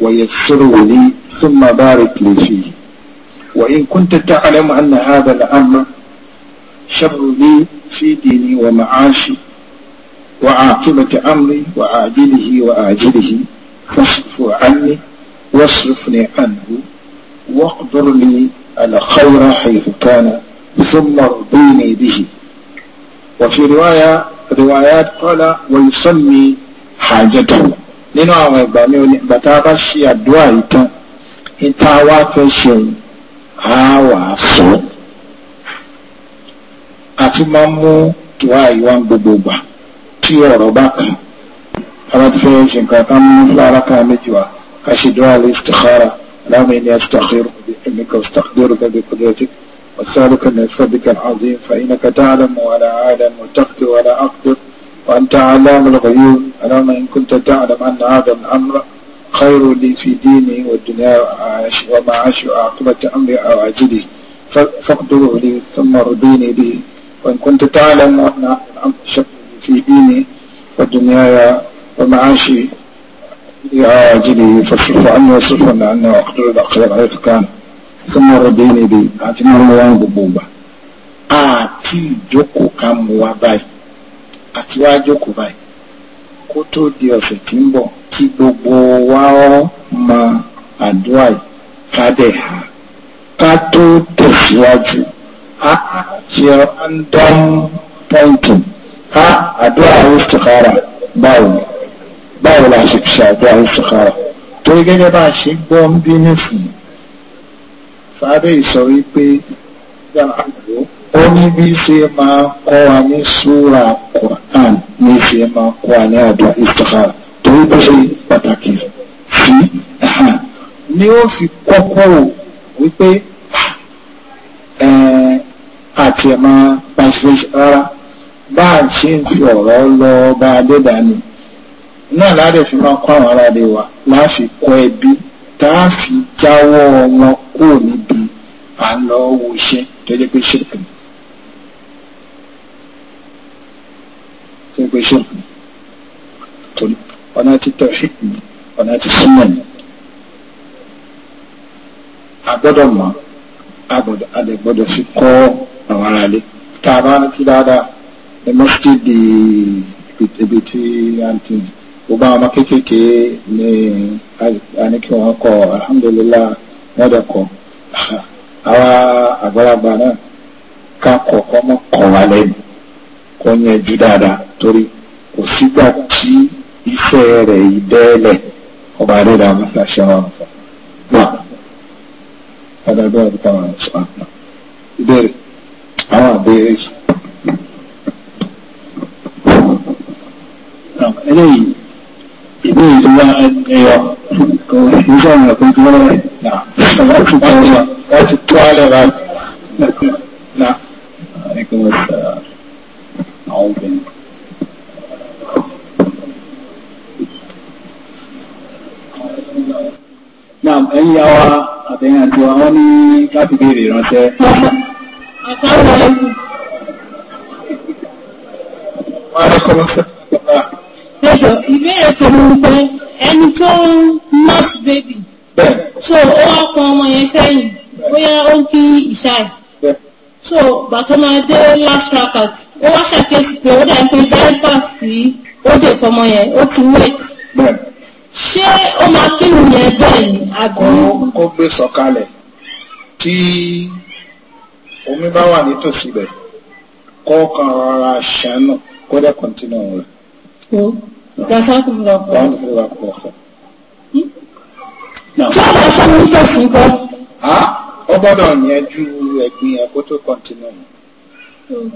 [SPEAKER 1] ويسره لي ثم بارك لي فيه وإن كنت تعلم أن هذا الأمر شر لي في ديني ومعاشي وعاقبة أمري وعاجله وآجله فاصرف عني واصرفني عنه واقدر لي على خير حيث كان ثم ارضيني به وفي رواية روايات قال ويسمي حاجته nínú àwọn ìgbà mi ò ní ìgbà tá a bá ṣe àdúrà yìí tán níta wá fẹ́ ṣe òun á wà á fọ́ àfi máa ń mú ìwà ìwà gbogbo gbà tí ọ̀rọ̀ bá kàn ara ti fẹ́ ṣe nǹkan ká mú lára ká méjì wá ká ṣe dúrà lè istikhara láàmì ní astaghfiruka bí ẹ̀mí kan astaghfiruka bí qudratik وأسألك من فضلك العظيم فإنك تعلم ولا أعلم وتقدر ولا أقدر وأنت علام الغيوب اللهم إن كنت تعلم أن هذا الأمر خير لي في ديني والدنيا وما عاش عقبة أمري أو عجلي فاقدره لي ثم رديني به وإن كنت تعلم أن هذا الأمر شر في ديني ودنياي ومعاشي يا عاجلي فاصرف عني واصرف عني واقدر الأقدر عليك كان ثم رديني به أعطيني روان ضبوبة أعطي جوكو كام وباي àti wá jókòó báyìí kó tó di ọ̀sẹ̀ tí ń bọ̀ kí gbogbo wa ó mọ àdúrà yìí ká dẹ̀ ha ká tó tẹ̀síwájú á ṣe random pointing á àdúrà istikhara báwo ni báwo la ṣe ṣe àdúrà istikhara torí gẹ́gẹ́ bá a ṣe gbọ́ ń bí nísìnyí fàábẹ́ ìsọ wípé gbàgbọ́ ó ní bí ṣe máa kọ́ wa ní súra Quran ní ṣe máa kọ́ wa ní àdúrà istikhara torí bó ṣe pàtàkì sí ni ó fi kọ́kọ́ wò wípé àti ẹ̀ máa pàṣẹ rárá bá a ṣe ń fi ọ̀rọ̀ lọ bá a náà láti fi máa kọ́ àwọn aráàlú wa láti kọ́ ẹbí tá a fi jáwọ́ wọn kúrò níbi à ń lọ wo iṣẹ́ tó jẹ́ pé ṣèkìlì. kó gbé sóhùn torí ọ̀nà ti tawhid ọ̀nà ti súnmọ̀ ni a gbọ́dọ̀ mọ̀ a lè gbọ́dọ̀ fi kọ́ àwọn ará ilé tá a bá ń ti dáadáa ní mọ́sídìdì ibi tí a ń ti gbogbo àwọn ọmọ kéékèèké ní a ní kí wọ́n kọ́ alhamdulillah wọ́n dẹ̀ àgbàlagbà náà ká kọ̀ọ̀kan mọ́ kọ̀ wá kó yẹn ju dáadáa torí kò sígbà tí iṣẹ́ rẹ̀ ìbẹ́ẹ̀lẹ̀ ọba rírà mọ́sàṣẹ́ wọn wà adájọ́ àti táwọn ẹ̀sọ́ àpá ìbéèrè àwọn àbẹ̀rẹ̀ yìí. eléyìí
[SPEAKER 2] ìbéèrè tó wá ẹyọ kò ní sọ̀rọ̀ pé kí wọ́n rẹ̀ náà wọ́n ti tọ́ ọ lọ́wọ́ wọ́n ti wọn wọ́n ní láti béèrè ránṣẹ́.
[SPEAKER 3] Ẹjọ́ ìbéèrè tó mú un pé ẹni tó ń nọ́ọ̀sì bébì. So ó wá pọn ọmọ yẹn sẹ́yìn bóyá ó ń kí ìṣáì. So bàtọ́ máa dé last trackers. Ó wá ṣàkíyèsí pé ó dàbí pé diapers sí ó dè tọmọ yẹn ó ti wait. Ṣé ó máa kírun yẹn bẹ́ẹ̀ ni àbí?
[SPEAKER 1] sọ̀kalẹ̀ tí omi bá wà nítòsí bẹ̀ kọ́ọ̀kan rọra ṣàánú kó dẹ̀ kọ́ntínú rẹ̀. Hmm? Ó gbọ́dọ̀ yẹn ju ẹ̀gbin ẹ̀kó tó kọ́ntínú.
[SPEAKER 3] Hmm.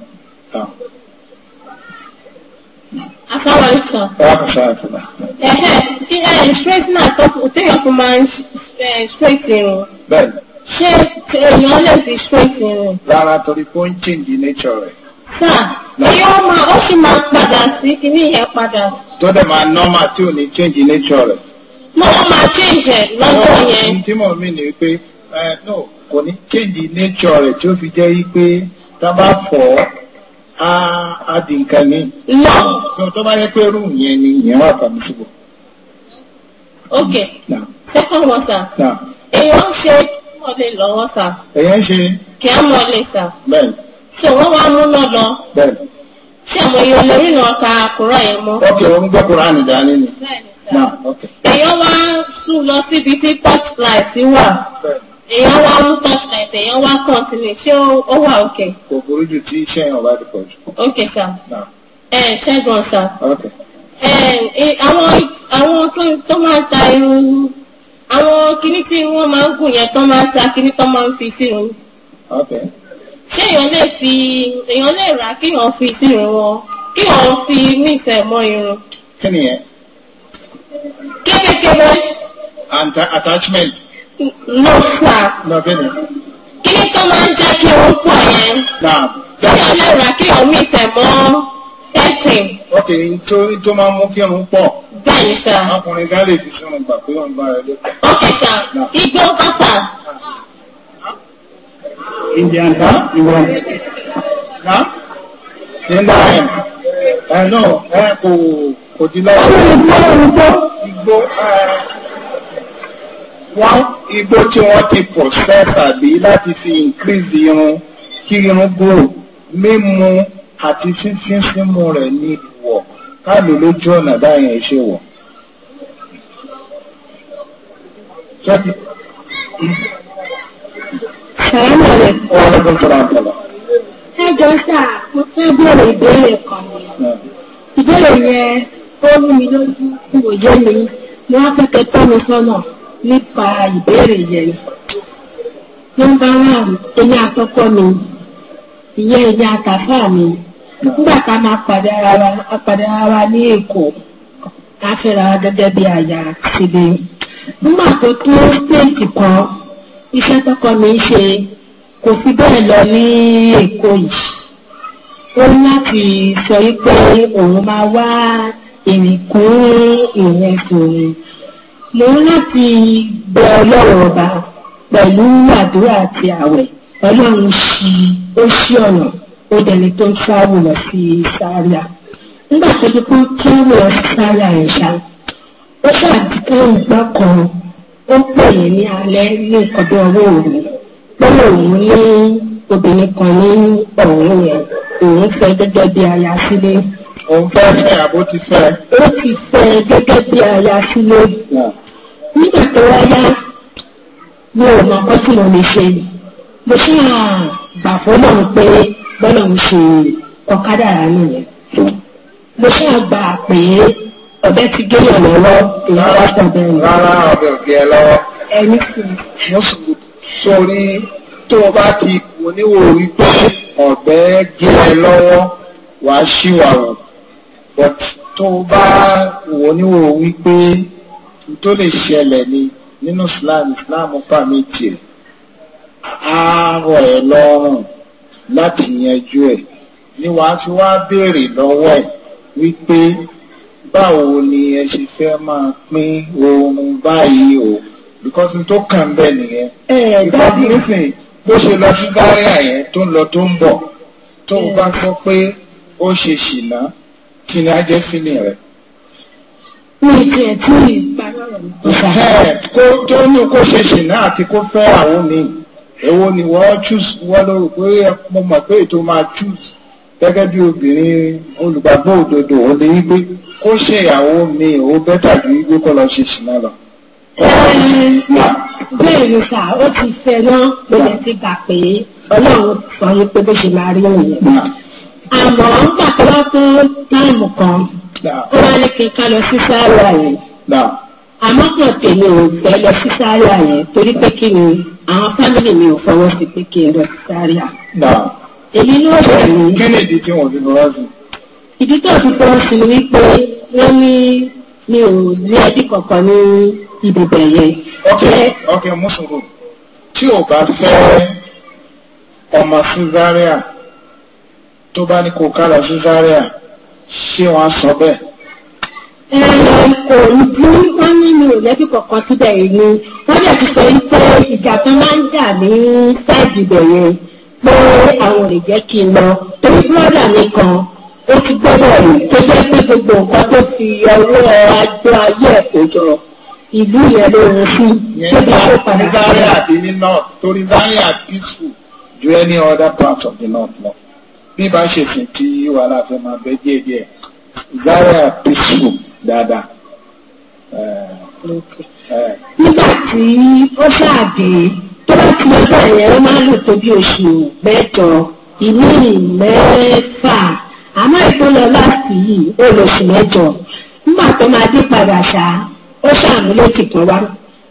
[SPEAKER 3] Afọwọ́lùkọ̀. Ẹ̀hẹ́ tí ẹ̀ straightener tó téèyàn fún máa ń straight irun. Bẹ́ẹ̀ni. Ṣé èèyàn lè fi straight irun?
[SPEAKER 1] Rárá torí pé ó ń change the nature rẹ̀.
[SPEAKER 3] Sáà, èyí ó máa ó sì máa padà sí kíní yẹn padà.
[SPEAKER 1] Tó dẹ̀ máa normal tí ò ní change the nature rẹ̀.
[SPEAKER 3] Mo wọ́n máa change ẹ̀ lọ́jọ́
[SPEAKER 1] yẹn. Ohun mo mí ni pé no kò ní change the nature rẹ̀ tí ó fi jẹ́ yí pé tá á á di nǹkan mi. lọ. lọ tó bá yẹ pé rúùn yẹn ni yẹn wà fàmì síbò.
[SPEAKER 3] ok second water. èèyàn ń ṣe kí wọ́n lè lọ water. èèyàn ń ṣe. kí á mọ̀ lè ta. bẹ́ẹ̀. tí wọ́n wá mú náà lọ. bẹ́ẹ̀. ṣé àwọn èèyàn lórí náà ka kúrọ̀ yẹn mọ́.
[SPEAKER 1] ok òun gbọ́ kúrọ̀ àná dání ni. bẹ́ẹ̀
[SPEAKER 3] ni sá. èèyàn wá sùn lọ síbi tí port èèyàn wá mú partner èèyàn wá continue ṣé ó wà òkè.
[SPEAKER 1] kò burú jù tí iṣẹ́ yẹn ò bá di pọ̀ jù.
[SPEAKER 3] ok sir. ẹ ṣẹ́gun sir. ok. àwọn àwọn tó máa ń ta irun àwọn kinní tí wọ́n máa ń gùn yẹn tó máa ń ta kinní tó máa ń fi sírun. ok. ṣé èèyàn lè fi èèyàn lè rà kí èèyàn fi sírun wọn kí èèyàn fi nífẹ̀ẹ́ mọ́ irun.
[SPEAKER 1] kí ni yẹn. kékeré. attachment
[SPEAKER 3] ló fà
[SPEAKER 1] á. kí tó máa ń jẹ́ kí ó pọ̀ yẹn. kí ọlọ́run àti omi tẹ̀ mọ́ ẹ̀sìn. ok nítorí tó máa ń mú kí ọrùn pọ̀. bẹ́ẹ̀ni sà. ọkùnrin gan lè fi sọ̀rọ̀ gbà pé wọ́n bá rẹ lókè. ok sà igbó bàtà. indian ta ìwọ na nígbà yẹn ẹ náà ẹ kò kò dín lọ́wọ́. igbó eh, wọ́n igbó tí wọ́n ti pọ̀ fẹ́ tàbí láti fi increase irun kí irun grow mímu àti fífín símú rẹ̀ ní ìwọ̀ káàlù lójú ọ̀nà báyẹn ṣe wọ̀.
[SPEAKER 3] Ẹ jọ sá, mo fẹ́ bèrè ìbéèrè kan ni. Hmm. Ìbéèrè yẹn ó rú mi lójú, kò jẹ́ mi, mo wá pẹ́ kẹ́kọ̀ọ́ mi sọ́nà nípa ìbéèrè yẹn nọ́mbà one èmi àtọkọ mi ìyẹn ìyá àtàfà mi nígbà tá a máa pàdé ara wa a pàdé ara wa ní èkó a fẹ́ra wa gẹ́gẹ́ bí àyà síbi nígbà tó tó stéètì kan iṣẹ́ tọkọ mi ń ṣe kò fi bẹ́ẹ̀ lọ ní èkó yìí ó ní láti sọ wípé òun máa wá ìrìnkún ìrẹsì mo ń láti bẹ ọlọ́run ọba pẹ̀lú àdúrà àti àwẹ̀ ọlọ́run ṣí ó ṣí ọ̀nà ó dẹni tó ń ṣáàrù lọ sí sáríà nígbà tó ti kú kí ó lọ sí sáríà yẹn ṣá ó ṣàdìkẹ́ ìgbà kan ó pè yẹn ní alẹ́ ní nǹkan bí ọwọ́ òru lọ́wọ́ òun ní obìnrin kan ní ọ̀hún yẹn òun fẹ́ gẹ́gẹ́ bí aya sílé òun fẹ́ fẹ́ àbó ti fẹ́ ó ti fẹ́ gẹ́gẹ́ bí aya sílé nígbà tó wá yá mi ò mọ ọkọ tí mo lè ṣe ni mo ṣe àgbà fọlọ́ ń pé bọ́lá ń ṣe ọ̀kadà rà nìyẹn mo ṣe àgbà pé ọ̀bẹ ti gé yàn lọ́wọ́ èyí wá pọ̀ rárá ọ̀bẹ ò gé lọ́wọ́. ẹni sùn. mo
[SPEAKER 1] sórí tó o bá ti wò níwò pé ọ̀bẹ gé ẹ lọ́wọ́ wàá ṣìwàrọ̀ bọ̀t tó o bá wò níwò wípé tó lè ṣẹlẹ̀ ni nínú Islam Islam pàmì tiẹ̀ àárọ̀ ẹ̀ lọ́rùn láti yanjú ẹ̀ ni wàá fi wá béèrè lọ́wọ́ ẹ̀ wípé báwo ni ẹ ṣe fẹ́ máa pín oorun báyìí o because tó kàn bẹ́ẹ̀ nìyẹn because nísìnyí bó ṣe lọ sí gáríà yẹn tó ń lọ tó ń bọ̀ tó bá gbọ́ pé ó ṣe ṣìnà kí ni á jẹ́ rẹ̀ ní ìtì ẹ̀tí ìparọ́ tó ní kó ṣe ṣì náà àti kó fẹ́ àwọn míì èwo ni wọ́n choose wọ́n ló rò pé mo mọ̀ pé ètò máa choose gẹ́gẹ́ bí obìnrin olùgbàgbọ́ òdodo ò lè wípé kó ṣe ìyàwó mi ò bẹ́tà
[SPEAKER 3] ju wípé kó lọ ṣe ṣì náà lọ. bẹ́ẹ̀ sà ó ti fẹ́ náà ó lè ti gbà pé ọlọ́run sọ yín pé bó ṣe máa rí òun àmọ́ nígbà tó bá fún táìmù kan ó wá ní kí n ká lọ sí sáré àyẹn àmọ́ kan tèmi ò fẹ́ lọ sí sáré àyẹn torí pé kí ni àwọn fámìlì mi ò fọwọ́ sí pé kí n lọ sí sáré à. èmi náà rẹ̀ ní. kí ni ìdí tí wọ́n fi lọ́wọ́ sí. ìdí tó fi fọwọ́ sí ni wípé wọ́n ní mi ò rí ẹbí kankan ní ibùbẹ̀ yẹn. ok ok mùsùlùmí tí
[SPEAKER 1] o bá fẹ́ ọmọ sí sáré à tó bá ní kò kálọ̀ sí Zaria ṣé wọ́n sọ bẹ́ẹ̀.
[SPEAKER 3] kò ní wọ́n ní mi ò lẹ́bí kankan síbẹ̀ yìí ni wọ́n dẹ̀ ti sọ pé ìjà tó máa ń jà ní sáìdì ibẹ̀ yẹn pé àwọn ò lè jẹ́ kí n lọ torí búrọ́dà mi kan ó ti gbọ́dọ̀ rìn tó jẹ́ pé gbogbo nǹkan tó fi ọwọ́ ajọ ayé ẹ̀kọ́ jọ ìlú yẹn ló ń fún tó bá tó padà. ní Zaria àti ní north
[SPEAKER 1] torí Zaria peaceful ju any other part of the north lọ. No bí bá ṣe sìn tí wàhálà fẹ́ máa bẹ díẹ̀ díẹ̀ zaria peaceful dáadáa.
[SPEAKER 3] nígbà tí ó ṣáàdé tó bá ti lọ́jọ́ ìyẹn ó máa ń lò tó bí oṣù mẹ́jọ ìlú mẹ́fà àmọ́ ìpínlẹ̀ ọlọ́àsì yìí ó lọ oṣù mẹ́jọ nígbà tó máa dé padà ṣá ó ṣàmúlò kìkan wá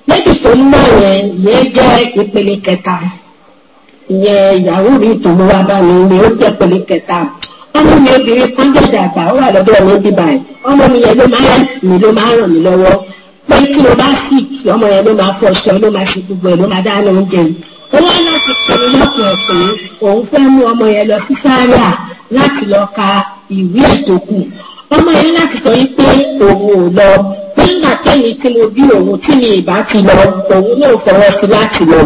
[SPEAKER 3] lẹ́yìn tó ń lọ yẹn yẹn jẹ́ ìpele kẹta yẹ ìyàwó rí ìtòló wa bá mi ni ó jẹ́ pẹ̀lú kẹta ọmọ mi obìnrin kan jẹ̀dẹ̀ àgbà ó wà lọ́dọ̀ mi bíbá ẹ̀ ọmọ mi yẹn ló máa ràn mí ló máa ràn mí lọ́wọ́ pé kí ló bá sì kí ọmọ yẹn ló máa fọṣọ ló máa ṣe gbogbo ẹ̀ ló máa dáná oúnjẹ yìí ó wá láti pinnu lọ́kàn ẹ̀ òun fẹ́ mú ọmọ yẹn lọ sí sáárà láti lọ ka ìwé ẹ̀ kù ọmọ yẹn láti sọ yí pé òun ò lọ nígbà tẹ́yìn tí mo bí òun tí mi ìbá ti lọ òun náà fọwọ́ sí láti lọ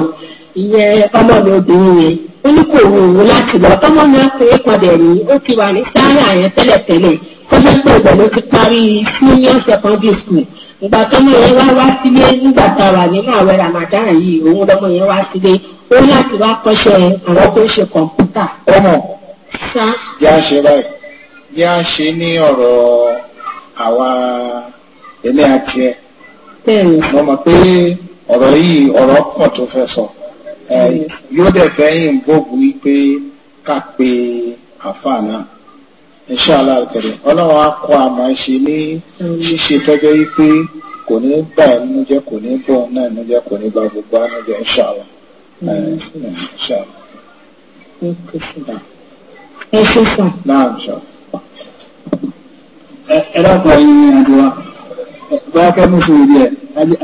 [SPEAKER 3] ìyẹn ọmọ mi obìnrin yẹn ó ní kò wù ú láti lọ tọmọ mi ọkùnrin kan dẹ̀ ní ó ti wà ní sáárà yẹn tẹ́lẹ̀tẹ́lẹ̀ kó jẹ́ pé ibẹ̀ ló ti parí senior secondary school ìgbà tọmọ yẹn wá wá sílé nígbà tá a wà nínú àwẹ̀ Ramadan yìí òun lọmọ yẹn wá sílé ó láti wá kọ́ṣẹ́ àwọn tó ń ṣe kọ̀ǹpútà. ọmọ bí a ṣe
[SPEAKER 1] báyìí bí a ṣe ní ọ̀rọ̀ àwa èmi àti ẹ mo mọ̀ pé ọ̀rọ̀ yìí ọ̀rọ̀ pọ̀ tó fẹ́ sọ yóò dẹ̀ fẹ́ yìn bóòbù wípé ká pe àfa náà inṣàlá àkẹrẹ ọlọ́run á kọ́ àmọ́ ṣe ní ṣíṣe tọ́jọ́ wípé kò ní bà ẹ́ nínú jẹ́ kò ní bọ̀ ọ́n náà nínú jẹ́ kò ní bà gbogbo ánú jẹ́ inṣàlá. ẹ ṣe sàn. náà inṣàlá. ẹ dákọ̀ ẹ̀yin àdúrà bóyá kẹ́mi sùn ìdí ẹ̀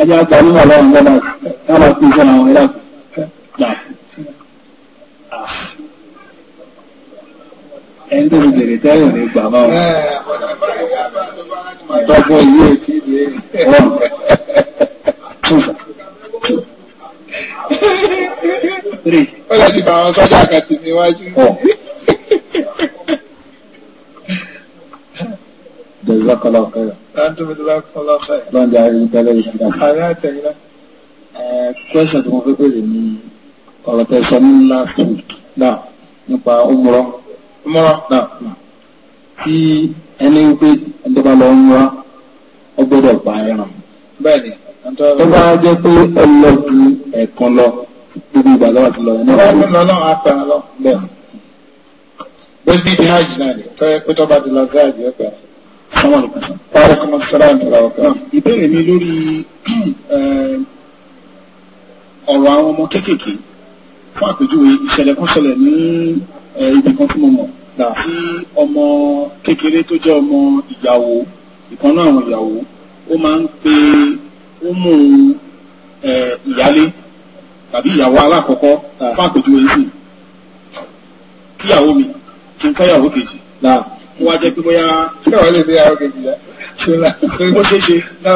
[SPEAKER 1] ajá gbaníwà lọ́wọ́ ń gbọ́dọ̀ ká máa pín sọ́nà àwọn ẹ̀dá kù. Ah, ẹni tó bèrè tẹ́wọ̀n ní gbà máa wọ́n. Ìtọ́gbọ́ yìí ò tí ìlú èrè. Ó lọ sí bá àwọn sọ́jà kan ti níwájú. جزاك الله خيرا أنتم جزاك الله خيرا الله يجعل لك ذلك. هذا تجربة. كويس أنتم في كل ọ̀rọ̀ tẹ sọ ní ńlá náà nípa ọmọrọ ọmọrọ náà tí ẹni wípé ẹjọba lọ ń wá ọ gbọ́dọ̀ pa ẹran bẹ́ẹ̀ni tó bá jẹ́ pé ọlọ́dún ẹ̀kan lọ gbogbo ìgbà lọ́wọ́ ti lọ náà. ọlọ́run lọ náà á pẹ̀rẹ̀ lọ bẹ́ẹ̀ bẹ́ẹ̀ bí ní hajj ìbéèrè mi lórí <clears throat> ọ̀rọ̀ àwọn ọmọ kéékèèké fún àpèjúwe ìṣẹ̀lẹ̀ kan ṣẹlẹ̀ ní ibi kan tí mo mọ̀ gbà sí ọmọ kékeré tó jẹ́ ọmọ ìyàwó
[SPEAKER 3] ìkan náà àwọn ìyàwó
[SPEAKER 1] ó máa ń pe ó mú ìyálé tàbí ìyàwó alákọ̀ọ́kọ́ fún àpèjúwe sí kíyàwó mi kí n fẹ́yàwó kejì ó wá jẹ́ pé bóyá. ṣé wàá lè fi ìyàwó kejì rẹ ṣe la ó ṣe ṣe náà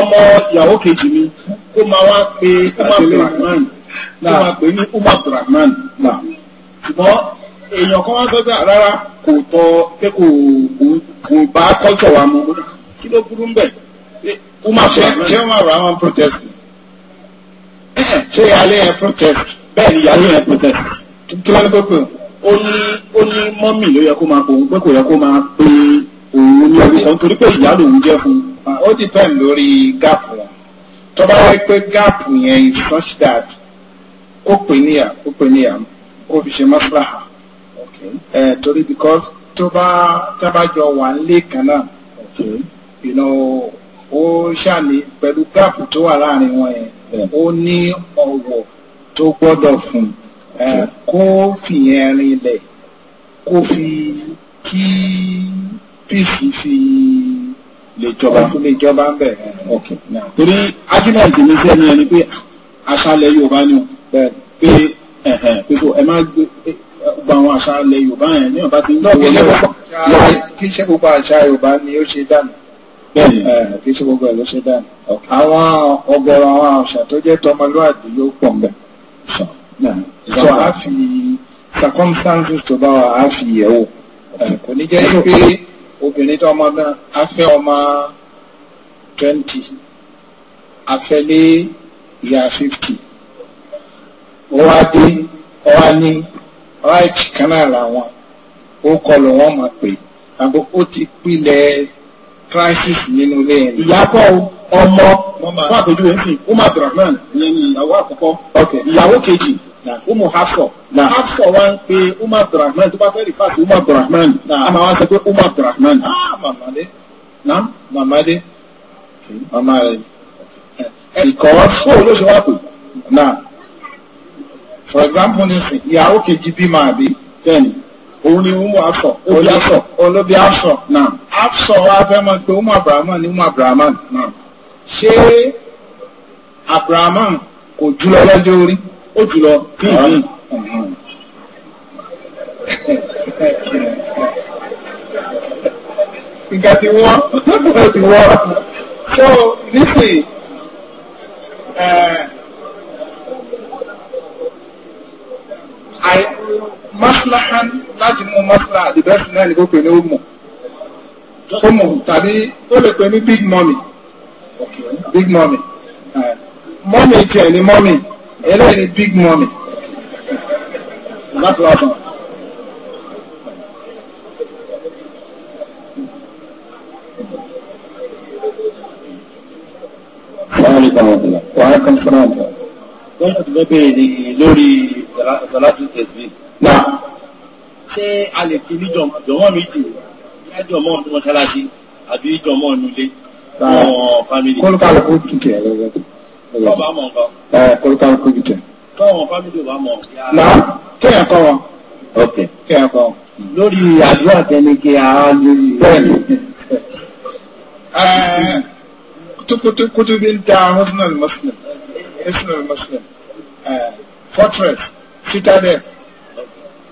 [SPEAKER 1] ọmọ ìyàwó kejì mi ó máa wá pe umarbrahman ó máa pè ní umarbrahman náà ṣùgbọ́n èèyàn kan wá sọ pé rárá kò tọ pé kò kò bá culture wa mu kí ló burú mbẹ umarbrahman ṣé umaru àwọn protest ṣé alẹ́ yẹn protest bẹ́ẹ̀ ni ìyàwó yẹn protest kí wọ́n ní pé pé ó ní ó ní mọ́mì ló yẹ kó máa òun pé kò yẹ kó máa pé òun ní orí sọ nítorí pé ìyá lòun jẹ́ fún un ó dìpẹ́ǹ lórí gáàpù tó bá wáyé pé gáàpù yẹn is such that ó pè níyà ó pè níyà ó fi ṣe maslaha ẹ torí because tó bá tábàjọ wà nílé kan náà you know ó ṣàní pẹ̀lú gáàpù tó wà láàrin wọn yẹn ó ní ọ̀wọ̀ tó gbọ́dọ̀ fún kó fìyẹn rinlẹ̀ kó fi kí píìsì fi lè jọba tó lè jọba ń bẹ̀ ok torí argument mi sẹ́ni ẹni pé ah, aṣálẹ̀ Yorùbá ni pé pípò ẹ máa gba àwọn aṣálẹ̀ Yorùbá yẹn ní ọ̀bá ti ń lọ́wọ́ lọ́wọ́ kí ṣe gbogbo àṣà Yorùbá ni ó ṣe dànù kí ṣe gbogbo ẹ̀ ló ṣe dànù àwọn ọ̀gọ̀rọ̀ àwọn àṣà tó jẹ́ tọmọlúwàbí ló pọ̀ mbẹ̀ so a fi circumstances tó bá wa a fi yẹ̀ wò kò ní jẹ́ pé obìnrin tó ọmọ gan afẹ́ ọmọ twenty afẹ́lé ìyá fifty ó wá dé ó wá ní right kan náà làwọn ó kọlù wọn mọ̀ pé àgbo ó ti pilẹ̀ crisis nínú ilé yẹn. ìyàbọ̀ ọmọ fún àpèjúwe sí umar abdulrahman ìyẹn ni ìyàwó àkọ́kọ́ ìyàwó kejì umu hafsọ hafsọ wa ń pe umu abdulrahman tó bá fẹ́ rìpá sí umu abdulrahman a máa wá sọ pé umu abdulrahman ah màmá dé nam màmá dé màmá rẹ ẹ̀kọ́ fún olóṣù wa kù for example nísìn ìyàwó kejì bímọ àbí bẹ́ẹ̀ni òun ni umu afọ olóbi afọ olóbi afọ náà afọ wa fẹ́ mọ̀ pé umu abdulrahman ni umu abdulrahman náà ṣé abdulrahman kò jùlọ lọ́jọ́ orí ó jù lọ bí ìlú. ìgbà tí wọ́n ìgbà tí wọ́n tó nísìnyí eh, maslahan láti mú masla àdìbẹ́sì náà ni kò pè ní ó mọ̀ ó mọ̀ tàbí ó lè pè ní big money big money eh, money tiẹ̀ ni money eléyìí ni big money láti wá tán. Wàhálàkàn fúnra ọ̀dọ̀. Wọ́n ti fẹ́ bèèrè lórí Salatu Tẹ̀sí. Náà. Ṣé a lè fi ní jọmọ́ méjì? Ìyá jọmọ́ ọdún mọ́ṣáláṣí àbí jọmọ́ ọdún ilé? Báwo family? Kólúkálùkù kìkì ẹ̀rọ rẹ̀. Lọ́ba mọ̀ nǹkan. Ẹ kórókà ló kójú tẹ̀. Tọ́wọ̀n fámìlì wa mọ̀. Náà kéèyàn kọ́ wọn. Ok kéèyàn kọ́ wọn. Lórí àdúrà tẹ́lẹ̀ kí a á lórí. Bẹ́ẹ̀ni. Tukutu kutubi da Husnul Muslim. Husnul Muslim. Fortress Citadel.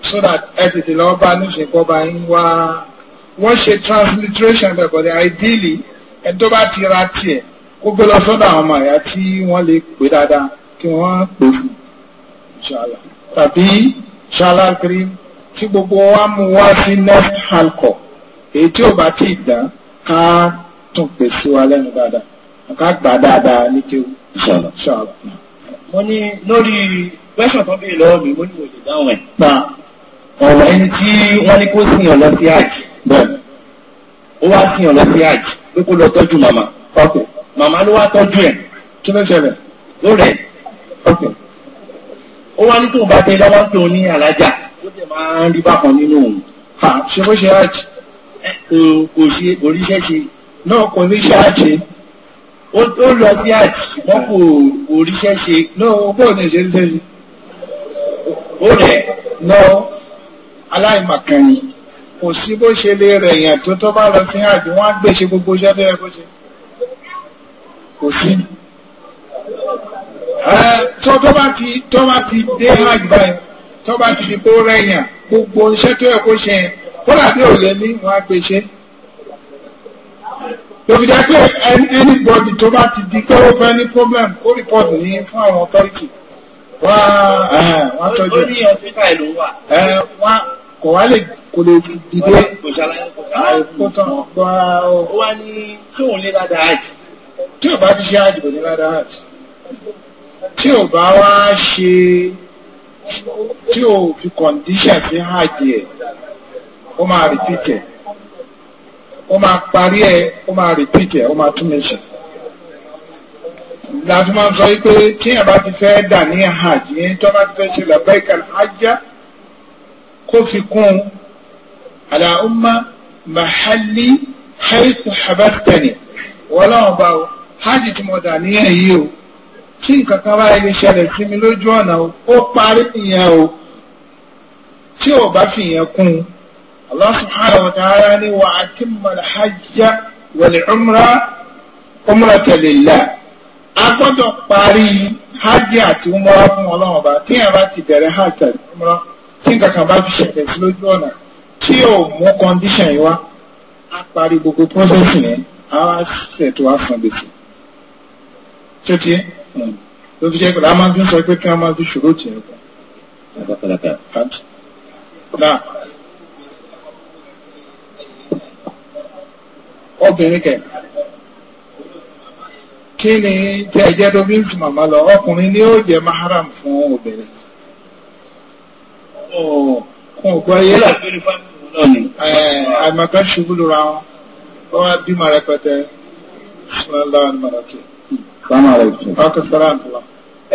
[SPEAKER 1] So that ẹ tètè lọ bá níṣẹ́ kọ́ bá ń wá. Wọ́n ṣe transliteration bẹ̀ bọ̀dẹ̀ ideally ẹni tó bá ti ra tiẹ̀ ó gbé lọ sọ́dọ̀ àwọn ọmọ àyà tí wọ́n lè pè dáadáa kí wọ́n pè fún inshallah tàbí inshallah kiri tí gbogbo wa mú wá sí next halkọ èyí tí ò bá tí ì dán ká tún pè sí wa lẹ́nu dáadáa ká gbà dáadáa ní kéwù inshallah inshallah. mo ní lórí pẹ́sàn tó bí lọ́wọ́ mi mo ní mo lè dáhùn ẹ̀. pa ọ̀rọ̀ ẹni tí wọ́n ní kó sìyàn lọ sí àjì bẹ́ẹ̀ ó wá sìyàn lọ sí àjì pé kó lọ tọ́jú màmá. ọkùnrin màmá ló wá tọ́jú ẹ̀ kí ló ṣẹlẹ̀ ó rẹ̀ ọ̀pẹ̀. ó wá ní tóun bá dé lọ́wọ́ tó ní alájà ó dẹ̀ máa ń rí bákan nínú òun. ṣé bó ṣe áàjì kò ṣe oríṣẹ́ ṣe náà kò ní ṣe áàjì ó lọ sí áàjì wọn kò oríṣẹ́ ṣe náà bó ní ṣe ń tẹ́lẹ̀ ó rẹ̀ náà aláìmọ̀kànnì kò sí bó ṣe lè rẹ̀ yàn tó tó bá lọ sí áàjì wọ́n á gbèsè gbogbo iṣẹ́ bẹ́ẹ̀ bó ṣe kò sí. tó tó bá ti tó bá ti dé hajj báyìí tó bá ti di kó rẹ̀yàn gbogbo iṣẹ́ tó yẹ kó ṣe yẹn kódà bí òye mi wọn á pè ṣe. lóbi jẹ́ pé anybody tó bá ti di pé ó fẹ́ ní problem kó report ní fún àwọn authority wọ́n wọ́n tọ́jú. ó ní ọtí báyìí ló wà. wọ́n kò wá lè kò lè dìde. kò ṣàlàyé kò ṣàlàyé. ó wá ní tóun lé dáadáa yìí tí ò bá fi ṣe àjò ní ládá àjò tí ò bá wá ṣe tí ò fi kọ̀ǹdíṣà fi àjò ẹ̀ ó máa rìpítì ẹ̀ ó máa parí ẹ̀ ó máa rìpítì ẹ̀ ó máa tún mẹ́sàn láti máa sọ wípé tí ẹ̀ bá ti fẹ́ dà ní àjò yẹn tó bá ti fẹ́ ṣe làbẹ́ẹ̀kà ájá kó fi kún un àlàó má màhálí haythu habattani wọ́n láwọn bá wọn hajj tí mo dà níyẹn yìí o kí nǹkan kan bá ilé ṣẹlẹ̀ sí mi lójú ọ̀nà o ó parí nìyẹn o tí ò bá fi yẹn kún un Allah subhanahu wa ta'ala ni wa atimma al-hajja wal umra umrata lillah a gbọ́dọ̀ parí hajj àti umra fún ọlọ́run ọba tí yẹn bá ti bẹ̀rẹ̀ hajj àti umra nǹkan kan bá fi ṣẹlẹ̀ sí lójú ọ̀nà tí ò mú kọ́ndíṣàn yìí wá a parí gbogbo pọ́sẹ̀sì yẹn a wá ṣètò àfọ̀ǹdẹ̀sì tó ti ẹ́ eh? ló fi jẹ́ pé láwọn máa fi ń sọ pé kí wọ́n máa fi ṣòro tì ẹ́ kan. náà obìnrin kẹ̀ kí ni tí ẹ jẹ́ domi ju màmá lọ ọkùnrin ni ó jẹ́ maharam fún obìnrin. kún ògbọ́ yé lọ àìmọ̀kan ṣubú lura wọn wọ́n á bímọ rẹpẹtẹ sọ́nà lọ́wọ́ ni màrà kìí. Assalamu alaikum.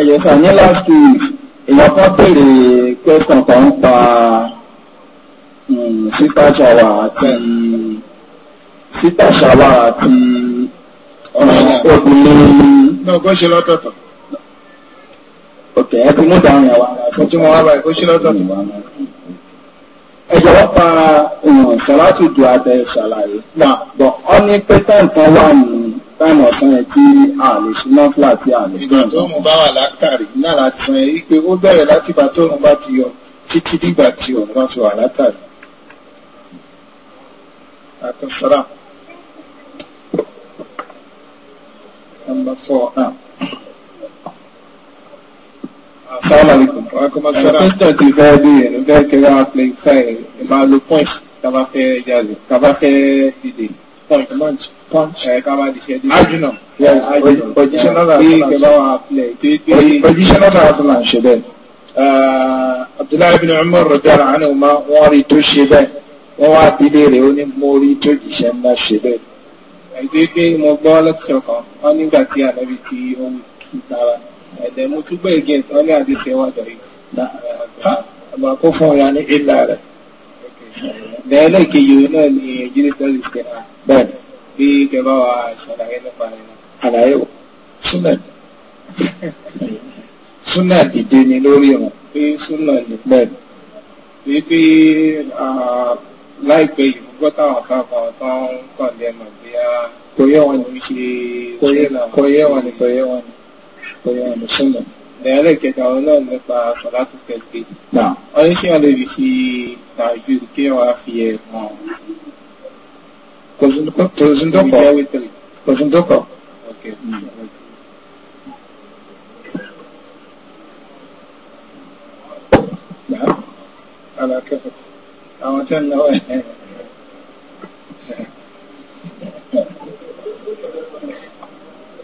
[SPEAKER 1] ẹ̀yẹ̀ sà ní láti èèyàn kan béèrè pé kankan ń pa mm, síta ṣàwà àti síta ṣàwà àti obìnrin. náà kó ṣe lọ́tọ̀ọ̀tọ̀. òkè ẹ ti mú dáhùn yàrá àti tí wọ́n wá báyìí kó ṣe lọ́tọ̀ọ̀tọ̀. ẹ jọ̀wọ́ pa mm, sàlátù dùn àtẹ ṣàlàyé. wà bọ̀ ọ́ ní pẹ́tẹ́ǹtàn wà nù táàmù ọ̀tán yẹn tí a lè ṣe náfìlà àti àlè. ìgbà tó ń bá wà látàrí náà láti sọ yẹn wípé ó bẹ̀rẹ̀ láti ìgbà tó ń bá ti yọ títí dìgbà tí òun bá ti wà látàrí. àtọ̀sára nọmba fọ́ náà. Ah. Assalamualaikum. Waalaikumsalam. Question ti fẹ́ bí ẹ̀nu fẹ́ kí wọ́n á pè fẹ́ ẹ̀ máa lo point tá a bá fẹ́ jáde tá a bá fẹ́ Ajunam. Positional asala ń ṣe bẹ́ẹ̀. Abdullahi bin Umar Rajala Anuma wọ́n rí tó ṣe bẹ́ẹ̀. Wọ́n wá bílé rẹ̀ ó ní mo rí tó jìṣẹ́ ńlá ṣe bẹ́ẹ̀. Ẹgbẹ́ pé mo gbọ́ lọ́kùnrin kan, wọ́n nígbà tí ànábi ti ohun ìtara. Ẹ̀dẹ̀ mo tún gbé ìgbẹ́ ìtàn ní àdéhùn ẹwà dọ̀rí. Àgbà kó fún ọ̀ya ní ìlà rẹ̀. Bẹ́ẹ̀ lẹ́kẹ̀yẹ̀ náà ni Jírísítẹ́lì ṣe bẹ́ẹ̀ pé kẹfà wa ṣàlàyé nípa àlàyé o súnà súnà dìde ni lórí wọn pé súnà nípẹ́ pé pé láìpẹ́ ìfúgbọ́ táwọn káàkan tó ń kàn lẹ́nu bí a kò yẹ wọn ní ṣe kò yẹ wọn ní kò yẹ wọn ní kò yẹ wọn ní súnà lẹ́yìn kẹta Kozindoka. Okay. Mm. نعم على كيف أما أنه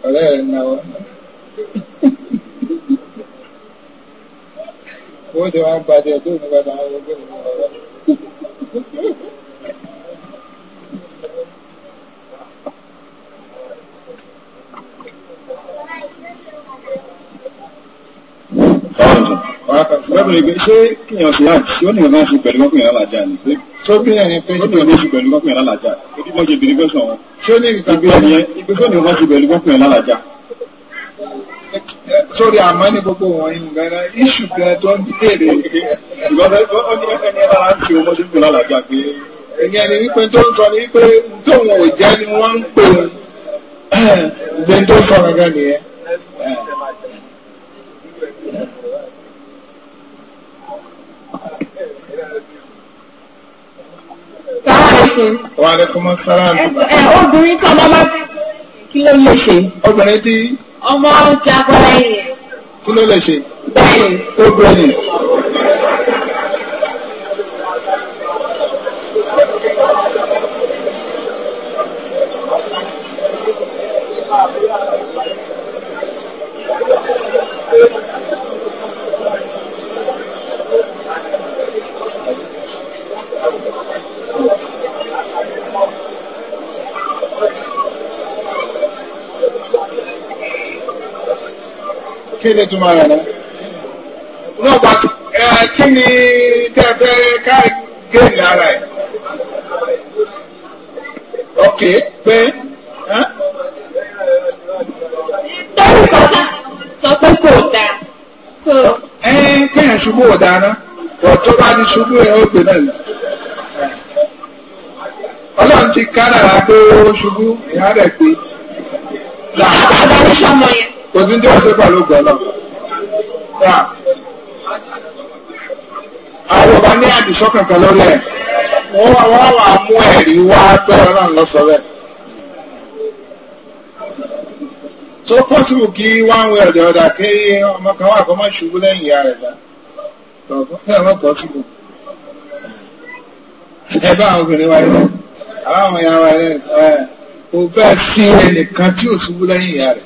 [SPEAKER 1] ولا أنه ودعا بعد يدون بعد عوض lọ́dọ̀ ìgbé ṣé kíyàn sí hàn tí ó nìyàn máa ṣe pẹ̀lú kọ́kùnrin alájà ni pé tó bí ẹni pé ó nìyàn máa ṣe pẹ̀lú kọ́kùnrin alájà èdè mọ́ ṣe bìnrin fẹ́sàn wọn ṣé ó ní ìgbé ẹniyẹn ìgbé tó nìyàn máa ṣe pẹ̀lú kọ́kùnrin alájà. sórí àmọ́ ní gbogbo wọn inú gánà iṣu gan tó ń béèrè ìgbọ́dọ̀ ó ní ẹni lára ń ṣe ọmọ tó ń pè lálàjà pé ẹni ẹni wípé tó ń sọ ni wípé tóun ò jẹ́ ni wọ́n ń pè ṣe. wà á rẹ kọ́mọ sára.
[SPEAKER 3] ẹ obìnrin tí ọmọ bá fẹ́
[SPEAKER 1] kí ló lè ṣe. obìnrin tí.
[SPEAKER 3] ọmọ ti akọ́lẹ́yìn.
[SPEAKER 1] kí ló lè ṣe. bẹ́ẹ̀ obìnrin. kí ni tó máa rẹ̀ náà. náà bá kí ni tẹ́ fẹ́ ká géèlì ara ẹ̀. ok pé. tọ́jú kọ́tà sọ pé kò dáa. ẹ kéèyàn ṣubú ò dáa bá ní ṣubú ẹ̀ ó gbé náà ọlọ́run ti kára pé ó ṣubú ìyá pé ní tó ṣe pẹ̀lú gbọ́dọ̀. àwọn ọba ní àdìsọ́ kankan lórí ẹ̀ wọ́n wá wọ́n wá mú ẹ̀rí wá tọ́ra náà lọ sọ bẹ́ẹ̀. tó pọ́sibù kí wọ́n wẹ ọ̀dẹ̀ ọ̀dà kí ọmọ kan wà kó má ṣubú lẹ́yìn ìyá rẹ̀ dá tọ̀gbọ́n fẹ́ẹ̀ mọ́ pọ́sibù. ẹ bá àwọn obìnrin wáyé náà àwọn ìyá wáyé náà kò bẹ́ẹ̀ sí ẹnìkan tí ò ṣubú lẹ́yìn ìyá rẹ̀.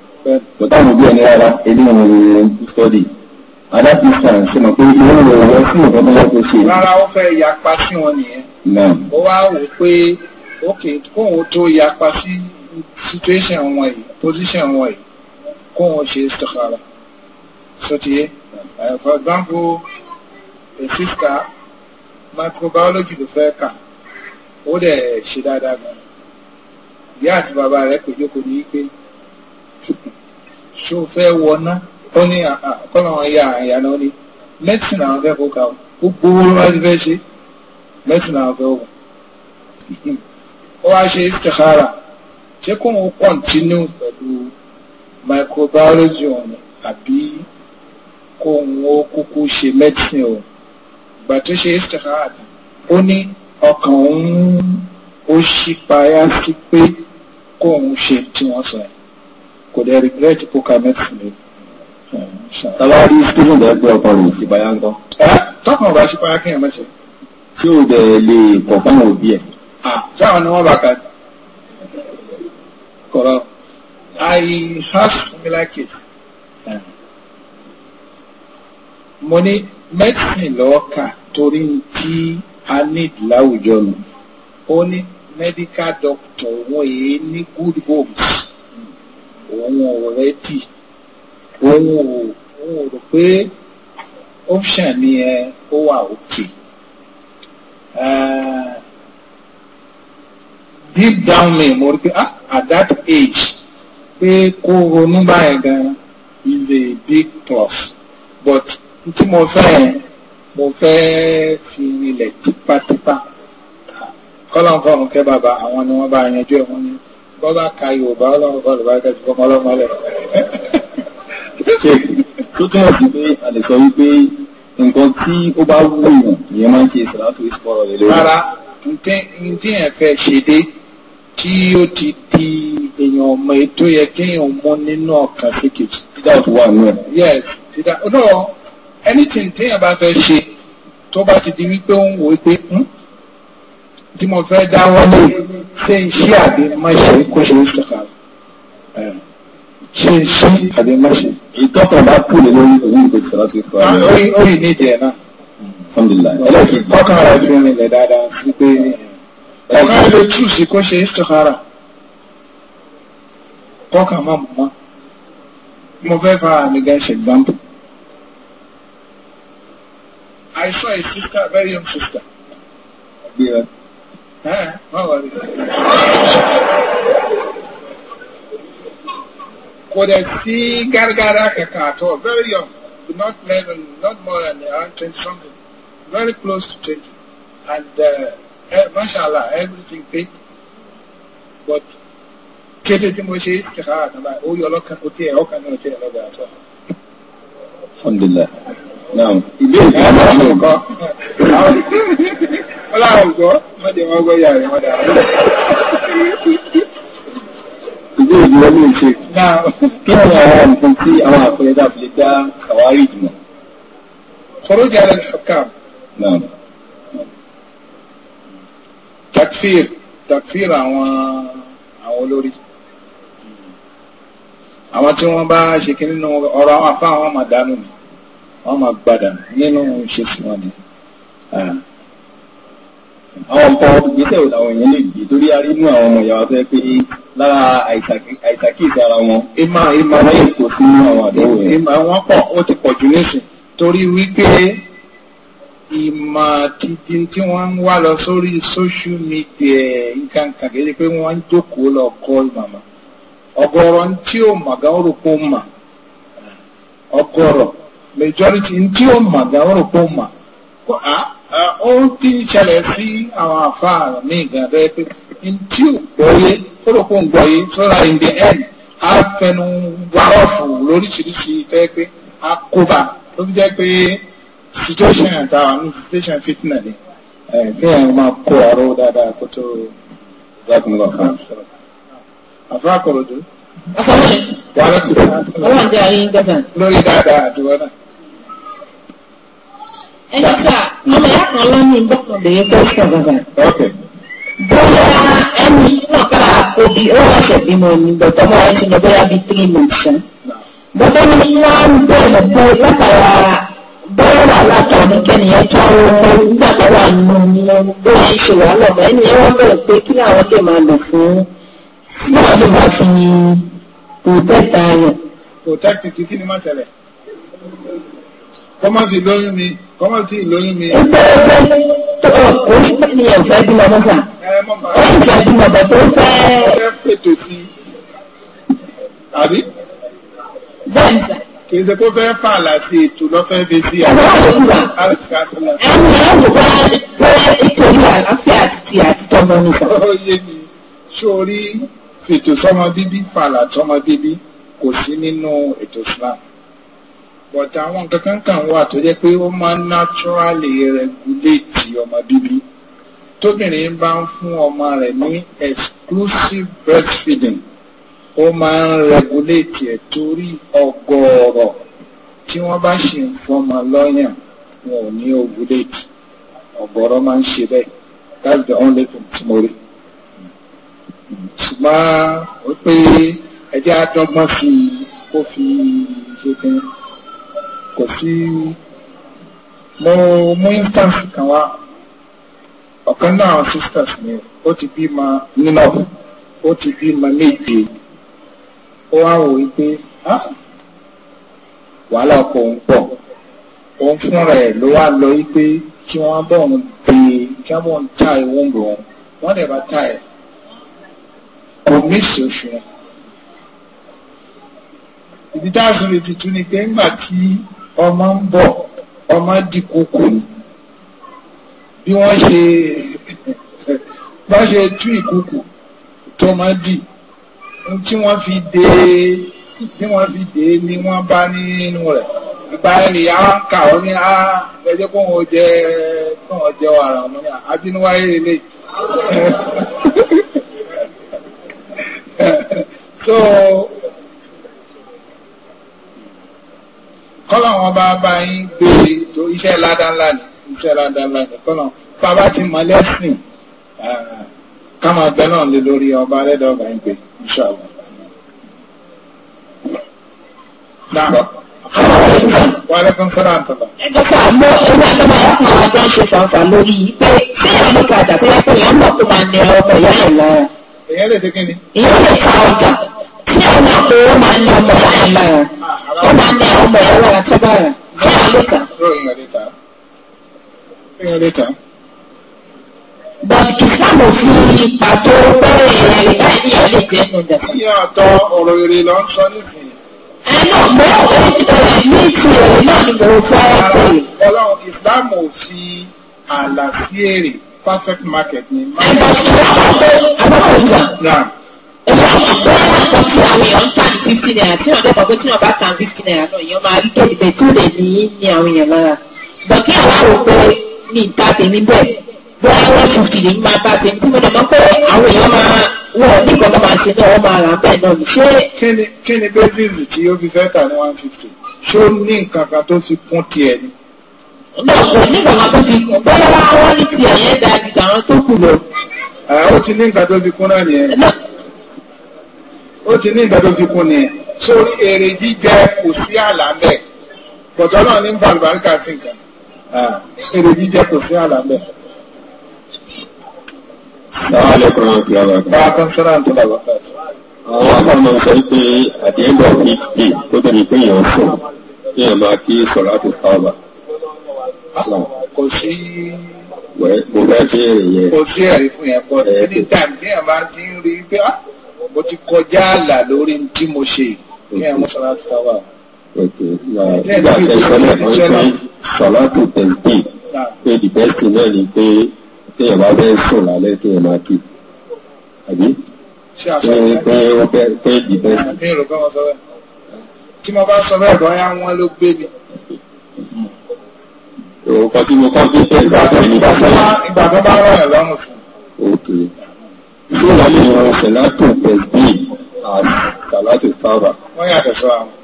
[SPEAKER 1] kò táwọn bí ẹni rárá ebi ọmọ rere ń kú sọ́ọ̀dì adápísà ṣe mọ̀ pé ilé ìwé ọ̀rọ̀ sí nǹkan tó yẹ kó ṣe. rárá ó fẹ́ yapa sí wọn nìyẹn. ó wá wò pé ókè kóun tó yapa sí situation wọn yìí position wọn yìí kóun ṣe istikhara sọtìyẹ eh, for example a sister microbiology ló fẹ́ kà ó dẹ̀ ṣe dáadáa gan-an ìyá àti bàbá rẹ̀ kò ní í pé ṣó fẹ́ wọná ó ní ah, ah, kọ́nà wọn ya àyà náà ní mẹ́tìnà àwọn fẹ́ kó ka ó gbogbo owó wọn ti fẹ́ ṣe mẹ́tìnà àwọn fẹ́ wọ̀ ó wá ṣe istikhara ṣé kó wọn kọ́ntínú pẹ̀lú microbiology ọ̀nà àbí kó wọn kúkú ṣe medicine o ìgbà tó ṣe istikhara ó ní ọkàn òun ó ṣípayá sí pé kó òun ṣe tí wọ́n sọ yẹn kò dẹ̀ regret kó ka medicine lé. tàbá rí stephen dẹ̀ gbé ọkọ rẹ̀ ìbáyá ń gbọ́. tọkàn ọba ṣe payá kéèyàn mẹ́sẹ̀. tí o dẹ̀ lè kọ̀ fáwọn òbí ẹ̀. sáwọn ni wọ́n bá ka kọ̀rọ̀ I have similar case. mo ní medicine lọ́ọ́ kà torí tí a need láwùjọ nù ó ní medical doctor wọ́n yìí ní good homes òun ò rẹ́dì òun ò òun ò rò pé option ni ẹ ó wà òkè ah, deep down me mo rí pé ah at that age pé kó ronú báyìí gan is a big tough but tí mo fẹ́ yẹn mo fẹ́ fi ilẹ̀ tipátipá kọ́lọ́nkọ́rùn kẹ́ bàbá àwọn ni wọ́n bá yanjú ẹ̀ wọ́n ní bọ́bá ka yorùbá ọlọ́run bọ́ọ̀lù bá kẹ́sì fún ọlọ́run lẹ̀. tó túmọ̀ sí pé a lè sọ wípé nǹkan tí ó bá wù yàn ìyẹn máa ń ṣe ìsìlátò ìsìkọrọ rẹ lórí. rárá nǹkan yẹn fẹ́ ṣe dé tí ó ti di èèyàn ọmọ ètò yẹ kéèyàn mọ nínú ọkàn sí kejì. dídá òtún wà nínú ẹ. yes dídá no anything téèyàn bá fẹ́ ṣe tó bá ti di wípé ó ń wò ó pé tí mo fẹ́ dá wọlé ṣé n ṣí àbí má ṣe kó ṣe ń sọ̀kà ṣé n ṣí àbí má ṣe. ìtọ́kàn bá kú lè lórí òun ìgbésẹ̀ sọ̀rọ̀ kí fún wa. Ah, orí orí ní ìdí ẹ̀ náà. alhamdulilayi. ẹlẹ́kìn ọkàn rẹ̀ fi rìn lẹ̀ dáadáa sí pé ọkàn lè tú sí kó ṣe ń sọ̀kàrà kọ́kàn má mú mọ́. mo fẹ́ fa àmì gan ṣe gbàmbù. I saw a sister, very young sister. Yeah kò the sí gárgárá kẹ̀kà very young not less not more than around twenty something very close to 20, and uh, mashallah everything paid but kéde tí mo ṣe ṣèkà àtàlà ó yọ ọlọ́kan kò tí ẹ̀ ọkàn náà tí ẹ̀ lọ́gbà àtọ́. alhamdulilah naam ìbéèrè kan náà ló ń kọ́ wọ́n láwọn gbọ́ mọ́dé wọn gbọ́ yàrá wọn dà wọ́n. ìdí òjò wọn ní ìṣe. náà kí ni àwọn nǹkan tí àwọn àpẹẹrẹ dàbí lè dá kàwárí jùlọ. خروج على الحكام نعم تكفير تكفير àwọn àwọn olórí àwọn tí wọ́n bá ṣe kí nínú ọ̀rọ̀ àwọn afá wọn máa dánú ni wọ́n máa gbádà nínú ṣe sí wọn ni. Ah. àwọn nǹkan ìgbésẹ̀ òdà àwọn èèyàn lè gbé torí a inú àwọn ọmọ ìyàwó fẹ́ pé lára àìsàkíyèsí ara wọn ẹ máa ẹ máa ráyè kó sínú àwọn àdéhùn ẹ máa wọ́n pọ̀ ti jù nísìn torí wípé ìmọ̀ tí wọ́n wá lọ sórí nǹkan kan kéde pé wọ́n ń lọ kọ́ tí ó ó rò pé ó majority tí ó ó ó ti ń ṣẹlẹ̀ sí àwọn àfáà mi ìgbà bẹ́ẹ̀ pé n tí ò gbọ́yé ó rò ń gbọ́yé sọ́ra in the end á fẹnu wárọ̀fù lóríṣiríṣi fẹ́ pé á kóbá ló fi jẹ́ pé situation àtàwọn ní situation fitna ni bí ẹ̀ máa kó ọ̀rọ̀ dáadáa kó tó gbádùn lọ fún un. àfáà kọ̀rọ̀dọ̀. ọkọ̀ wàhálà kìlọ̀. ọlọ́run
[SPEAKER 3] jẹ́
[SPEAKER 1] lórí dáadáa àdúrà náà
[SPEAKER 3] ẹnìgbà ọmọ ìyá kan ló ní bọ́kùnrin tó sọ̀rọ̀ rẹ̀. bóyá ẹni náà ká obi ó ọ̀sẹ̀ bímọ ni bọ̀tọ̀ mọ́ ẹni ní bóyá bíi three months. bọ́tọ̀ ni wọ́n ń bẹ̀rẹ̀ pé látara bóyá wà látọ̀ ní kẹ́niyàn tó ọ̀rọ̀ nígbà tó wà nínú ní bóyá ń ṣe wàhálà ọ̀gá ẹni ẹ wọ́n bẹ̀rẹ̀ pé kí làwọn lè máa lò fún
[SPEAKER 1] bóyá lè máa fi protect ayọ̀. protect kìkì ni má tẹ̀lẹ̀ kọ́mọ́sì lóyún ni kọ́mọ̀ tí ìlóyún ni. ẹgbẹ́ ẹgbẹ́ kò ní pẹ́ ní ọ̀fẹ́ bímọ mọ́fà ó ń fẹ́ bímọ bọ̀ tó fẹ́. ọ̀fẹ́ pètò sí i àbí. bẹ́ẹ̀ ni. kì í ṣe kó fẹ́ fà láti ètò lọ́fẹ́ fi sí i. ọ̀rọ̀ àlòkùnrin ẹni àlòkùnrin bẹ́ẹ̀ nítorí àlàáfíà àti àtọ́mọ nìkan. ó yé mi sórí ètò sọmọ bíbí fàlà sọmọ bíbí kò sí nínú ètò Islam but àwọn kankan kan wà tó jẹ́ pé ó máa naturally regulate ọmọ bíbí tóbìnrin bá ń fún ọmọ rẹ̀ ní exclusive breastfeeding ó máa ń regulate ẹ̀ torí ọgọ́ọ̀rọ̀ tí wọ́n bá ṣì ń fọmọ lọ́yàn wọn ò ní ovulate ọ̀gọ̀ọ̀rọ̀ máa ń ṣe bẹ́ẹ̀ that's the only thing tí mo rí ṣùgbọ́n ó pé ẹjẹ́ á fi kó fi ṣe kẹ́yìn kò sí mo mú instance kan wá ọ̀kan náà àwọn sisters ni ó ti bí ma nínà ó ti bí ma méje ó wá wò ó pé wàhálà ọkọ òun pọ̀ òun fúnra ẹ̀ ló wá lọ yí pé kí wọ́n bọ̀ ń de kí wọ́n bọ̀ ń ta ìwọ̀n bò wọn wọ́n dẹ̀ bá ta ẹ̀ kò ní ìṣòṣù wọn. ìdí táàsùn lè fi tún ni pé ńgbà tí ọmọ ń bọ̀ ọmọ di kókó bí wọ́n ṣe bá ṣe tú ìkókó tó máa dì tí wọ́n fi dé tí wọ́n fi dé ni wọ́n bá nínú rẹ̀ ìgbà ẹ̀rì àwọn kà ó ní á ah, ẹjẹ́ kó wọn jẹ kó wọn jẹ wàrà ọmọ ní àbínúwáyé ah, ilé <laughs> so. kọ́lá wọn bá bá yín gbé tó iṣẹ́ ládánlá ni iṣẹ́ ládánlá ni kọ́lá bàbá ti mọ lẹ́sìn eh, káma bẹ́ náà lé lórí ọba rẹ́dọ̀gà ń gbé
[SPEAKER 3] ìṣàlọ́. Wàlẹ́kùn sọ́dọ̀ àtọ̀bà. Ẹ dọ́kọ̀ àmọ́ ẹgbẹ́ àtọ́bà yẹn fún àwọn tó ń ṣe fàǹfà lórí pé ṣéyàn mú padà bóyá pé èèyàn mọ̀ kó máa nẹ ọmọ ìyá ẹ̀ lọ. Èèyàn lè dé kí ni? Èèyàn
[SPEAKER 1] lè ka ọjà tí a máa pè ó máa ní ọmọ láyà máa ó máa ní ọmọ ẹ̀ lára tó bá rẹ̀ ní àlékà. Bọ̀dù Ìsìlámù fi pàtó bẹ́rẹ̀ ìrẹ̀lẹ̀ láì ní àlékà ẹnu dẹ̀. Kí àtọ ọ̀rọ̀ èrè lọ ń sọ nísìnyí? Ẹ náà mọ òun ìbẹ̀rẹ̀ ní ti èrè náà ni mo fẹ́ pè. Ọlọ́run Ìsìlámù fi àlàfíèrè perfect market ni. Ẹ̀bọ̀n ìwà ọ̀gbẹ́ àwọn òyìnbó owó àpapọ̀ àpapọ̀ tí àwọn èèyàn
[SPEAKER 3] ń tà ní fifty naira tí wọ́n dẹ́gbàá pé tí wọ́n bá tà ní fifty naira náà èèyàn máa rí kéde tó lè ní ní àwọn èèyàn lára bọ̀ àwọn àrò pé ní ìta tèmi bọ́ àwọn fifty lè máa bá tèmi kí wọ́n mọ̀ pé àwọn èèyàn máa wọ̀ nígbà tó máa ṣe
[SPEAKER 1] náà wọ́n máa rà bẹ́ẹ̀ náà ṣé. kí ni bẹ́ẹ̀lì tí ó fi fẹ́ tà ní one fifty ṣé ó ní nǹkan kan tó fi kún tiẹ̀ ni bọ́lá wá ní tiẹ̀ yẹn dáa ju tàwọn tó kù lọ. ó ti ní nǹkan tó fi kún náà nìyẹn ó ti ní ìgbàdo fi kún nìyẹn sórí èrè jíjẹ kò sí àlà ń bẹ bọ̀dọ̀ náà ní bàlùbáríkà sí nǹkan èrè jíjẹ kò sí àlà ń bẹ. Àwọn àlẹ́kùn náà ti àwọn àgbà. Bá a kan sọ́ra ń tó lọ bàbá. Àwọn àgbà máa ń sọ pé àdéhùn ọ̀gbìn dè tó bẹ̀rẹ̀ pé èèyàn sùn kí èèyàn máa kí sọ̀rọ̀ àti sábà. Kò sí mo fẹ́ ṣe èrè yẹn. Kò sí ẹ̀rí fún yẹn pọ̀. Ní tàbí èèyàn máa ti ń rí pé ah, mo ti kọjá àlà lórí tí mo ṣe ní àwọn sọ́láàtì tàwa. nígbà tẹ sọlẹ̀ mọ́ pé sọ́láàtì tẹ̀sí pé the best thing náà ni pé kéèyàn bá fẹ́ sùn lálẹ́ kéèyàn máa kí àbí pé pé ó fẹ́ pé the best. tí mo bá sọ bẹ́ẹ̀ bọ́yá wọn ló gbé mi òkò tí mo kọ́ sí pé ìgbà tó ní ìgbà tó bá rọrùn lọ́rùn fún tí wọ́n lè yan sẹ̀látò tẹ̀sí àti sàlátò sábà. wọ́n yàtọ̀ sọ àwọn.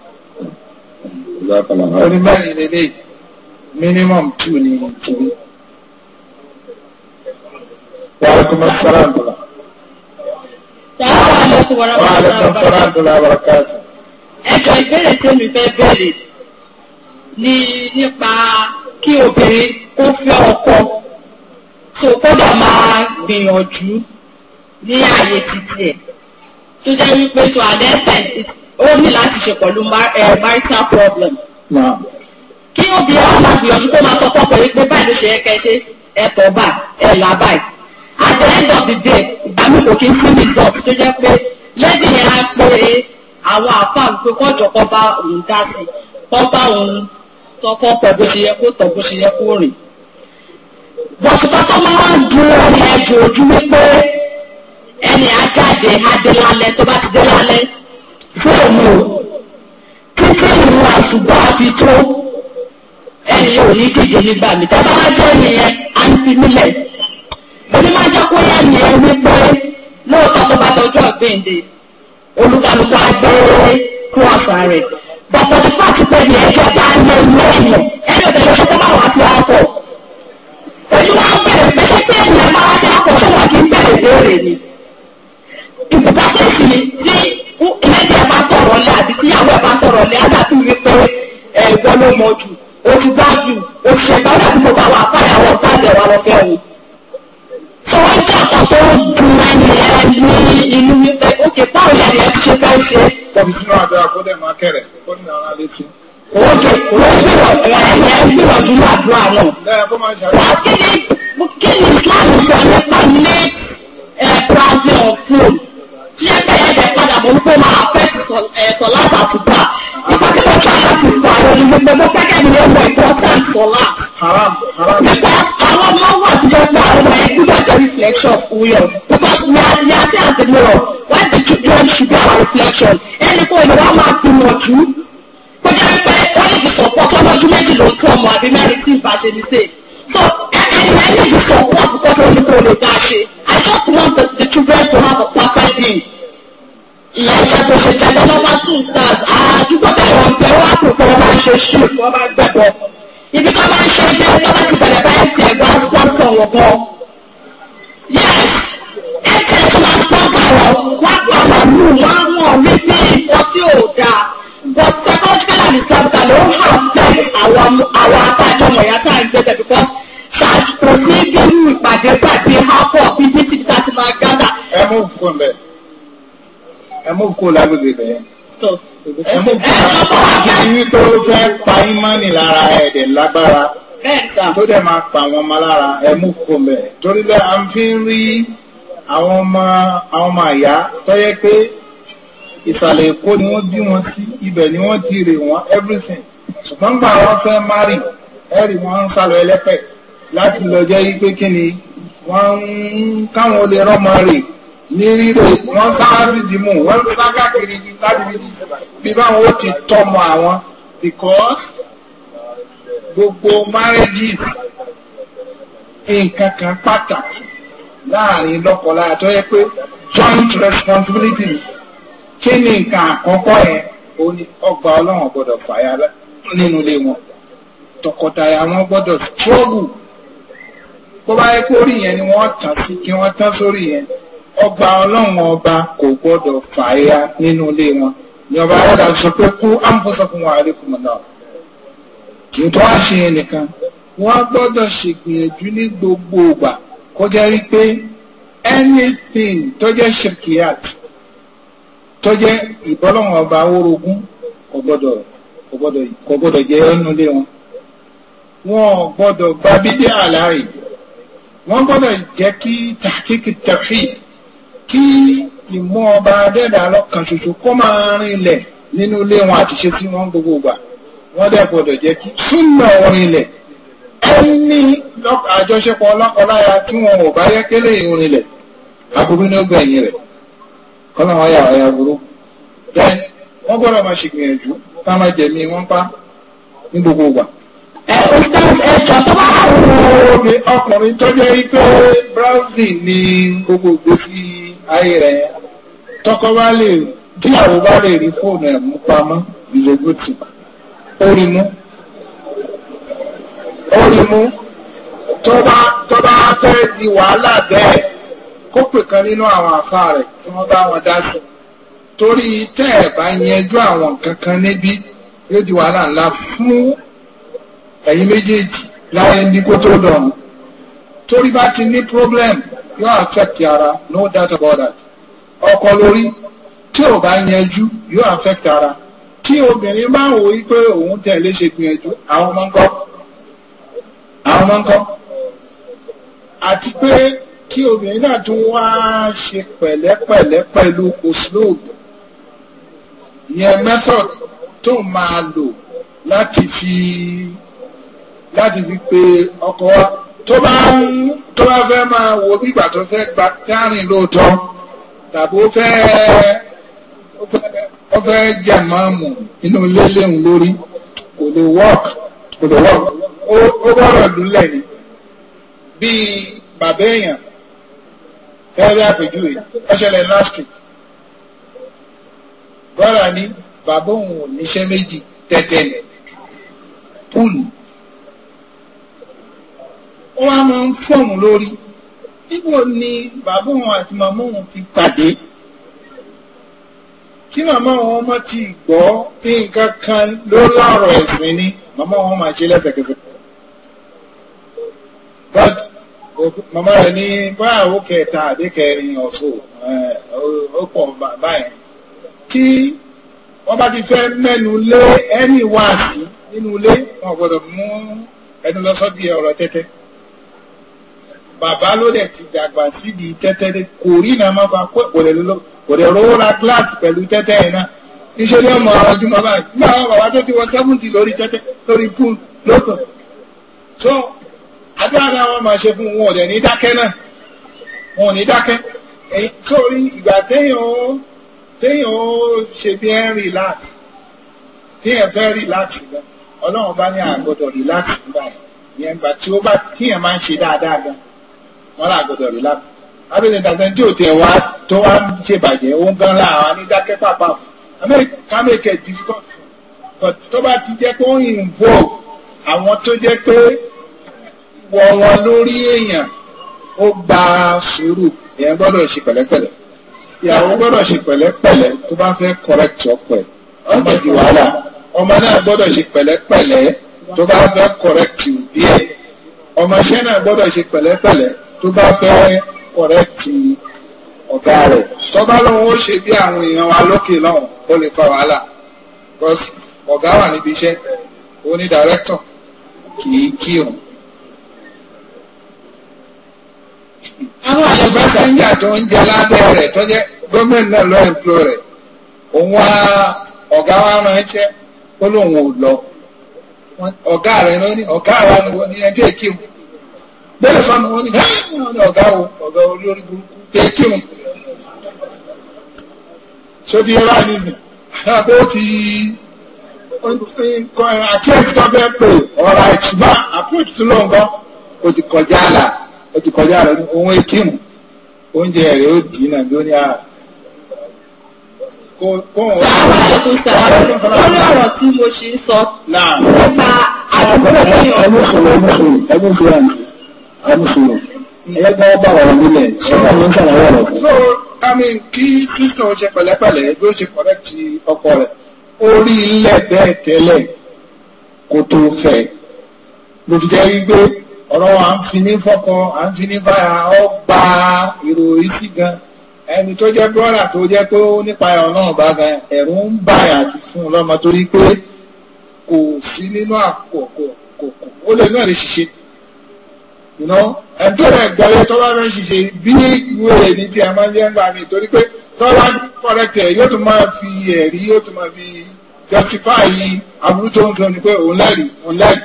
[SPEAKER 1] orí mẹ́rin lélẹ̀ minimum two ni kiri. yàrá
[SPEAKER 3] tó máa sára ń dùn. sàrà wà lóko wàrà wàrà wàrà. fẹ́ bẹ̀rẹ̀ ni nípa kí obìnrin kó fẹ́ ọkọ tó kọ́dà máa gbìyànjú ní ààyè títí ẹ̀ tó jẹ́ wípé to an extent ó ní láti ṣe pẹ̀lú marital problem. kí òbí ọ̀hún máa gbìyànjú kó máa sọ fọ́pọ̀ pẹ̀lú pé báyìí ló ṣe é kẹ́ṣe ẹ̀tọ́ bá ẹ̀ là báyìí. at the end of the day ìbámu kò kí ń fún mi sọ tó jẹ́ pé lẹ́yìn yẹn á pé àwọn àfáà pé kọ́jọ́ kọ́ bá òun dá sí kọ́ bá òun tọkọ pọ̀ bó ṣe yẹ kó tọ̀ bó ṣe yẹ kó rìn. bọ̀sùpá máa ń dúró ní ẹjọ́ ojú wípé ẹni ajáde adélalẹ tó bá ti dé lálẹ́ fóònù kíkẹ́ ìlú àṣùgbọ́n àti tó ẹni yóò ní díje nígbà mi tẹ́ bá wá jẹ́ nìyẹn á ń fi nílẹ̀ èmi máa jẹ́ kó yẹn nìyẹn wípé lóòótọ́ tó bá tọjú ọ̀gbìnde olúkálukú agbẹ́rẹ́ kú àṣà rẹ̀ bàtà tó pàṣẹ pé ní ẹjọ́ bá ń lé ìlú ẹ̀yìn ẹni ò tẹ̀lé ọkọ̀ máa wà á fi ọkọ̀ èyí wọ́n á bẹ̀rẹ̀ pé ṣé pé ènìyàn máa wá dé ọkọ̀ tó wọ́n ti ń bẹ̀rẹ̀ ìbéèrè ni ìbùkà tó fi ní ẹlẹ́dì ẹ̀ bá tọ̀rọ̀ lẹ́ àbí tíyàwó ẹ̀ bá tọ̀rọ̀ lẹ́ àdàtú mi pé ẹ̀wọ́ ló mọ jù oṣù bá jù oṣù ẹ̀gbá wà tí mo bá wà fáyàwó báyẹ̀ wà lọ́fẹ́ òun. sọ wọ́n jẹ́ ọ̀kan tó dùn ẹni ẹ ní inú mi pé ókè
[SPEAKER 1] báwo ni ẹni ẹ ti ṣe fẹ́ ṣe. kọ́mi sínú àdúrà kó lè máa kẹ̀rẹ̀ kó ní ara létí. oṣù
[SPEAKER 3] ló gbìyànjú ẹni ẹ gbìyànjú àdúrà náà. wọ́n kí ni kí ni Islam sọ nípa ní ẹ̀ lẹ́sẹ̀ ẹ̀dẹ̀ padà mọ̀ wípé máa fẹ́ ẹ̀tọ́ lábà àtúgbà nípa tí wọ́n fẹ́ àtúgbà àwọn olùgbé mo fẹ́ kẹ́mi ló mọ ìtọ́ tán tọ́lá. nípa àwọn ọmọ wà tí wọ́n gba àwọn ẹ̀ gbúdọ̀ jẹ́ reflection wíyọ̀ nípa ní àti àti mìíràn wọ́n ti tún jọ ṣùgbọ́n àwọn reflection ẹni kò ní wọ́n máa fi mọ̀ jù. kó jẹ́ pé wọ́n lè fi sọ̀pọ̀ tọ́lọ́dún méjì ló tún ọmọ àbí mẹ́rin tí ì So, I need you for what God only told about it. I just want the, the children to have a perfect day. Ìyáyá tó ṣe jẹ́ lọ́lọ́wọ́ tún stars, àdúgbò bẹ̀rẹ̀ ọ̀gbẹ́ wà tó kọ́ wá ṣe ṣù kí wọ́n máa gbẹ̀bọ̀. Ibi tó máa ń ṣe jẹ́ lọ́wọ́ ti bẹ̀rẹ̀ bá ẹ̀sìn ẹ̀gbọ́n àdúgbò ń sọ̀rọ̀ gan. Yes, ẹ̀sìn tó máa ń tọ́ bàrọ̀ wá bàrọ̀ mú wọ́n mọ̀ mí sí ìtọ́ tí ò dáa. But psychological and psychological ló ń hàn sí àwọn àtàjọmọ̀ yàtọ̀ àìjẹ́jẹ́ because kò ní bírú ìpàdé pàdé hápọ̀ bíbí ta ti máa gádà. ẹ mú kó lẹ
[SPEAKER 1] ẹ mú kó lágbègbè bẹ́ẹ̀. ẹ mú kó lágbègbè yìí tó fẹ́ pa ímánì lára ẹ̀dẹ̀ lágbára tó dẹ̀ máa pa àwọn ọmọ lára ẹ mú kó lẹ torí bẹ́ẹ̀ à ń fi rí àwọn ọmọ àwọn ọmọ àyá tó yẹ pé ìsàlẹ̀ èkó ni wọ́n bí wọn sí ibẹ̀ ni wọ́n ti rè wọ́n everything ṣùgbọ́n gbà wọ́n fẹ́ márì ẹ̀rì wọn ń sálọ ẹlẹ́pẹ̀ẹ́ láti lọ jẹ́ wípé kí ni wọ́n ń káwọn olè rọ́mọ rè ní rírò wọ́n bá fìdí mú wọ́n
[SPEAKER 3] bá káàkiri láti
[SPEAKER 1] fi báwọn ó ti tọmọ àwọn ìkọ́ gbogbo márẹ́jì nǹkan kan pàtàkì láàrin lọ́kọ̀ọ́láyà tó yẹ pé joint responsibility kí ni nǹkan àkọ́kọ́ yẹn ó ní ọgbà ọlọ́run gbọ́dọ̀ fàyà nínú ilé wọn tọkọtaya wọn gbọ́dọ̀ struggle bó bá yẹ kórì yẹn ni wọ́n tàn sí kí wọ́n tán sórí yẹn ọba ọlọ́run ọba kò gbọ́dọ̀ fàáyà nínú ilé wọn ni ọba ọ̀dà sọ pé kú ámbọ́sọ̀kùn wọn àríkùn náà kì í tó wá ṣe yẹn nìkan wọ́n gbọ́dọ̀ ṣègbìyànjú ní gbogbo ìgbà kó jẹ́ rí pé anything tó jẹ́ shirkiyat tó jẹ́ ìbọ́lọ́wọ́n ọba orogún kò gbọ́dọ̀ kò gbọ́dọ̀ kò gbọ́dọ̀ jẹ́ ọ́nulé wọn wọn gbọ́dọ̀ gba bíbí àlàyé wọ́n gbọ́dọ̀ jẹ́ kí tàkíkì tawhid kí ìmọ̀ ọba adẹ́dà lọ́kàn ṣoṣo kó máa rinlẹ̀ nínú ilé wọn àti tí wọn gbogbo wọ́n dẹ̀ gbọ́dọ̀ jẹ́ kí súnmọ̀ ẹni àjọṣepọ̀ wọn ò bá yẹ kélé aburú ní rẹ̀ kọ́nà wọn yà ọ̀yà burú wọ́n gbọ́dọ̀ máa ṣègbìyànjú ká máa jẹ̀mí wọn pa ní gbogbo gbà ẹ̀jọ̀ tó bá wù ní ọkùnrin tó jẹ́ ipé browsing ní gbogbogbò fi ayé rẹ̀ tọ́kọ bá lè tí àwọn bá lè rí fóònù ẹ̀ mú pamọ́ ìlógún tì orí mú orí mú tó bá tó bá fẹ́ di wàhálà bẹ́ẹ̀ kó pè kan nínú àwọn àfa rẹ̀ tí wọ́n bá wọn dá sí torí tẹ́ ẹ̀ bá yanjú àwọn kankan níbí yóò di wàhálà ńlá fún ẹ̀yin méjèèjì láyé ní kó tó dọ̀run torí bá ti ní problem yóò affect ara no doubt about that ọkọ lórí tí ò bá yanjú yóò affect ara tí obìnrin máa wò wí pé òun tẹ̀lé ṣe gbìyànjú àwọn ọmọ ń kọ́ àwọn ọmọ ń kọ́ àti pé kí obìnrin náà tún wá ṣe pẹ̀lẹ́pẹ̀lẹ́ pẹ̀lú òṣìlóògùn ìyẹn method tó máa lò láti fi láti fi pe ọkọ wa tó bá ń tó bá fẹ́ máa wo bígbà tó fẹ́ gba kárìn lóòótọ́ tàbí ó fẹ́ ó fẹ́ jà máa mú inú ilé léhùn lórí kò lè work kò lè work ó gbọ́dọ̀ lulẹ̀ ni bíi bàbá èèyàn ẹ̀rí àpèjúwe ọ̀ṣẹ̀lẹ̀ last week bọ́lá ní bàbá òun ò níṣẹ́ méjì tẹ́tẹ́lẹ̀ púùlù wọ́n á máa ń fọ́ọ̀mù lórí níbo ni bàbá wọn àti màmá wọn fi pàdé kí màmá wọn má ti gbọ́ bí nǹkan kan ló láàrọ̀ ẹ̀sìn ni màmá wọn máa ṣe lẹ́sẹ̀kẹsẹ̀ màmá rẹ̀ ní báyàwó kẹta àdékẹrin ọ̀ṣọ́ ó pọ̀ báyẹn kí wọ́n bá ti fẹ́ mẹ́nu lé ẹni wáàsí nínú ilé wọn gbọ́dọ̀ mú ẹnu lọ sọ́dí ọ̀rọ̀ tẹ́tẹ́ bàbá ló dẹ̀ ti dàgbà sídìí tẹ́tẹ́ dé kò rí iná máa fa kó kò dẹ̀ rówó ra gíláàsì pẹ̀lú tẹ́tẹ́ yẹn náà iṣẹ́ ní ọmọ ọ̀rọ̀ ọdún bàbá yìí nígbà bàbá tó ti wọ sẹ́fúntì lórí tẹ́tẹ́ lórí púùl lókàn so adára wọn máa ṣe fún wọn ò dẹ̀ ní dákẹ́ náà wọn ò ní dákẹ́ ẹ̀yìn sórí ìgbà téèyàn ó téèyàn ó ṣe bí ẹ́ relax téèyàn fẹ́ relax gan ọlọ́run bá ní àgbọ̀dọ̀ relax gan ìyẹn gbà tí ó bá téèyàn máa ń ṣe dáadáa gan wọn là gbọdọ̀ rí lápò abẹ́lẹ̀ dàgbẹ́ tí ò tẹ̀ wá tó wá ń ṣèbàjẹ́ òun gan la àwọn anídákẹ́ pàpà amẹ́ríkà mẹ́kẹ́ difficult but tó bá ti jẹ́ pé ó involve àwọn tó jẹ́ pé wọ wọn lórí èèyàn ó gba sùúrù èèyàn gbọ́dọ̀ ṣe pẹ̀lẹ́pẹ̀lẹ́ ìyàwó gbọ́dọ̀ ṣe pẹ̀lẹ́pẹ̀lẹ́ tó bá fẹ́ correct ọkọ ẹ̀ ọmọ di wàhálà ọmọ náà gbọ́dọ̀ ṣe pẹ̀lẹ́pẹ̀lẹ́ tó bá fẹ́ correct ìdí ẹ̀ ọmọọṣẹ́ náà gbọ́dọ̀ ṣe pẹ̀lẹ́pẹ̀lẹ́ tó bá fẹ́ ọ̀rẹ́ kì í ọ̀gá rẹ̀ tọ́ba lóun ó ṣe bí àwọn èèyàn wa lókè náà ó lè fa wàhálà because ọ̀gá wà níbi iṣẹ́ ó ní director kì í kírun. àwọn àyẹ̀bá sẹ́ńjà tó ń jẹ lábẹ́ rẹ̀ tó jẹ́ gómìnà náà lọ́ọ́ ẹ̀ńplo rẹ̀ òun wá ọ̀gá wa ránṣẹ́ ó lóun ò lọ ọ̀gá rẹ̀ ló ní ọ̀gá wa ni wọ́n ní ẹjọ́ ìkírun bẹ́ẹ̀ bá mọ̀ wọ́n ní ní ọ̀gá o ọ̀gá orí orí burúkú pé kí òun ṣé bí ẹwà ni mi àbẹ́ ó ti àkíyèsí tó bẹ́ẹ̀ pé ọ̀rọ̀ àìsùnmá àkíyèsí tó lọ́n gan o ti kọjá àlà o ti kọjá àlà òun ekimu oúnjẹ rẹ̀ ó dì í náà lórí àrà
[SPEAKER 3] kó òun wá. ọ̀rọ̀ tí mo ṣe ń sọ. ó máa àwọn ọmọ ẹ̀yìn ọ̀rọ̀ ẹ̀mú fún ẹ̀mú fún ẹ̀mú fún ẹ̀mú ẹ̀mùsùlù
[SPEAKER 1] ẹ̀yẹ́gbẹ́ bá wà nílẹ̀ ṣọ́nà ló ń tàn wọ́n rẹ̀. so i mean kí Kristo ṣe pẹ̀lẹ́pẹ̀lẹ́ bí ó ṣe correct ọkọ rẹ̀ ó rí ilẹ̀ bẹ́ẹ̀ tẹ́lẹ̀ kó tó fẹ́ ló fi jẹ́ wípé ọ̀rọ̀ à ń fi ní fọ́kan à ń fi ní báyà ó gba ìròyìn sí gan ẹni tó jẹ́ brọ́dà tó jẹ́ pé ó nípa ẹ̀ ọ̀nà ọ̀bá gan ẹ̀rù ń báyà àti fún ọlọ́mọ torí pé kò sí nínú àkókò kò ó lè náà lè ṣiṣẹ́ you know ẹ̀ńtọ́ rẹ̀ gbọ́yé tó bá fẹ́ ṣiṣẹ́ bí ìwé ẹ̀rí tí a máa ń jẹ́ ń gbà mí torí pé tó bá kọ̀rẹ́tẹ̀ yóò tún máa fi ẹ̀rí yóò tún máa fi justify aburú tó ń gan ni pé òun lẹ́rìí òun lẹ́rìí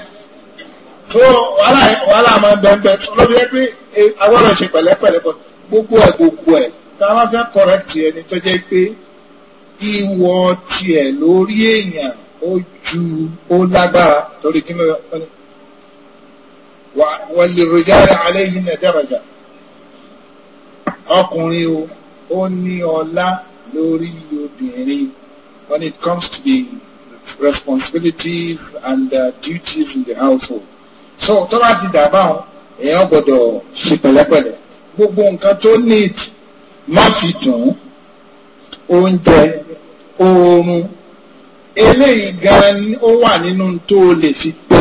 [SPEAKER 1] tó wàhálà máa ń bẹ́ẹ̀ lọ́bi ẹ pé eh, agbọ́dọ̀ ṣe pẹ̀lẹ́pẹ̀lẹ́ bọ̀ gbogbo ẹ̀ gbogbo ẹ̀ tá a bá fẹ́ kọ̀rẹ́tì ẹni tó jẹ́ pé ìwọ tiẹ̀ lórí èèyàn ó ju ó lágbára torí kí ló وللرجال عليهن درجة ọkùnrin o ó ní ọlá lórí obìnrin when it comes to the responsibilities and the duties in the household. so tó bá ti dà báwọn èèyàn gbọ́dọ̀ ṣe pẹ̀lẹ́pẹ̀lẹ́ gbogbo nǹkan tó need má fi dùn oúnjẹ oorun eléyìí gan ó wà nínú tó o lè fi pe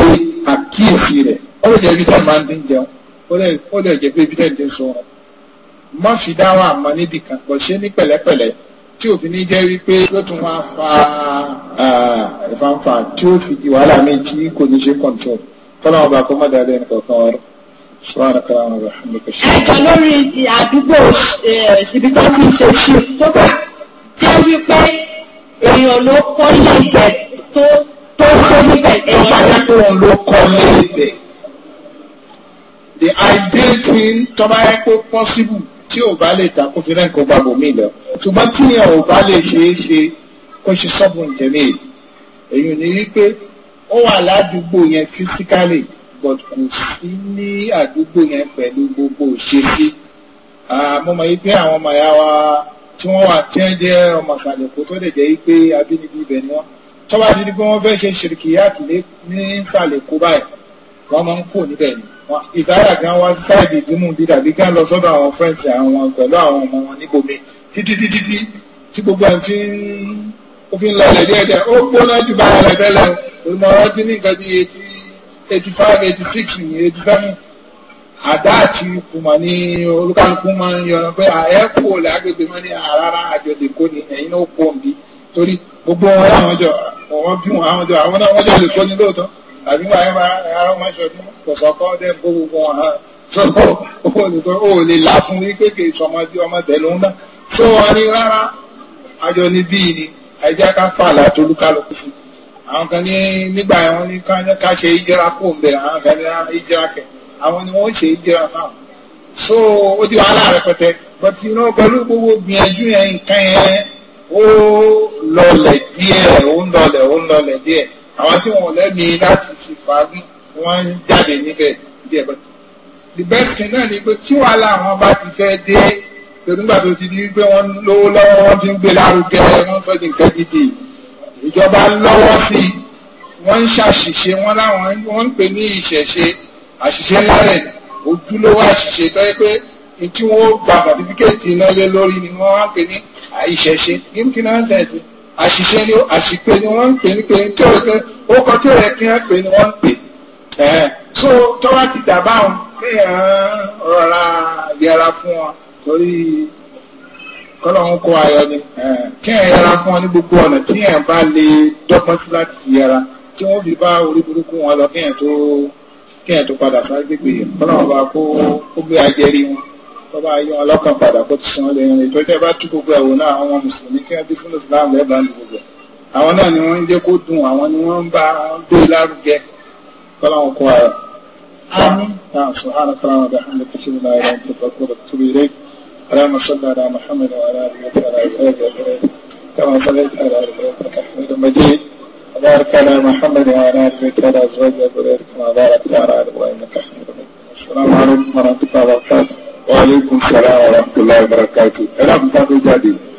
[SPEAKER 1] àkíyèsí rẹ̀ ó lè jẹ́ ibi tẹ́ máa ń dín jẹun ó lè jẹ́ pé ibi tẹ́ ń dín sun wọn má fi dá wà mọ́ níbì kan kò ṣe ní pẹ̀lẹ́pẹ̀lẹ́ tí òfin ní jẹ́ wípé yóò tún wá fa ìfanfà tí ó fi di wàhálà mi tí kò ní ṣe control tọ́lá wọn bá kó má dáadáa ẹnì kọ̀ọ̀kan ọ̀rọ̀ sọ́wọ́n
[SPEAKER 3] lórí àdúgbò ibi tó ti ṣe ṣe tó bá jẹ́ wípé èèyàn ló kọ́ lẹ́gbẹ̀ẹ́ tó tó tó níbẹ̀ ẹ̀yà
[SPEAKER 1] tó ló kọ́ lẹ́gbẹ̀ẹ́ the ideal thing tó bá yẹ kó possible tí ò bá lè ta kó fi rẹ́ kó gbàgbọ́ mi lọ ṣùgbọ́n tí yẹn ò bá lè ṣe é ṣe kó ṣe sọ́bùn jẹ̀mí èyí ni wípé ó wà ládùúgbò yẹn physically but kò sí ní àdúgbò yẹn pẹ̀lú gbogbo òṣèṣe mo mọ̀ wípé àwọn ọmọ ìyá wa tí wọ́n wà tí wọ́n jẹ́ ọmọ ìsàlẹ̀kó tó lè jẹ́ wípé abínibí ibẹ̀ ni wọ́n tọ́wá di ni pé wọ́n fẹ́ ṣe ṣìrìkì yáàtì ní ìsàlẹ̀kó báyìí wọ́n máa ń kó níbẹ̀ ni ìbára gan wá sáìdì ìdímú dídà bí ká lọ sọ́dọ̀ àwọn fẹ́ǹsì àwọn pẹ̀lú àwọn ọmọ wọn níbòmí títí títí tí tí gbogbo ẹ̀ fi ń ó fi ń lọlẹ̀ díẹ̀ díẹ̀ ó gbóná ju bára rẹ̀ tẹ́lẹ̀ olùmọ̀ràn ti ní nǹkan bí eighty five eighty six eighty seven àdá àti kùmọ̀ ní olúkálukú máa ń yọrọ pé ààyè kú olè agbègbè mọ́ ní àrárá àjọdè kò ní ẹ̀yin náà kó òǹbí torí gbogbo wọn láwọn jọ wọn bí wọn àwọn jọ àwọn náà wọn jọ lè kó ní lóòótọ́ àbí wọn àyè máa ara wọn ṣọdún bàbá kan dẹ́ bó gbogbo wọn hàn so olùkọ́ ò lè là fún yín pé kì í sọmọ bí ọmọ tẹ̀lé ń náà so wọn ní rárá àjọ ní bíi ni àìjá ká fàlà tó lúkálùkù fún àwọn kan ní nígbà wọn ní ká ṣe ìjẹra kó ń bẹ àwọn kan ní ìjẹra kẹ àwọn ni wọn ṣe ìjẹra náà so ó di wàhálà rẹpẹtẹ but you know pẹ̀lú gbogbo gbìyànjú yẹn nǹkan yẹn ó lọlẹ̀ díẹ̀ ó ń lọlẹ̀ ó ń lọlẹ̀ díẹ̀ àwọn tí wọn lẹ́mìí láti fi fàágùn wọ́n ń jáde níbẹ̀ díẹ̀ bá. the best náà ni pé tí wàhálà wọn bá ti fẹ́ dé pẹ̀lúgbà ti di pé wọ́n lówó lọ́wọ́ wọ́n ti ń gbé lárugẹ wọ́n fẹ́ di nǹkan gidi ìjọba lọ́wọ́ sí i wọ́n ń ṣàṣìṣe wọn láwọn wọ́n ń pè ní ìṣẹ̀ṣe àṣìṣe ńlá rẹ̀ ojúlówó àṣìṣe tó yẹ pé tí wọ́n gba sàtífíkẹ́ẹ̀tì iná lé lórí ni wọ́n wá ń pè ní ìṣẹ̀ṣe kí kí náà ń tẹ̀sí àṣìṣe ni àṣìpé ni wọ́n ń pè ní pé tí ó kọ́ tí kí wọ́n pè ni wọ́n ń pè Eh, so tọ́wá ti dàbá wọn kéèyàn rọra yẹra fún wọn torí kọ́lọ́hún kó ayọ̀ ni eh, kéèyàn yẹra fún wọn ní gbogbo ọ̀nà kéèyàn bá lè dọ́gbọ́n sí láti yẹra kí wọ́n fi bá orí burúkú wọn lọ kéèyàn tó kéèyàn tó padà sáré gbégbé kọ́lọ́hún bá kó kó gbé ajẹ́rí wọn tọ́ba ayé wọn lọ́kàn padà kó ti san lẹ́yìn rẹ̀ ìtọ́jú ẹ bá tú gbogbo ẹ̀wò náà àwọn mùsùlùmí kí wọ́n bí fún ìsìláàmù ẹ̀ bá ń lu gbogbo àwọn náà ni wọ́n ń jẹ́ kó dùn àwọn ni wọ́n ń bá gbé lárugẹ سلام قوايا آمين نعم سبحانك اللهم وبحمدك أشهد أن لا إله إلا أنت أستغفرك وأتوب إليك اللهم صل على محمد وعلى آله وعلى آله كما صليت على آل إبراهيم حميد مجيد وبارك على محمد وعلى آله وعلى أزواجه وذريته كما باركت على آل إبراهيم إنك السلام عليكم ورحمة الله وبركاته وعليكم السلام ورحمة الله وبركاته الأخ جديد